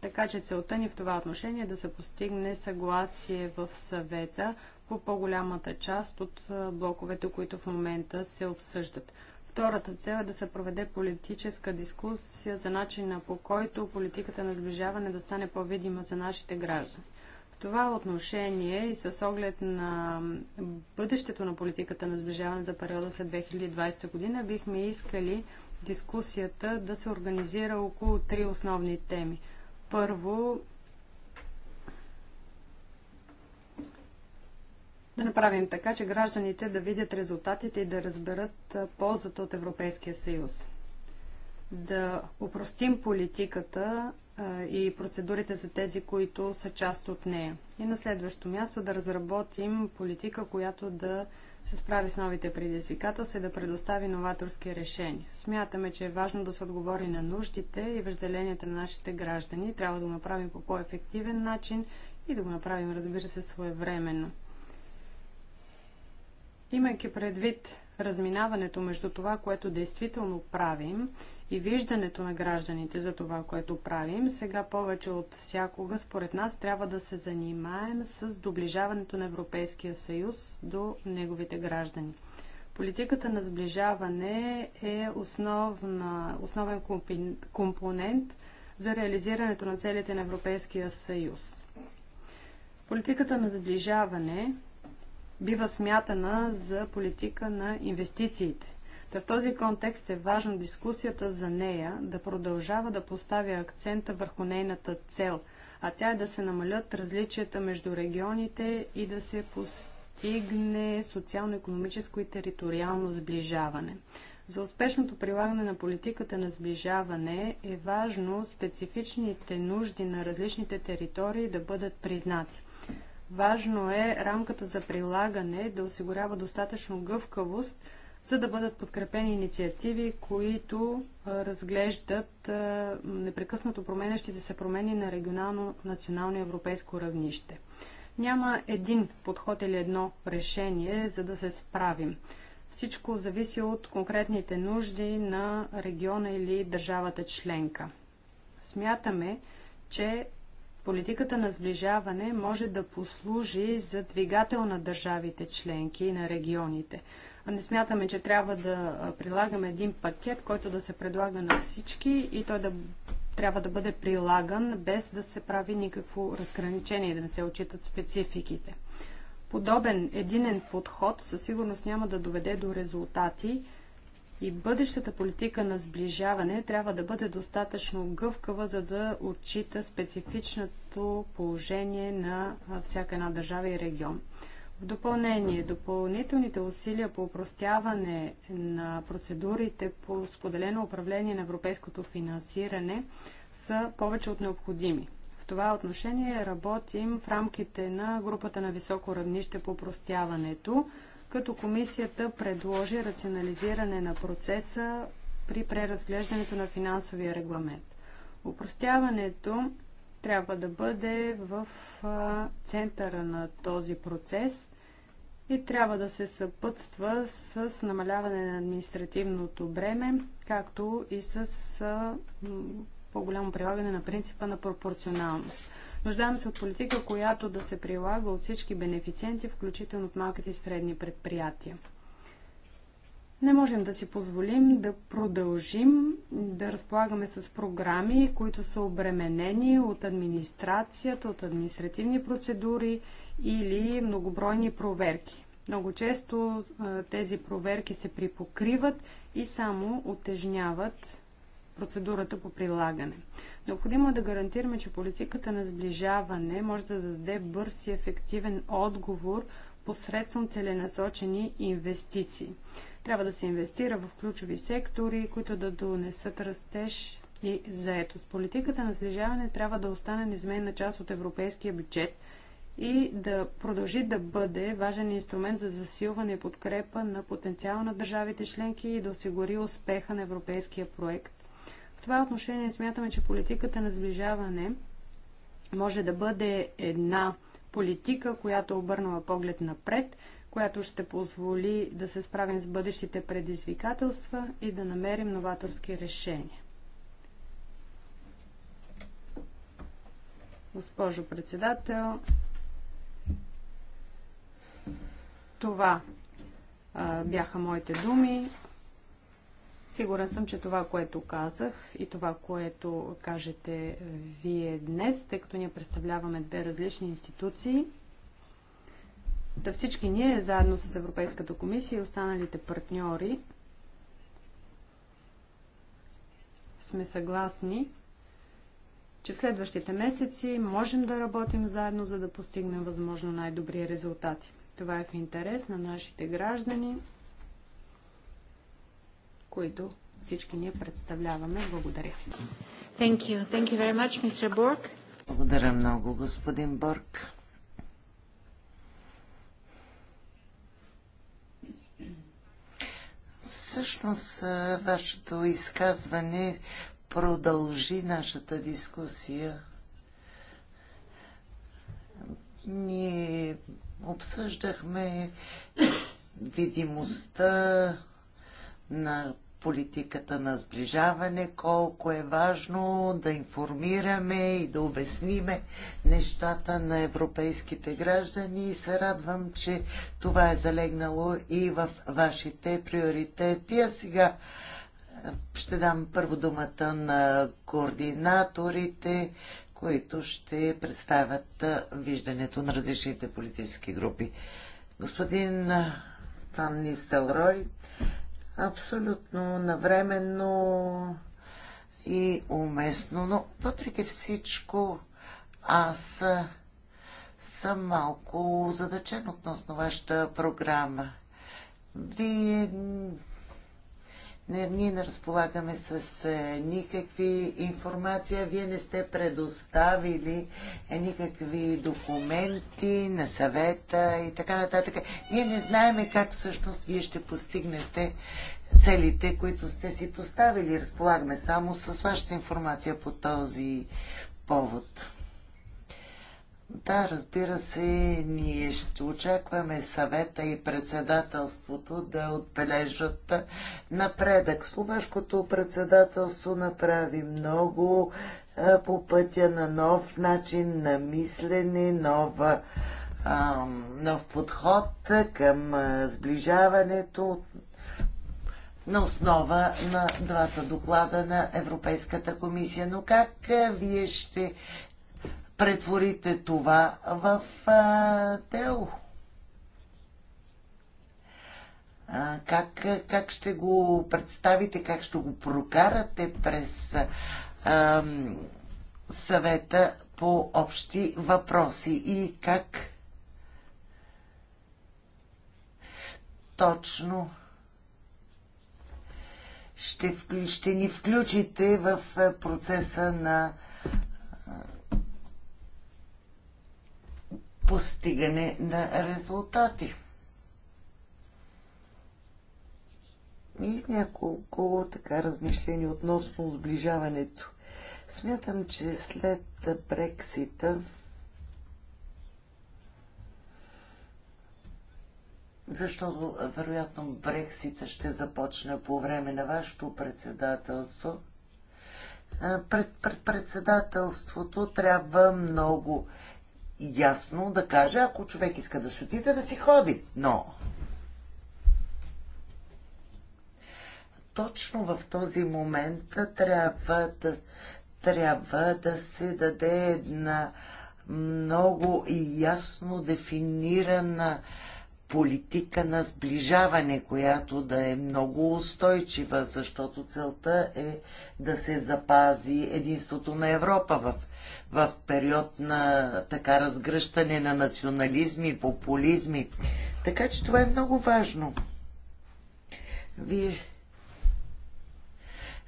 Така че целта ни в това отношение е да се постигне съгласие в съвета по по-голямата част от блоковете, които в момента се обсъждат. Втората цел е да се проведе политическа дискусия за начина по който политиката на сближаване да стане по-видима за нашите граждани. В това отношение и с оглед на бъдещето на политиката на сближаване за периода след 2020 година бихме искали дискусията да се организира около три основни теми – първо, да направим така, че гражданите да видят резултатите и да разберат ползата от Европейския съюз. Да упростим политиката и процедурите за тези, които са част от нея. И на следващо място да разработим политика, която да се справи с новите предизвикателства и да предостави новаторски решения. Смятаме, че е важно да се отговори на нуждите и въжделенията на нашите граждани. Трябва да го направим по по-ефективен начин и да го направим, разбира се, своевременно. Имайки предвид разминаването между това, което действително правим и виждането на гражданите за това, което правим. Сега повече от всякога, според нас, трябва да се занимаем с доближаването на Европейския съюз до неговите граждани. Политиката на сближаване е основна, основен компонент за реализирането на целите на Европейския съюз. Политиката на сближаване бива смятана за политика на инвестициите Та в този контекст е важно дискусията за нея да продължава да поставя акцента върху нейната цел, а тя е да се намалят различията между регионите и да се постигне социално-економическо и териториално сближаване. За успешното прилагане на политиката на сближаване е важно специфичните нужди на различните територии да бъдат признати. Важно е рамката за прилагане да осигурява достатъчно гъвкавост – за да бъдат подкрепени инициативи, които разглеждат непрекъснато променящите се промени на регионално, национално и европейско равнище. Няма един подход или едно решение, за да се справим. Всичко зависи от конкретните нужди на региона или държавата членка. Смятаме, че Политиката на сближаване може да послужи за двигател на държавите членки и на регионите. Не смятаме, че трябва да прилагаме един пакет, който да се предлага на всички и той да трябва да бъде прилаган без да се прави никакво разграничение, да не се отчитат спецификите. Подобен единен подход със сигурност няма да доведе до резултати и бъдещата политика на сближаване трябва да бъде достатъчно гъвкава, за да отчита специфичното положение на всяка една държава и регион. В допълнение, допълнителните усилия по упростяване на процедурите по споделено управление на европейското финансиране са повече от необходими. В това отношение работим в рамките на групата на високо равнище по упростяването, като комисията предложи рационализиране на процеса при преразглеждането на финансовия регламент. Упростяването трябва да бъде в центъра на този процес и трябва да се съпътства с намаляване на административното бреме, както и с по-голямо прилагане на принципа на пропорционалност. Нуждаем се от политика, която да се прилага от всички бенефициенти, включително от малките и средни предприятия. Не можем да си позволим да продължим да разполагаме с програми, които са обременени от администрацията, от административни процедури или многобройни проверки. Много често тези проверки се припокриват и само отежняват процедурата по прилагане. Необходимо е да гарантираме, че политиката на сближаване може да даде бърз и ефективен отговор посредством целенасочени инвестиции. Трябва да се инвестира в ключови сектори, които да донесат растеж и заетост. Политиката на сближаване трябва да остане неизменна част от европейския бюджет и да продължи да бъде важен инструмент за засилване и подкрепа на потенциала на държавите членки и да осигури успеха на европейския проект. В това отношение смятаме, че политиката на сближаване може да бъде една политика, която обърнала поглед напред, която ще позволи да се справим с бъдещите предизвикателства и да намерим новаторски решения. Госпожо председател, Това а, бяха моите думи. Сигурен съм, че това, което казах и това, което кажете е, вие днес, тъй като ние представляваме две различни институции, да всички ние, заедно с Европейската комисия и останалите партньори, сме съгласни, че в следващите месеци можем да работим заедно, за да постигнем възможно най-добри резултати. Това е в интерес на нашите граждани, които всички ние представляваме. Благодаря. Thank you. Thank you very much, Mr. Borg. Благодаря много, господин Борг. Всъщност, вашето изказване продължи нашата дискусия. Ние обсъждахме видимостта на политиката на сближаване, колко е важно да информираме и да обясниме нещата на европейските граждани и се радвам, че това е залегнало и в вашите приоритети. А сега ще дам първо думата на координаторите, които ще представят виждането на различните политически групи. Господин Тан Нистелрой, абсолютно навременно и уместно, но въпреки всичко аз съм малко задачен относно вашата програма. Вие не, ние не разполагаме с е, никакви информация. Вие не сте предоставили е, никакви документи на съвета и така нататък. Ние не знаеме как всъщност вие ще постигнете целите, които сте си поставили. Разполагаме само с вашата информация по този повод. Да, разбира се, ние ще очакваме съвета и председателството да отбележат напредък. Словашкото председателство направи много по пътя на нов начин на мислене, нова, а, нов подход към сближаването на основа на двата доклада на Европейската комисия. Но как вие ще претворите това в а, дело. А, как, как ще го представите, как ще го прокарате през а, съвета по общи въпроси и как точно ще, ще ни включите в процеса на постигане на резултати. И няколко така размишления относно сближаването. Смятам, че след Брексита защото вероятно Брексита ще започне по време на вашето председателство. Пред, пред председателството трябва много ясно да каже, ако човек иска да се отиде, да си ходи. Но точно в този момент трябва да, трябва да се даде една много и ясно дефинирана политика на сближаване, която да е много устойчива, защото целта е да се запази единството на Европа в в период на така разгръщане на национализми, популизми. Така че това е много важно. Вие,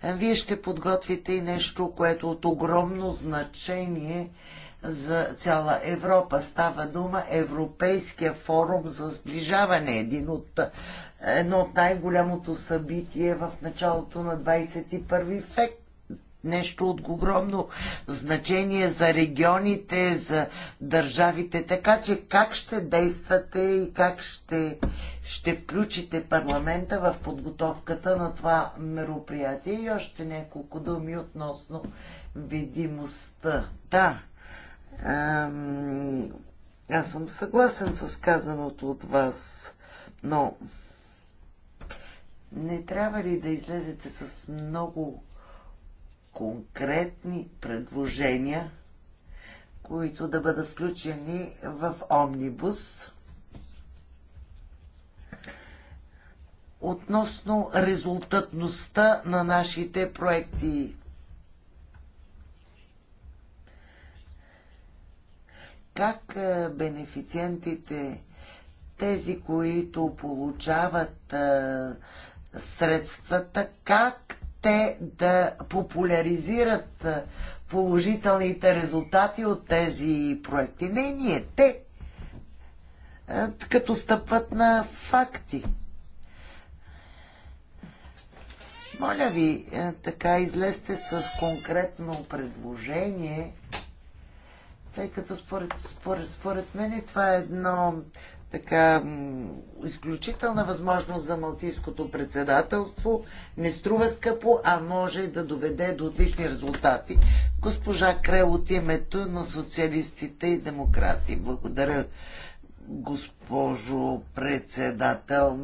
вие ще подготвите и нещо, което е от огромно значение за цяла Европа. Става дума Европейския форум за сближаване. Един от, едно от най-голямото събитие в началото на 21 век нещо от огромно значение за регионите, за държавите. Така че как ще действате и как ще, ще включите парламента в подготовката на това мероприятие? И още няколко думи относно видимостта. Да. Ам, аз съм съгласен с казаното от вас, но не трябва ли да излезете с много конкретни предложения, които да бъдат включени в Омнибус относно резултатността на нашите проекти. Как е, бенефициентите, тези, които получават е, средствата, как те да популяризират положителните резултати от тези проекти. Не ние, те като стъпват на факти. Моля ви, така излезте с конкретно предложение, тъй като според, според, според мен това е едно така изключителна възможност за Малтийското председателство. Не струва скъпо, а може да доведе до отлични резултати. Госпожа Крел от името на социалистите и демократи. Благодаря, госпожо председател.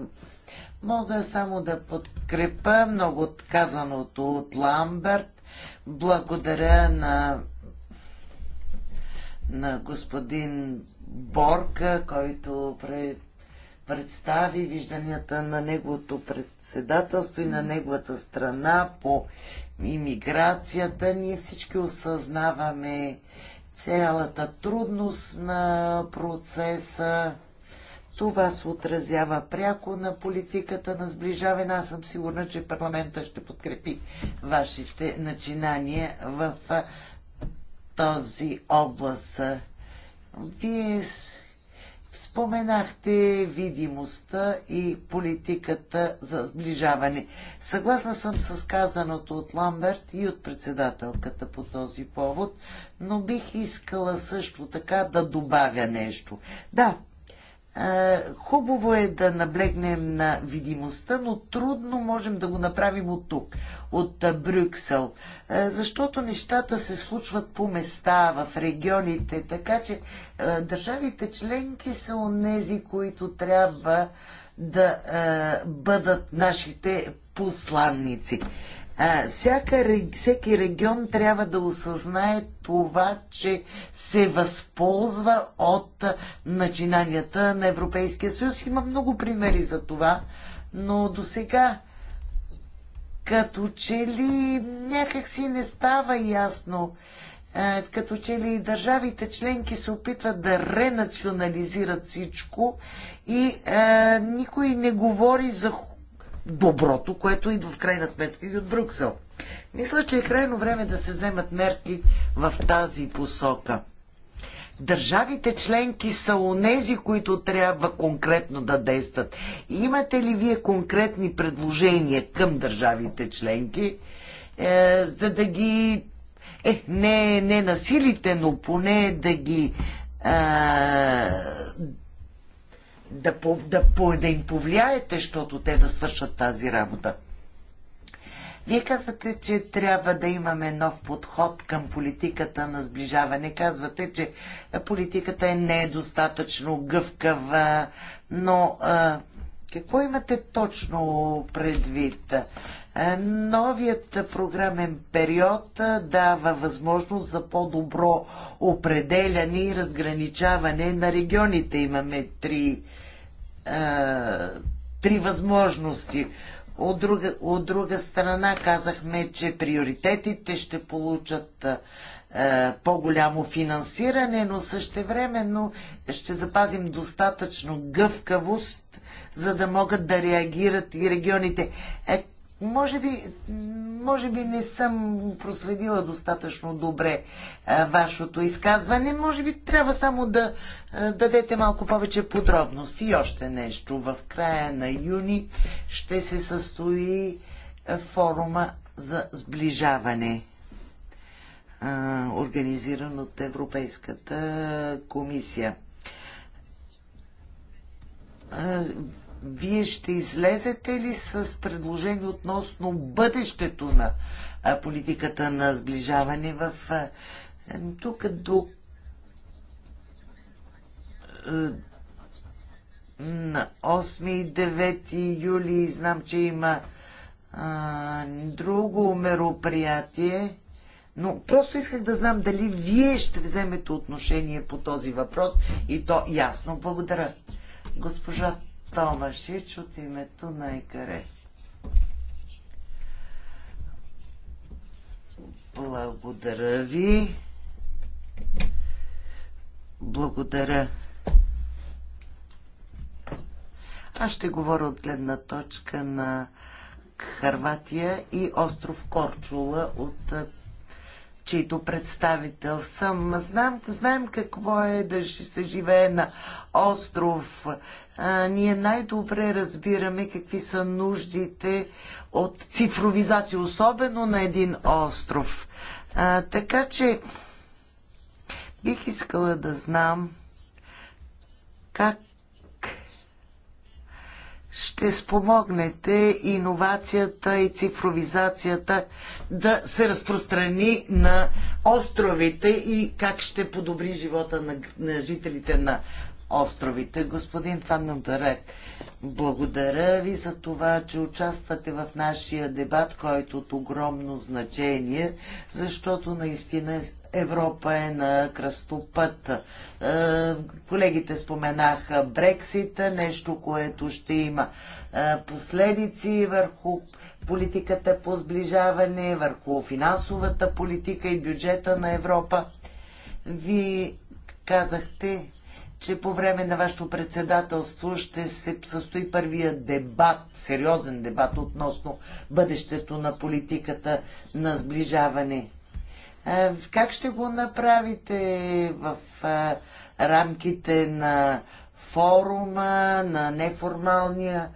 Мога само да подкрепа много отказаното от Ламберт. Благодаря на, на господин Борка, който представи вижданията на неговото председателство и на неговата страна по иммиграцията. Ние всички осъзнаваме цялата трудност на процеса. Това се отразява пряко на политиката на сближаване. Аз съм сигурна, че парламента ще подкрепи вашите начинания в този област. Вие споменахте видимостта и политиката за сближаване. Съгласна съм с казаното от Ламберт и от председателката по този повод, но бих искала също така да добавя нещо. Да, е, хубаво е да наблегнем на видимостта, но трудно можем да го направим от тук, от е, Брюксел, е, защото нещата се случват по места, в регионите, така че държавите членки са онези, които трябва да бъдат нашите посланници всяка, всеки регион трябва да осъзнае това, че се възползва от начинанията на Европейския съюз. Има много примери за това, но до сега като че ли някак си не става ясно. Като че ли държавите членки се опитват да ренационализират всичко и е, никой не говори за доброто, което идва в крайна сметка и от Брюксел. Мисля, че е крайно време да се вземат мерки в тази посока. Държавите членки са онези, които трябва конкретно да действат. Имате ли вие конкретни предложения към държавите членки, е, за да ги е, не, не насилите, но поне да ги е, да, да, да им повлияете, защото те да свършат тази работа. Вие казвате, че трябва да имаме нов подход към политиката на сближаване. Казвате, че политиката е недостатъчно гъвкава, но а, какво имате точно предвид? Новият програмен период дава възможност за по-добро определяне и разграничаване на регионите. Имаме три три възможности. От друга, от друга страна казахме, че приоритетите ще получат по-голямо финансиране, но същевременно ще запазим достатъчно гъвкавост, за да могат да реагират и регионите. Е, може би, може би не съм проследила достатъчно добре а, вашето изказване. Може би трябва само да а, дадете малко повече подробности. И още нещо. В края на юни ще се състои форума за сближаване, а, организиран от Европейската комисия вие ще излезете ли с предложение относно бъдещето на политиката на сближаване в тук до на 8 и 9 юли знам, че има а, друго мероприятие, но просто исках да знам дали вие ще вземете отношение по този въпрос и то ясно. Благодаря. Госпожа Томашич от името на Игаре. Благодаря ви. Благодаря. Аз ще говоря от гледна точка на Харватия и остров Корчула от чийто представител съм. Знам, знаем какво е да се живее на остров. А, ние най-добре разбираме какви са нуждите от цифровизация, особено на един остров. А, така че бих искала да знам как ще спомогнете иновацията и цифровизацията да се разпространи на островите и как ще подобри живота на, на жителите на островите. Господин Фаннандарек, благодаря ви за това, че участвате в нашия дебат, който е от огромно значение, защото наистина Европа е на кръстопът. Е, колегите споменаха Брексита, нещо, което ще има е, последици върху политиката по сближаване, върху финансовата политика и бюджета на Европа. Ви казахте, че по време на вашето председателство ще се състои първия дебат, сериозен дебат относно бъдещето на политиката на сближаване. Как ще го направите в рамките на форума, на неформалния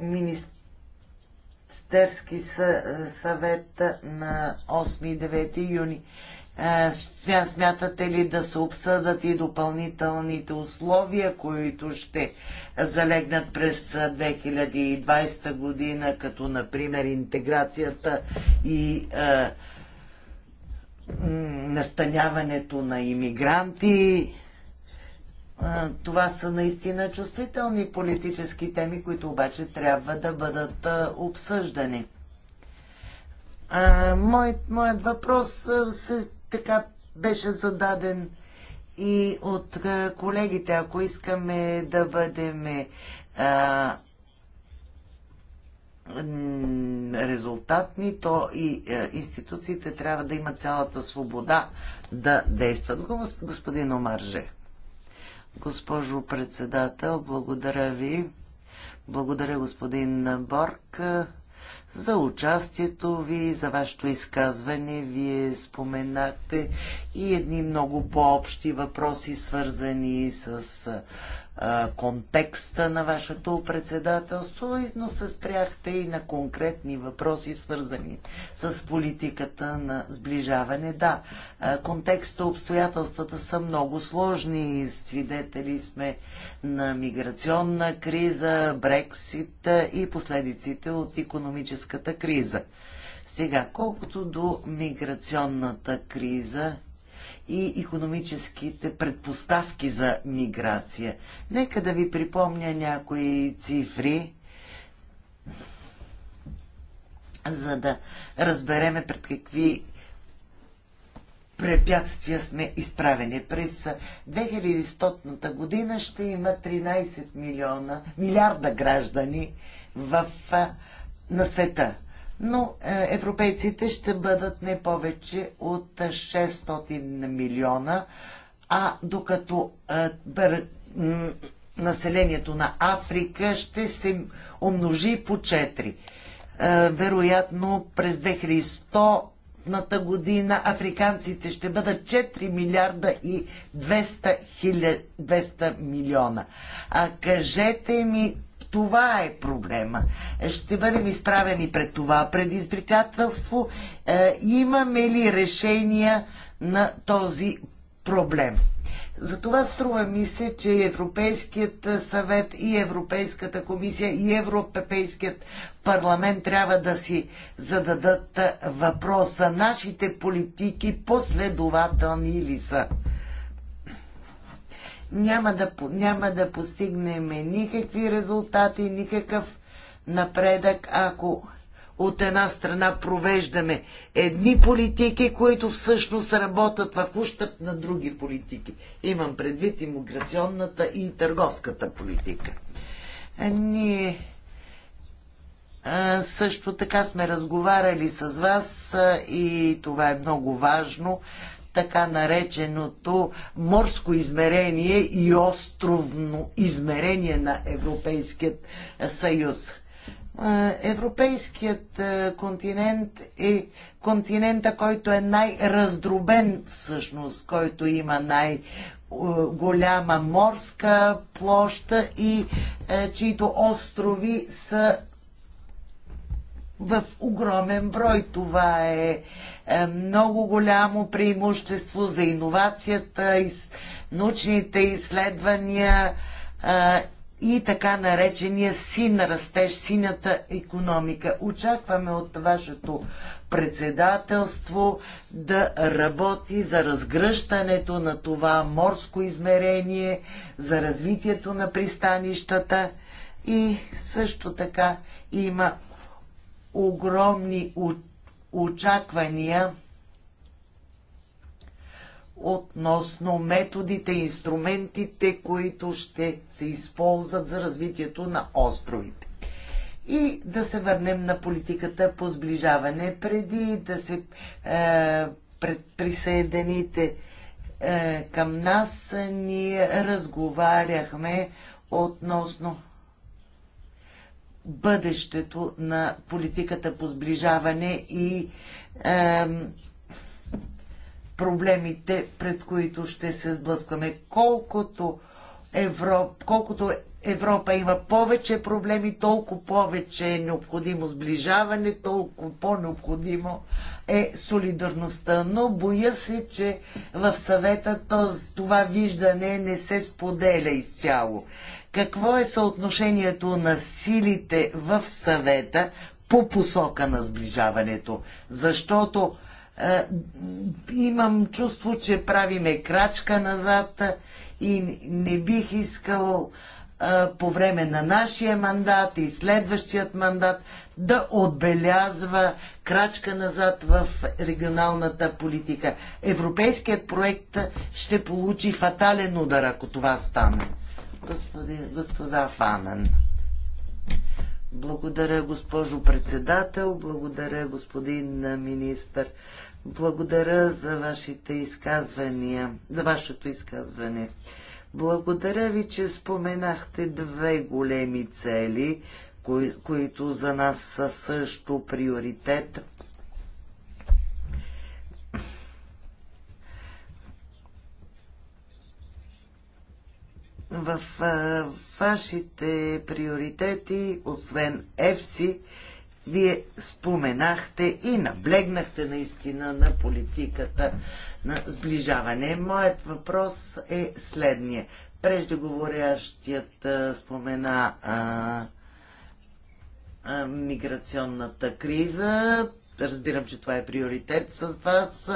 министерски съвет на 8 и 9 юни? Е, смятате ли да се обсъдат и допълнителните условия, които ще залегнат през 2020 е, година, като например интеграцията и е, настаняването на иммигранти? това са наистина чувствителни политически теми, които обаче трябва да бъдат обсъждани. моят въпрос се така беше зададен и от колегите, ако искаме да бъдем а, резултатни, то и а, институциите трябва да имат цялата свобода да действат. Господин Омарже. Госпожо председател, благодаря ви. Благодаря господин Борг за участието ви, за вашето изказване. Вие споменахте и едни много по-общи въпроси, свързани с контекста на вашето председателство, но се спряхте и на конкретни въпроси, свързани с политиката на сближаване. Да, контекста, обстоятелствата са много сложни. Свидетели сме на миграционна криза, Брексит и последиците от економическата криза. Сега, колкото до миграционната криза, и економическите предпоставки за миграция. Нека да ви припомня някои цифри, за да разбереме пред какви препятствия сме изправени. През 2100 година ще има 13 милиона, милиарда граждани в, на света но е, европейците ще бъдат не повече от 600 милиона, а докато е, населението на Африка ще се умножи по 4. Е, вероятно през 2100 Ната година африканците ще бъдат 4 милиарда и 200, 000, 200 милиона. А кажете ми това е проблема. Е, ще бъдем изправени пред това предизвикателство. Е, имаме ли решения на този проблем? Затова струва ми се, че Европейският съвет и Европейската комисия и Европейският парламент трябва да си зададат въпроса. Нашите политики последователни ли са? няма да, няма да постигнем никакви резултати, никакъв напредък, ако от една страна провеждаме едни политики, които всъщност работят в ущърп на други политики. Имам предвид иммиграционната и търговската политика. Е, ние също така сме разговаряли с вас и това е много важно така нареченото морско измерение и островно измерение на Европейският е, съюз. Е, Европейският е, континент е континента, който е най-раздробен всъщност, който има най- голяма морска площа и е, чието острови са в огромен брой. Това е, е много голямо преимущество за иновацията, из, научните изследвания е, и така наречения син растеж, синята економика. Очакваме от вашето председателство да работи за разгръщането на това морско измерение, за развитието на пристанищата и също така има огромни очаквания относно методите и инструментите, които ще се използват за развитието на островите. И да се върнем на политиката по сближаване. Преди да се е, присъедините е, към нас, ние разговаряхме относно бъдещето на политиката по сближаване и е, проблемите, пред които ще се сблъскваме. Колкото Европ, колкото Европа има повече проблеми, толкова повече е необходимо сближаване, толкова по-необходимо е солидарността. Но боя се, че в съвета това виждане не се споделя изцяло. Какво е съотношението на силите в съвета по посока на сближаването? Защото е, имам чувство, че правиме крачка назад и не бих искал е, по време на нашия мандат и следващият мандат да отбелязва крачка назад в регионалната политика. Европейският проект ще получи фатален удар, ако това стане. Господи, господа Фанан. Благодаря, госпожо председател. Благодаря, господин министър. Благодаря за вашите изказвания, за вашето изказване. Благодаря ви, че споменахте две големи цели, кои, които за нас са също приоритет. В а, вашите приоритети, освен ЕФСИ, вие споменахте и наблегнахте наистина на политиката на сближаване. Моят въпрос е следния. Преждеговорящият спомена а, а, миграционната криза разбирам, че това е приоритет с вас.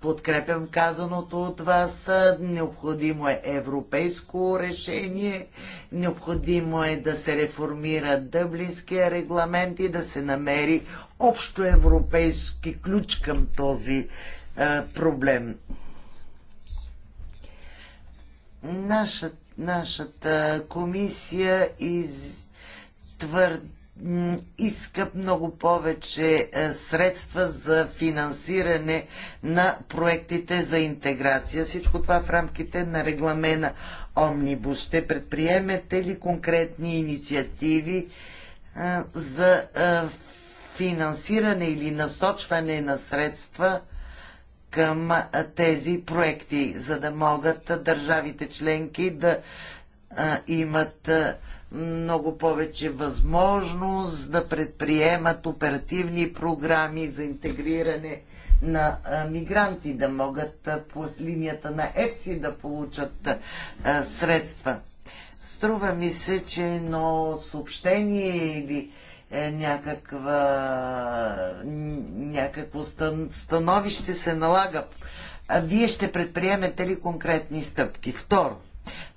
Подкрепям казаното от вас. Необходимо е европейско решение. Необходимо е да се реформира дъблинския регламент и да се намери общо европейски ключ към този а, е, проблем. Нашата, нашата комисия из твърд Искат много повече е, средства за финансиране на проектите за интеграция. Всичко това в рамките на регламена Омнибус. Ще предприемете ли конкретни инициативи е, за е, финансиране или насочване на средства към тези проекти, за да могат държавите членки да имат много повече възможност да предприемат оперативни програми за интегриране на мигранти, да могат по линията на ЕФСИ да получат средства. Струва ми се, че едно съобщение или е, някаква, някакво становище се налага. А вие ще предприемете ли конкретни стъпки? Второ,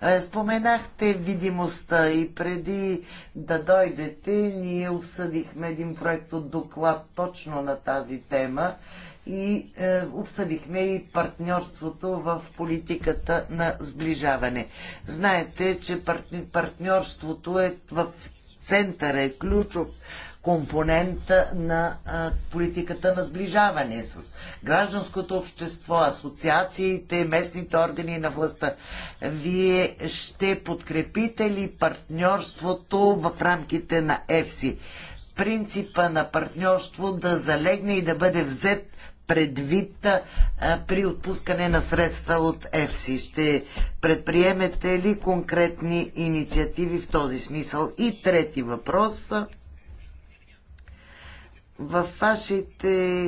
е, споменахте видимостта и преди да дойдете, ние обсъдихме един проект от доклад точно на тази тема и е, обсъдихме и партньорството в политиката на сближаване. Знаете, че партньорството е в центъра, е ключов компонент на политиката на сближаване с гражданското общество, асоциациите, местните органи на властта. Вие ще подкрепите ли партньорството в рамките на ЕФСИ? Принципа на партньорство да залегне и да бъде взет предвид а, при отпускане на средства от ЕФСИ? Ще предприемете ли конкретни инициативи в този смисъл? И трети въпрос. А, в вашите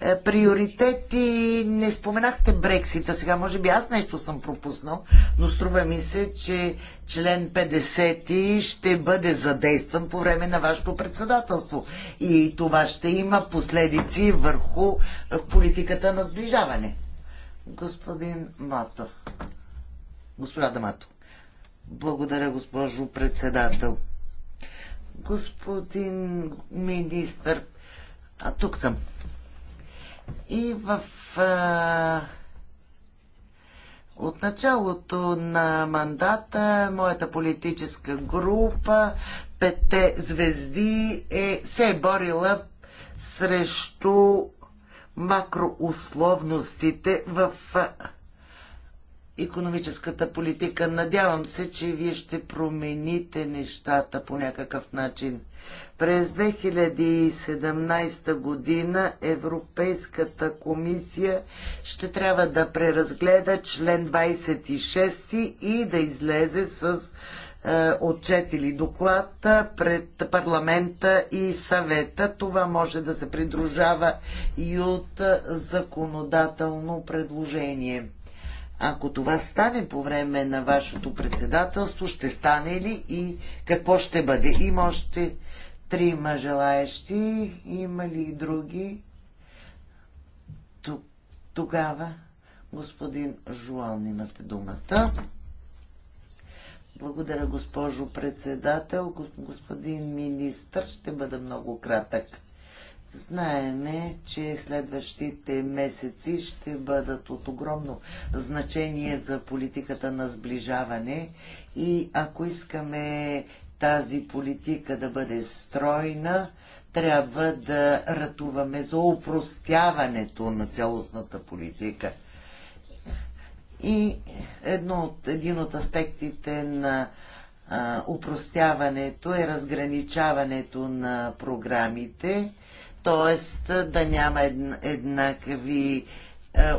е, приоритети не споменахте Брексита. Сега може би аз нещо съм пропуснал, но струва ми се, че член 50 ще бъде задействан по време на вашето председателство. И това ще има последици върху е, политиката на сближаване. Господин Мато. Господа Дамато. Благодаря, госпожо председател. Господин министър а, тук съм. И в... А... От началото на мандата моята политическа група пете звезди е, се е борила срещу макроусловностите в економическата политика. Надявам се, че вие ще промените нещата по някакъв начин. През 2017 година Европейската комисия ще трябва да преразгледа член 26 и да излезе с е, отчет или доклад пред парламента и съвета. Това може да се придружава и от е, законодателно предложение. Ако това стане по време на вашето председателство, ще стане ли и какво ще бъде? Има още трима желаещи, има ли и други? Тогава, господин Жуан, имате думата. Благодаря, госпожо председател. Господин министр, ще бъда много кратък. Знаеме, че следващите месеци ще бъдат от огромно значение за политиката на сближаване и ако искаме тази политика да бъде стройна, трябва да ратуваме за упростяването на цялостната политика. И едно от, един от аспектите на а, упростяването е разграничаването на програмите т.е. да няма еднакви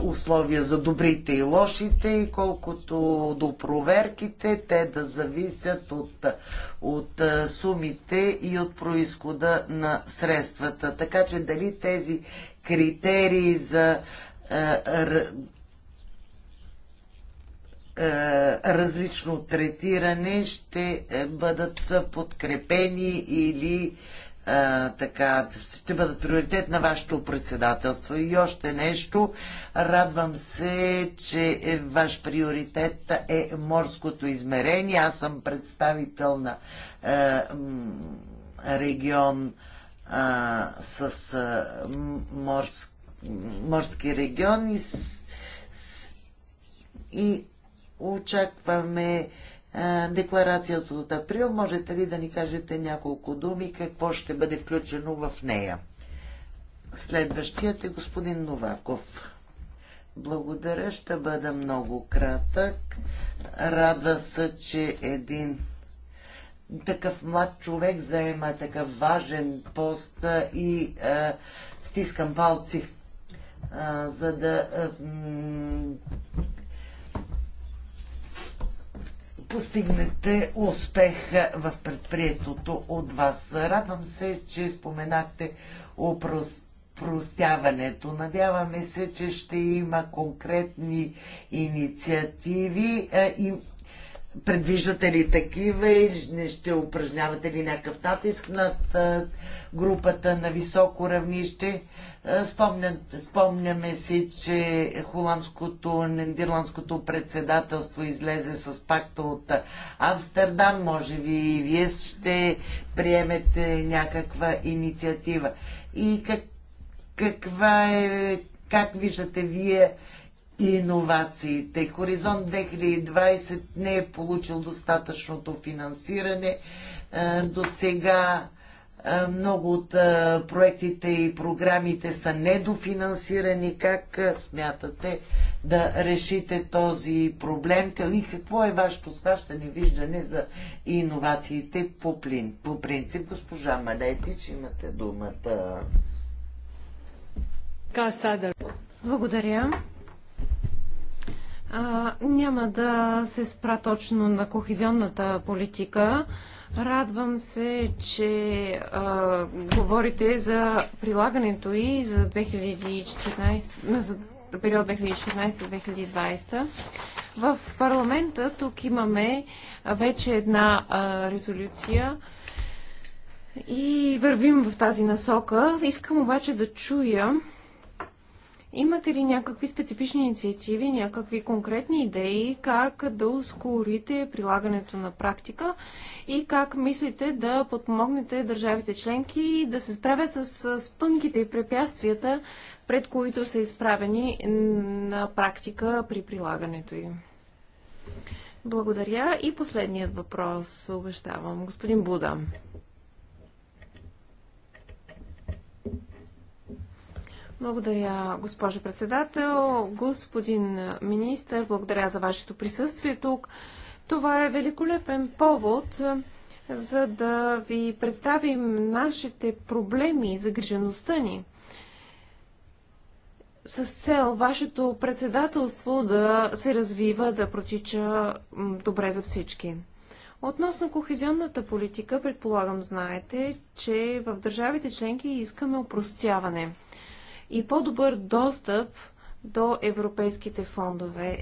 условия за добрите и лошите и колкото до проверките, те да зависят от, от сумите и от происхода на средствата. Така че дали тези критерии за различно третиране ще бъдат подкрепени или а, така, ще бъдат приоритет на вашето председателство. И още нещо, радвам се, че е ваш приоритет е морското измерение. Аз съм представител на а, е, регион а, с а, морс, морски регион и, и очакваме декларацията от април. Можете ли да ни кажете няколко думи, какво ще бъде включено в нея? Следващият е господин Новаков. Благодаря, ще бъда много кратък. Рада се, че един такъв млад човек заема такъв важен пост и е, стискам палци, е, за да постигнете успех в предприетото от вас. Радвам се, че споменахте опрос простяването. Надяваме се, че ще има конкретни инициативи е, и Предвиждате ли такива и ще упражнявате ли някакъв натиск над групата на високо равнище? спомняме си, че холандското, нидерландското председателство излезе с пакта от Амстердам. Може би и вие ще приемете някаква инициатива. И как, каква е, как виждате вие иновациите. Хоризонт 2020 не е получил достатъчното финансиране. Е, до сега е, много от е, проектите и програмите са недофинансирани. Как смятате да решите този проблем? И какво е вашето схващане, виждане за иновациите по принцип? Госпожа Малетич, имате думата. Благодаря. А, няма да се спра точно на кохезионната политика. Радвам се, че а, говорите за прилагането и за 2014, за период 2016 2020 В парламента тук имаме вече една а, резолюция и вървим в тази насока. Искам обаче да чуя Имате ли някакви специфични инициативи, някакви конкретни идеи как да ускорите прилагането на практика и как мислите да подпомогнете държавите членки да се справят с спънките и препятствията, пред които са изправени на практика при прилагането им? Благодаря. И последният въпрос обещавам. Господин Буда. Благодаря, госпожо председател, господин министр, благодаря за вашето присъствие тук. Това е великолепен повод е, за да ви представим нашите проблеми и загрижеността ни с цел вашето председателство да се развива, да протича добре за всички. Относно кохезионната политика, предполагам, знаете, че в държавите членки искаме опростяване и по-добър достъп до европейските фондове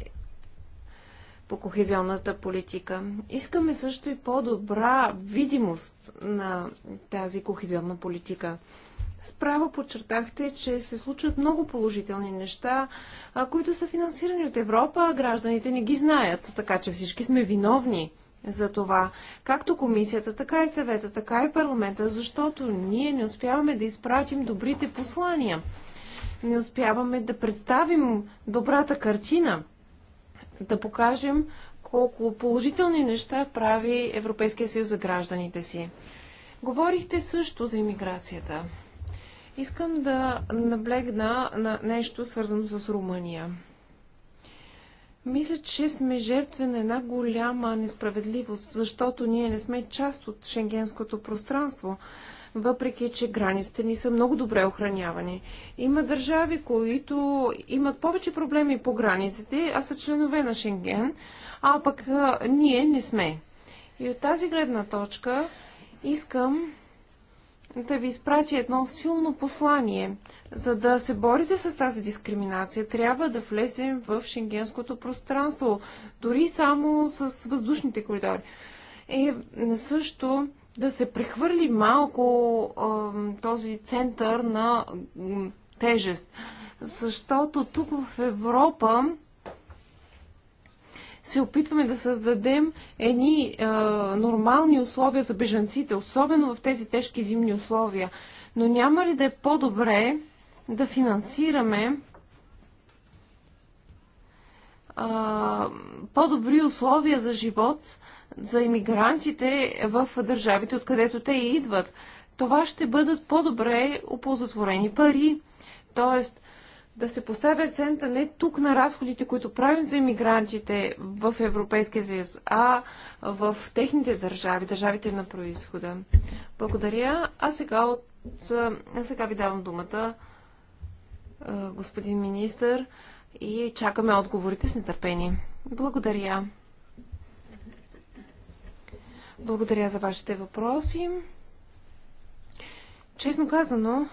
по кохезионната политика. Искаме също и по-добра видимост на тази кохезионна политика. Справо подчертахте, че се случват много положителни неща, които са финансирани от Европа, а гражданите не ги знаят, така че всички сме виновни за това. Както комисията, така и съвета, така и парламента, защото ние не успяваме да изпратим добрите послания не успяваме да представим добрата картина, да покажем колко положителни неща прави Европейския съюз за гражданите си. Говорихте също за иммиграцията. Искам да наблегна на нещо свързано с Румъния. Мисля, че сме жертви на една голяма несправедливост, защото ние не сме част от шенгенското пространство въпреки че границите ни са много добре охранявани. Има държави, които имат повече проблеми по границите, а са членове на Шенген, а пък а, ние не сме. И от тази гледна точка искам да ви изпрати едно силно послание. За да се борите с тази дискриминация, трябва да влезем в шенгенското пространство, дори само с въздушните коридори. Е, също да се прехвърли малко този център на тежест. Защото тук в Европа се опитваме да създадем едни е, нормални условия за бежанците, особено в тези тежки зимни условия. Но няма ли да е по-добре да финансираме е, по-добри условия за живот за иммигрантите в държавите, откъдето те идват. Това ще бъдат по-добре оползотворени пари. Тоест, да се поставя акцента не тук на разходите, които правим за иммигрантите в Европейския съюз, а в техните държави, държавите на происхода. Благодаря. А сега, от, а сега ви давам думата, господин министър, и чакаме отговорите с нетърпение. Благодаря. Благодаря за вашите въпроси. Честно казано,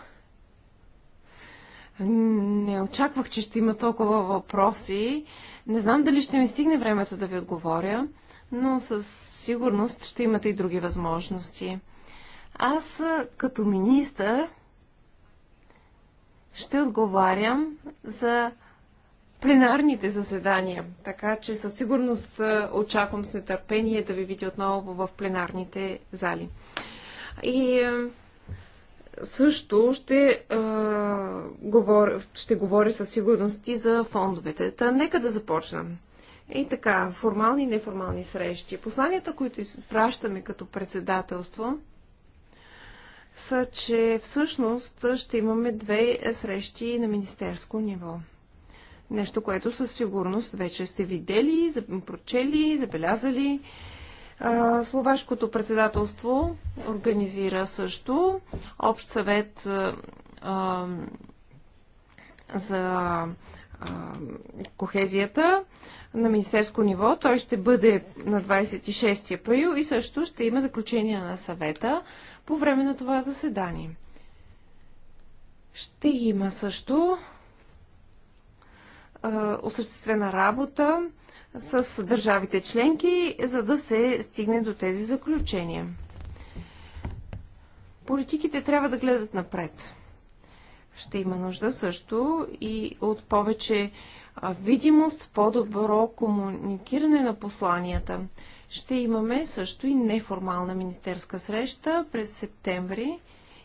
не очаквах, че ще има толкова въпроси. Не знам дали ще ми стигне времето да ви отговоря, но със сигурност ще имате и други възможности. Аз като министър ще отговарям за пленарните заседания. Така че със сигурност очаквам с нетърпение да ви видя отново в пленарните зали. И също ще, а, говоря, ще говоря със сигурност и за фондовете. Та нека да започнем. И така, формални и неформални срещи. Посланията, които изпращаме като председателство, са, че всъщност ще имаме две срещи на министерско ниво. Нещо, което със сигурност вече сте видели, прочели, забелязали. Словашкото председателство организира също общ съвет за кохезията на министерско ниво. Той ще бъде на 26 април и също ще има заключение на съвета по време на това заседание. Ще има също осъществена работа с държавите членки, за да се стигне до тези заключения. Политиките трябва да гледат напред. Ще има нужда също и от повече видимост, по-добро комуникиране на посланията. Ще имаме също и неформална министерска среща през септември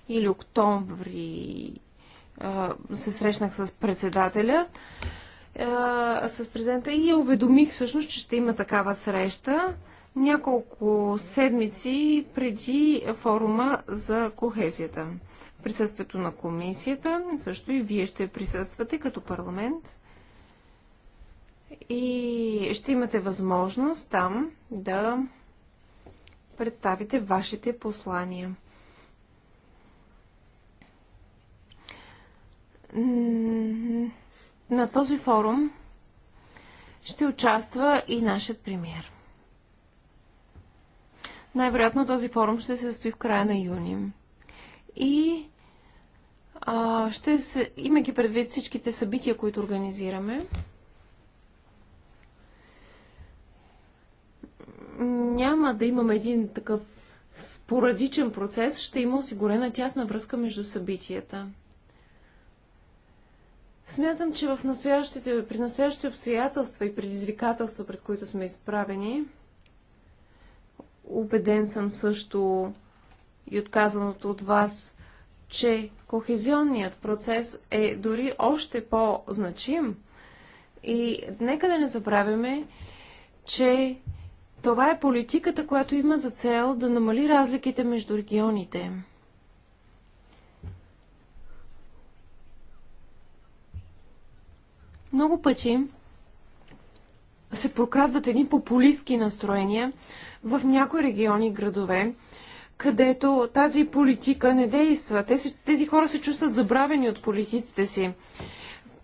или октомври. Се срещнах с председателя е, с президента и я уведомих всъщност, че ще има такава среща няколко седмици преди форума за кохезията. Присъствието на комисията, също и вие ще присъствате като парламент и ще имате възможност там да представите вашите послания на този форум ще участва и нашият премьер. Най-вероятно този форум ще се състои в края на юни. И а, ще се, имайки предвид всичките събития, които организираме, няма да имаме един такъв спорадичен процес, ще има осигурена тясна връзка между събитията. Смятам, че в настоящите, при настоящите обстоятелства и предизвикателства, пред които сме изправени, убеден съм също и отказаното от вас, че кохезионният процес е дори още по-значим. И нека да не забравяме, че това е политиката, която има за цел да намали разликите между регионите. Много пъти се прокрадват едни популистски настроения в някои региони и градове, където тази политика не действа. Тези, тези хора се чувстват забравени от политиците си.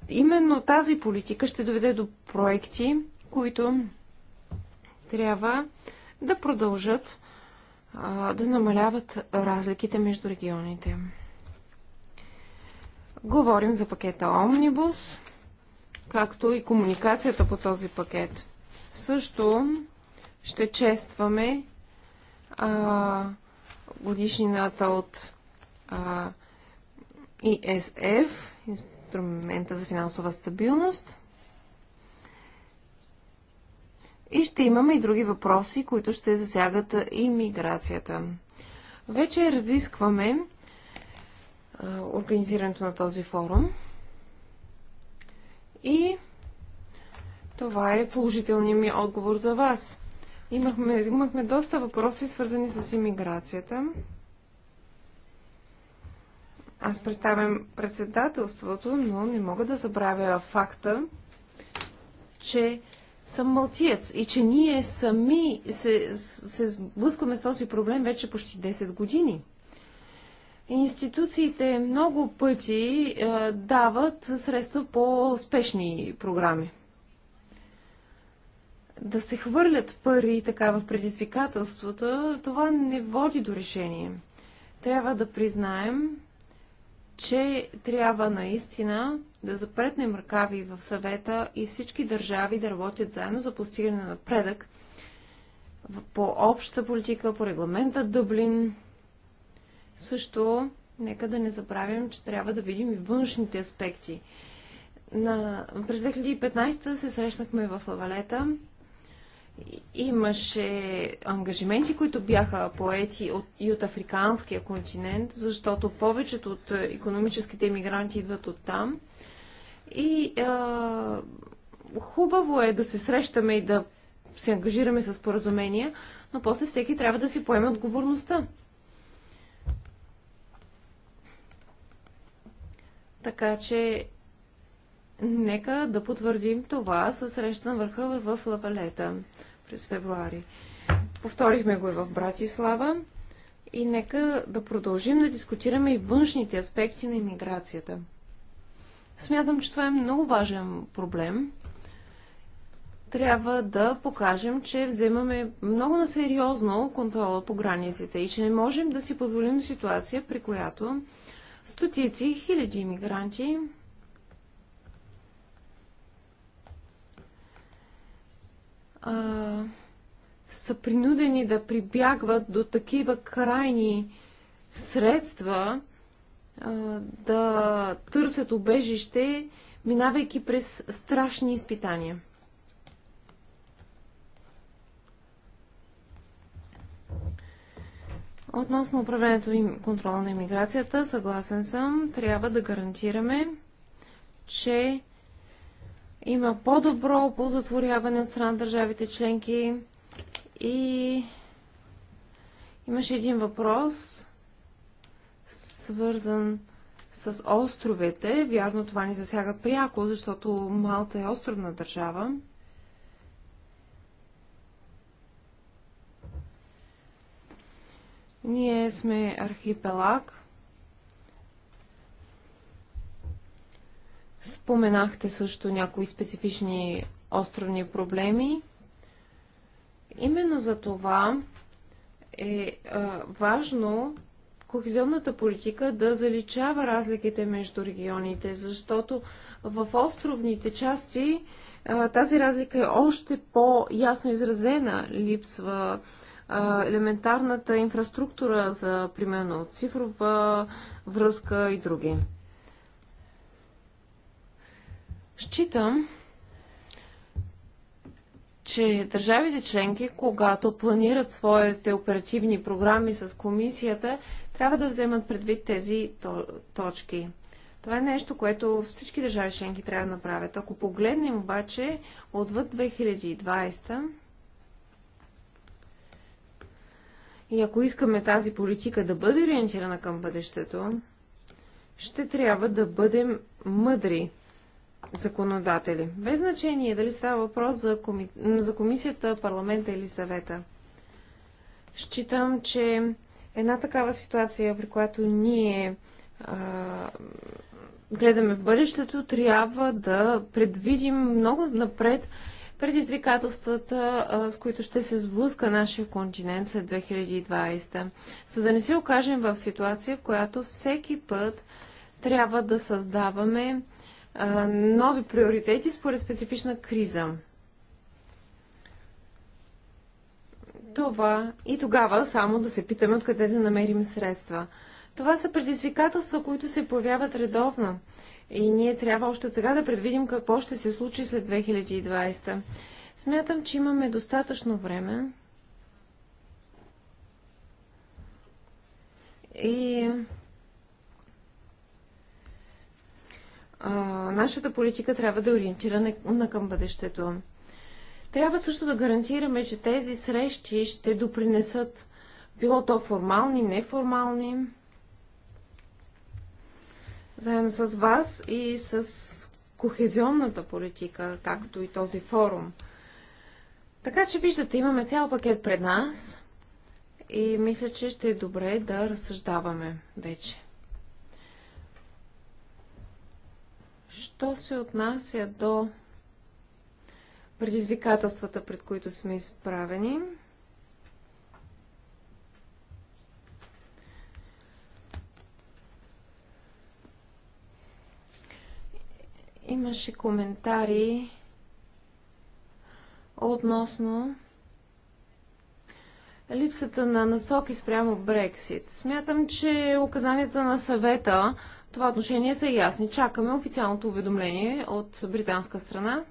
Именно тази политика ще доведе до проекти, които трябва да продължат а, да намаляват разликите между регионите. Говорим за пакета Омнибус както и комуникацията по този пакет. Също ще честваме а, годишнината от а, ИСФ, инструмента за финансова стабилност. И ще имаме и други въпроси, които ще засягат и миграцията. Вече разискваме а, организирането на този форум. И това е положителният ми отговор за вас. Имахме, имахме доста въпроси, свързани с иммиграцията. Аз представям председателството, но не мога да забравя факта, че съм мълтиец и че ние сами се, се сблъскваме с този проблем вече почти 10 години. Институциите много пъти е, дават средства по спешни програми. Да се хвърлят пари така в предизвикателствата, това не води до решение. Трябва да признаем, че трябва наистина да запретнем ръкави в съвета и всички държави да работят заедно за постигане на напредък по обща политика, по регламента Дъблин, също, нека да не забравим, че трябва да видим и външните аспекти. На, през 2015 се срещнахме в Лавалета. Имаше ангажименти, които бяха поети от, и от африканския континент, защото повечето от економическите емигранти идват от там. И а, хубаво е да се срещаме и да се ангажираме с поразумения, но после всеки трябва да си поеме отговорността. Така че нека да потвърдим това със среща на върха в Лавалета през февруари. Повторихме го и в Братислава. И нека да продължим да дискутираме и външните аспекти на иммиграцията. Смятам, че това е много важен проблем. Трябва да покажем, че вземаме много на сериозно контрола по границите и че не можем да си позволим ситуация, при която стотици хиляди иммигранти. А, са принудени да прибягват до такива крайни средства, а, да търсят убежище, минавайки през страшни изпитания. Относно управлението и контрола на иммиграцията, съгласен съм, трябва да гарантираме, че има по-добро оползотворяване от страна на държавите членки и имаше един въпрос, свързан с островете. Вярно, това ни засяга пряко, защото Малта е островна държава. Ние сме архипелаг. Споменахте също някои специфични островни проблеми. Именно за това е важно кохезионната политика да заличава разликите между регионите, защото в островните части тази разлика е още по-ясно изразена. Липсва елементарната инфраструктура за, примерно, цифрова връзка и други. Считам, че държавите членки, когато планират своите оперативни програми с комисията, трябва да вземат предвид тези точки. Това е нещо, което всички държави членки трябва да направят. Ако погледнем обаче отвъд 2020, И ако искаме тази политика да бъде ориентирана към бъдещето, ще трябва да бъдем мъдри законодатели. Без значение дали става въпрос за, коми... за комисията, парламента или съвета. Считам, че една такава ситуация, при която ние а, гледаме в бъдещето, трябва да предвидим много напред предизвикателствата, с които ще се сблъска нашия континент след 2020, за да не се окажем в ситуация, в която всеки път трябва да създаваме нови приоритети според специфична криза. Това и тогава само да се питаме откъде да намерим средства. Това са предизвикателства, които се появяват редовно и ние трябва още от сега да предвидим какво ще се случи след 2020. Смятам, че имаме достатъчно време. И а, нашата политика трябва да е ориентирана към бъдещето. Трябва също да гарантираме, че тези срещи ще допринесат било то формални, неформални, заедно с вас и с кохезионната политика, както и този форум. Така че, виждате, имаме цял пакет пред нас и мисля, че ще е добре да разсъждаваме вече. Що се отнася до предизвикателствата, пред които сме изправени? Имаше коментари относно липсата на насоки спрямо Брексит. Смятам, че указанията на съвета в това отношение са ясни. Чакаме официалното уведомление от британска страна.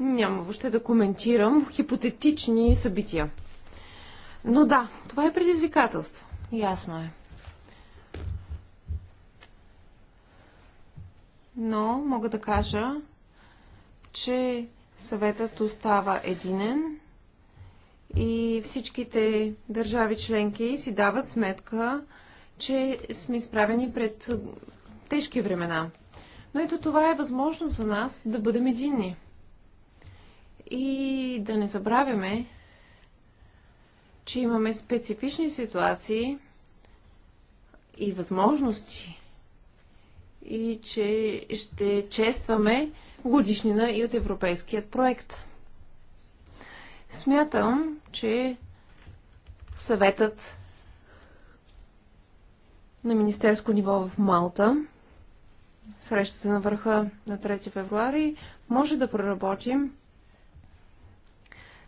Няма въобще да коментирам хипотетични събития. Но да, това е предизвикателство. Ясно е. но мога да кажа, че съветът остава единен и всичките държави членки си дават сметка, че сме изправени пред тежки времена. Но ето това е възможно за нас да бъдем единни. И да не забравяме, че имаме специфични ситуации и възможности и че ще честваме годишнина и от европейският проект. Смятам, че съветът на министерско ниво в Малта, срещата на върха на 3 февруари, може да проработим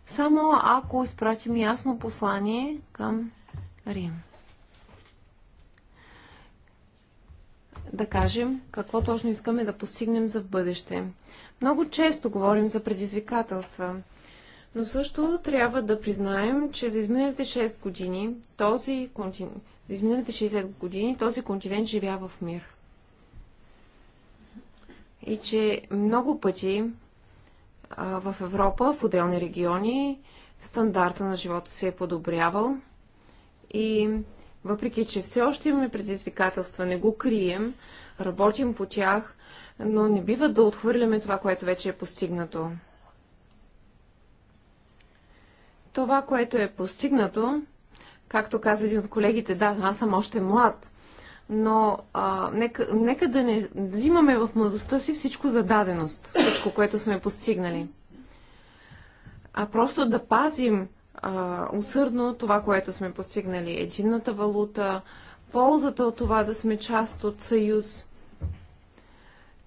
само ако изпратим ясно послание към Рим. да кажем какво точно искаме да постигнем за бъдеще. Много често говорим за предизвикателства, но също трябва да признаем, че за изминалите 6 години този континент, изминалите 60 години този континент живя в мир. И че много пъти а, в Европа, в отделни региони, стандарта на живота се е подобрявал и въпреки, че все още имаме предизвикателства, не го крием, работим по тях, но не бива да отхвърляме това, което вече е постигнато. Това, което е постигнато, както каза един от колегите, да, аз съм още млад, но а, нека, нека да не взимаме в младостта си всичко за даденост, всичко, което сме постигнали, а просто да пазим а, усърдно това, което сме постигнали. Единната валута, ползата от това да сме част от съюз.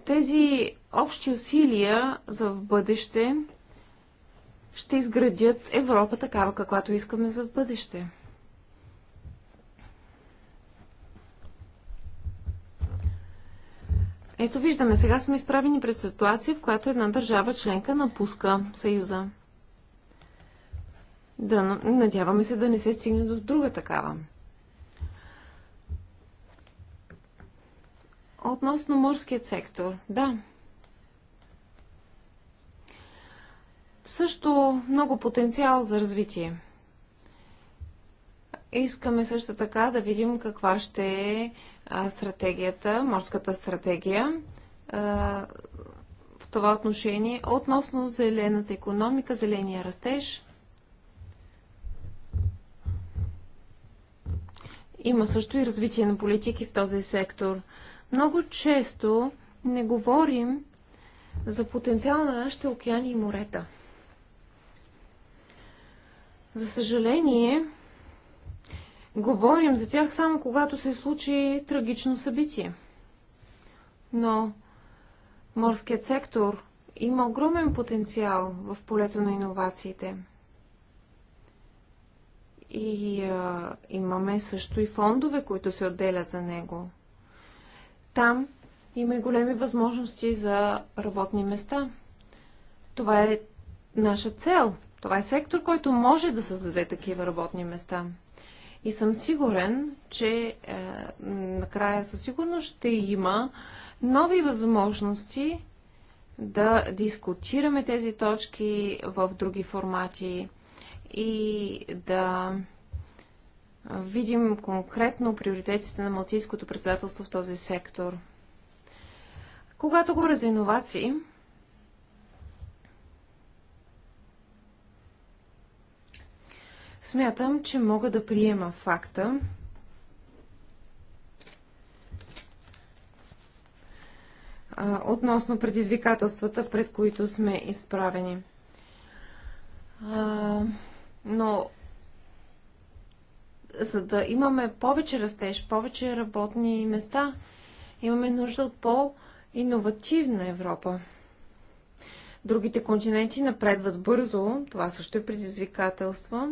Тези общи усилия за в бъдеще ще изградят Европа такава, каквато искаме за в бъдеще. Ето виждаме, сега сме изправени пред ситуация, в която една държава членка напуска Съюза. Да, надяваме се да не се стигне до друга такава. Относно морският сектор, да. Също много потенциал за развитие. Искаме също така да видим каква ще е стратегията, морската стратегия в това отношение относно зелената економика, зеления растеж. Има също и развитие на политики в този сектор. Много често не говорим за потенциала на нашите океани и морета. За съжаление, говорим за тях само когато се случи трагично събитие. Но морският сектор има огромен потенциал в полето на иновациите – и а, имаме също и фондове, които се отделят за него. Там има и големи възможности за работни места. Това е наша цел. Това е сектор, който може да създаде такива работни места. И съм сигурен, че е, накрая със сигурност ще има нови възможности да дискутираме тези точки в други формати и да видим конкретно приоритетите на Малтийското председателство в този сектор. Когато говоря за иновации, смятам, че мога да приема факта, относно предизвикателствата, пред които сме изправени. Но за да имаме повече растеж, повече работни места, имаме нужда от по-инновативна Европа. Другите континенти напредват бързо, това също е предизвикателство.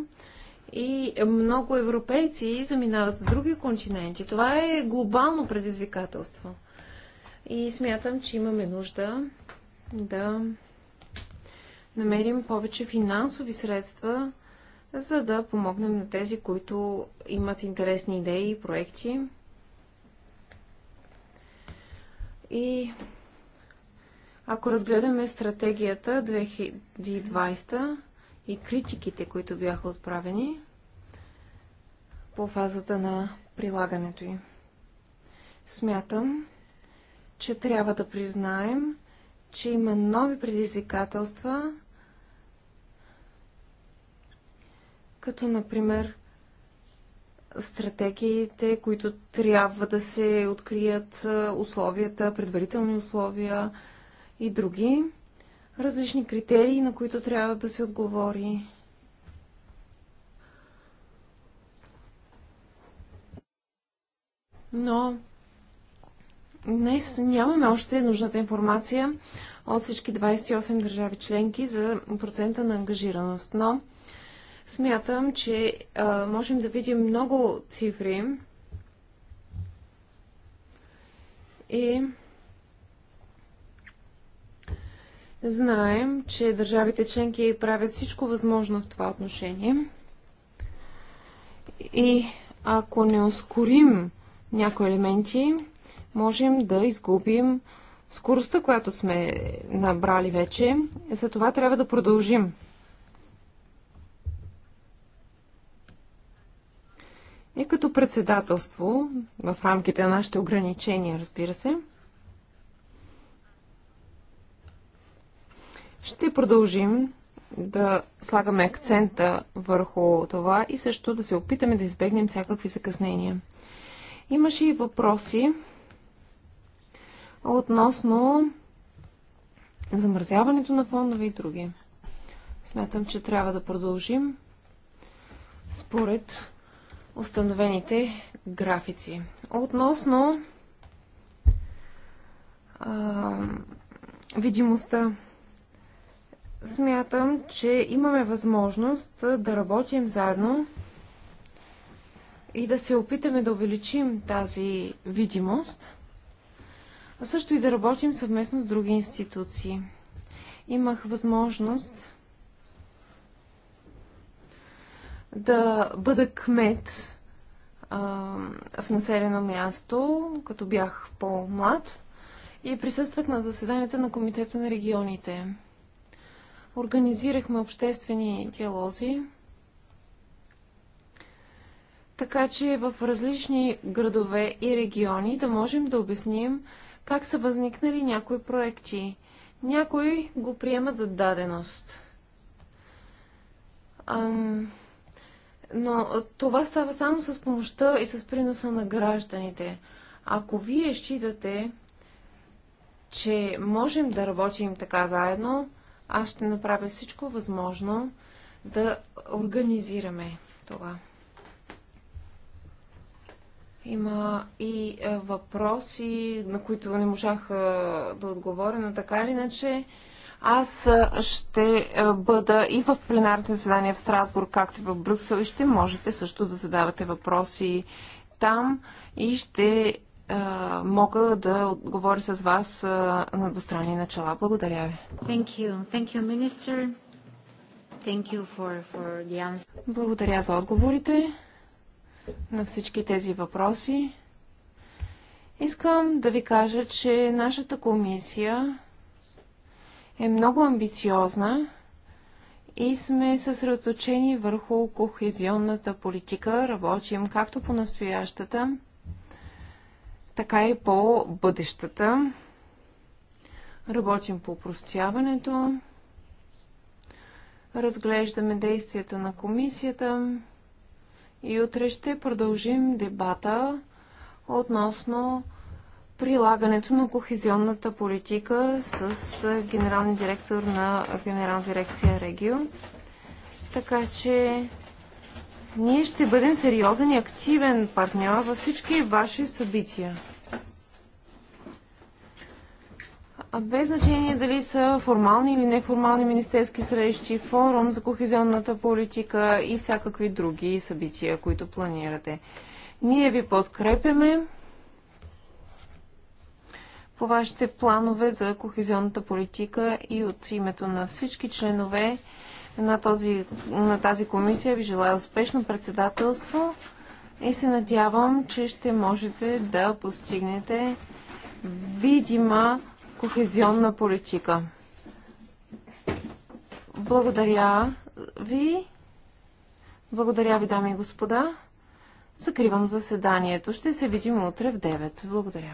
И много европейци заминават за други континенти. Това е глобално предизвикателство. И смятам, че имаме нужда да намерим повече финансови средства за да помогнем на тези, които имат интересни идеи и проекти. И ако разгледаме стратегията 2020 и критиките, които бяха отправени по фазата на прилагането й, смятам, че трябва да признаем, че има нови предизвикателства като например стратегиите, които трябва да се открият условията, предварителни условия и други различни критерии, на които трябва да се отговори. Но днес нямаме още нужната информация от всички 28 държави членки за процента на ангажираност. Но Смятам, че а, можем да видим много цифри и знаем, че държавите членки правят всичко възможно в това отношение. И ако не ускорим някои елементи, можем да изгубим скоростта, която сме набрали вече. Затова трябва да продължим. И като председателство, в рамките на нашите ограничения, разбира се, ще продължим да слагаме акцента върху това и също да се опитаме да избегнем всякакви закъснения. Имаше и въпроси относно замързяването на фондове и други. Смятам, че трябва да продължим според установените графици. Относно а, видимостта, смятам, че имаме възможност да работим заедно и да се опитаме да увеличим тази видимост, а също и да работим съвместно с други институции. Имах възможност да бъда кмет а, в населено място, като бях по-млад и присъствах на заседанията на Комитета на регионите. Организирахме обществени диалози, така че в различни градове и региони да можем да обясним как са възникнали някои проекти. Някои го приемат за даденост. Ам... Но това става само с помощта и с приноса на гражданите. Ако вие считате, че можем да работим така заедно, аз ще направя всичко възможно да организираме това. Има и е, въпроси, на които не можах да отговоря, но така или иначе аз ще бъда и в пленарните заседания в Страсбург, както и в Брюксел и ще можете също да задавате въпроси там и ще а, мога да отговоря с вас а, на двустранни начала. Благодаря ви. Thank you. Thank you, Thank you for, for the answer. Благодаря за отговорите на всички тези въпроси. Искам да ви кажа, че нашата комисия е много амбициозна и сме съсредоточени върху кохезионната политика. Работим както по настоящата, така и по бъдещата. Работим по упростяването. Разглеждаме действията на комисията. И утре ще продължим дебата относно прилагането на кохезионната политика с генералния директор на Генерална дирекция Регио. Така че ние ще бъдем сериозен и активен партньор във всички ваши събития. А без значение дали са формални или неформални министерски срещи, форум за кохезионната политика и всякакви други събития, които планирате. Ние ви подкрепяме по вашите планове за кохезионната политика и от името на всички членове на, този, на тази комисия ви желая успешно председателство и се надявам, че ще можете да постигнете видима кохезионна политика. Благодаря ви. Благодаря ви, дами и господа. Закривам заседанието. Ще се видим утре в 9. Благодаря.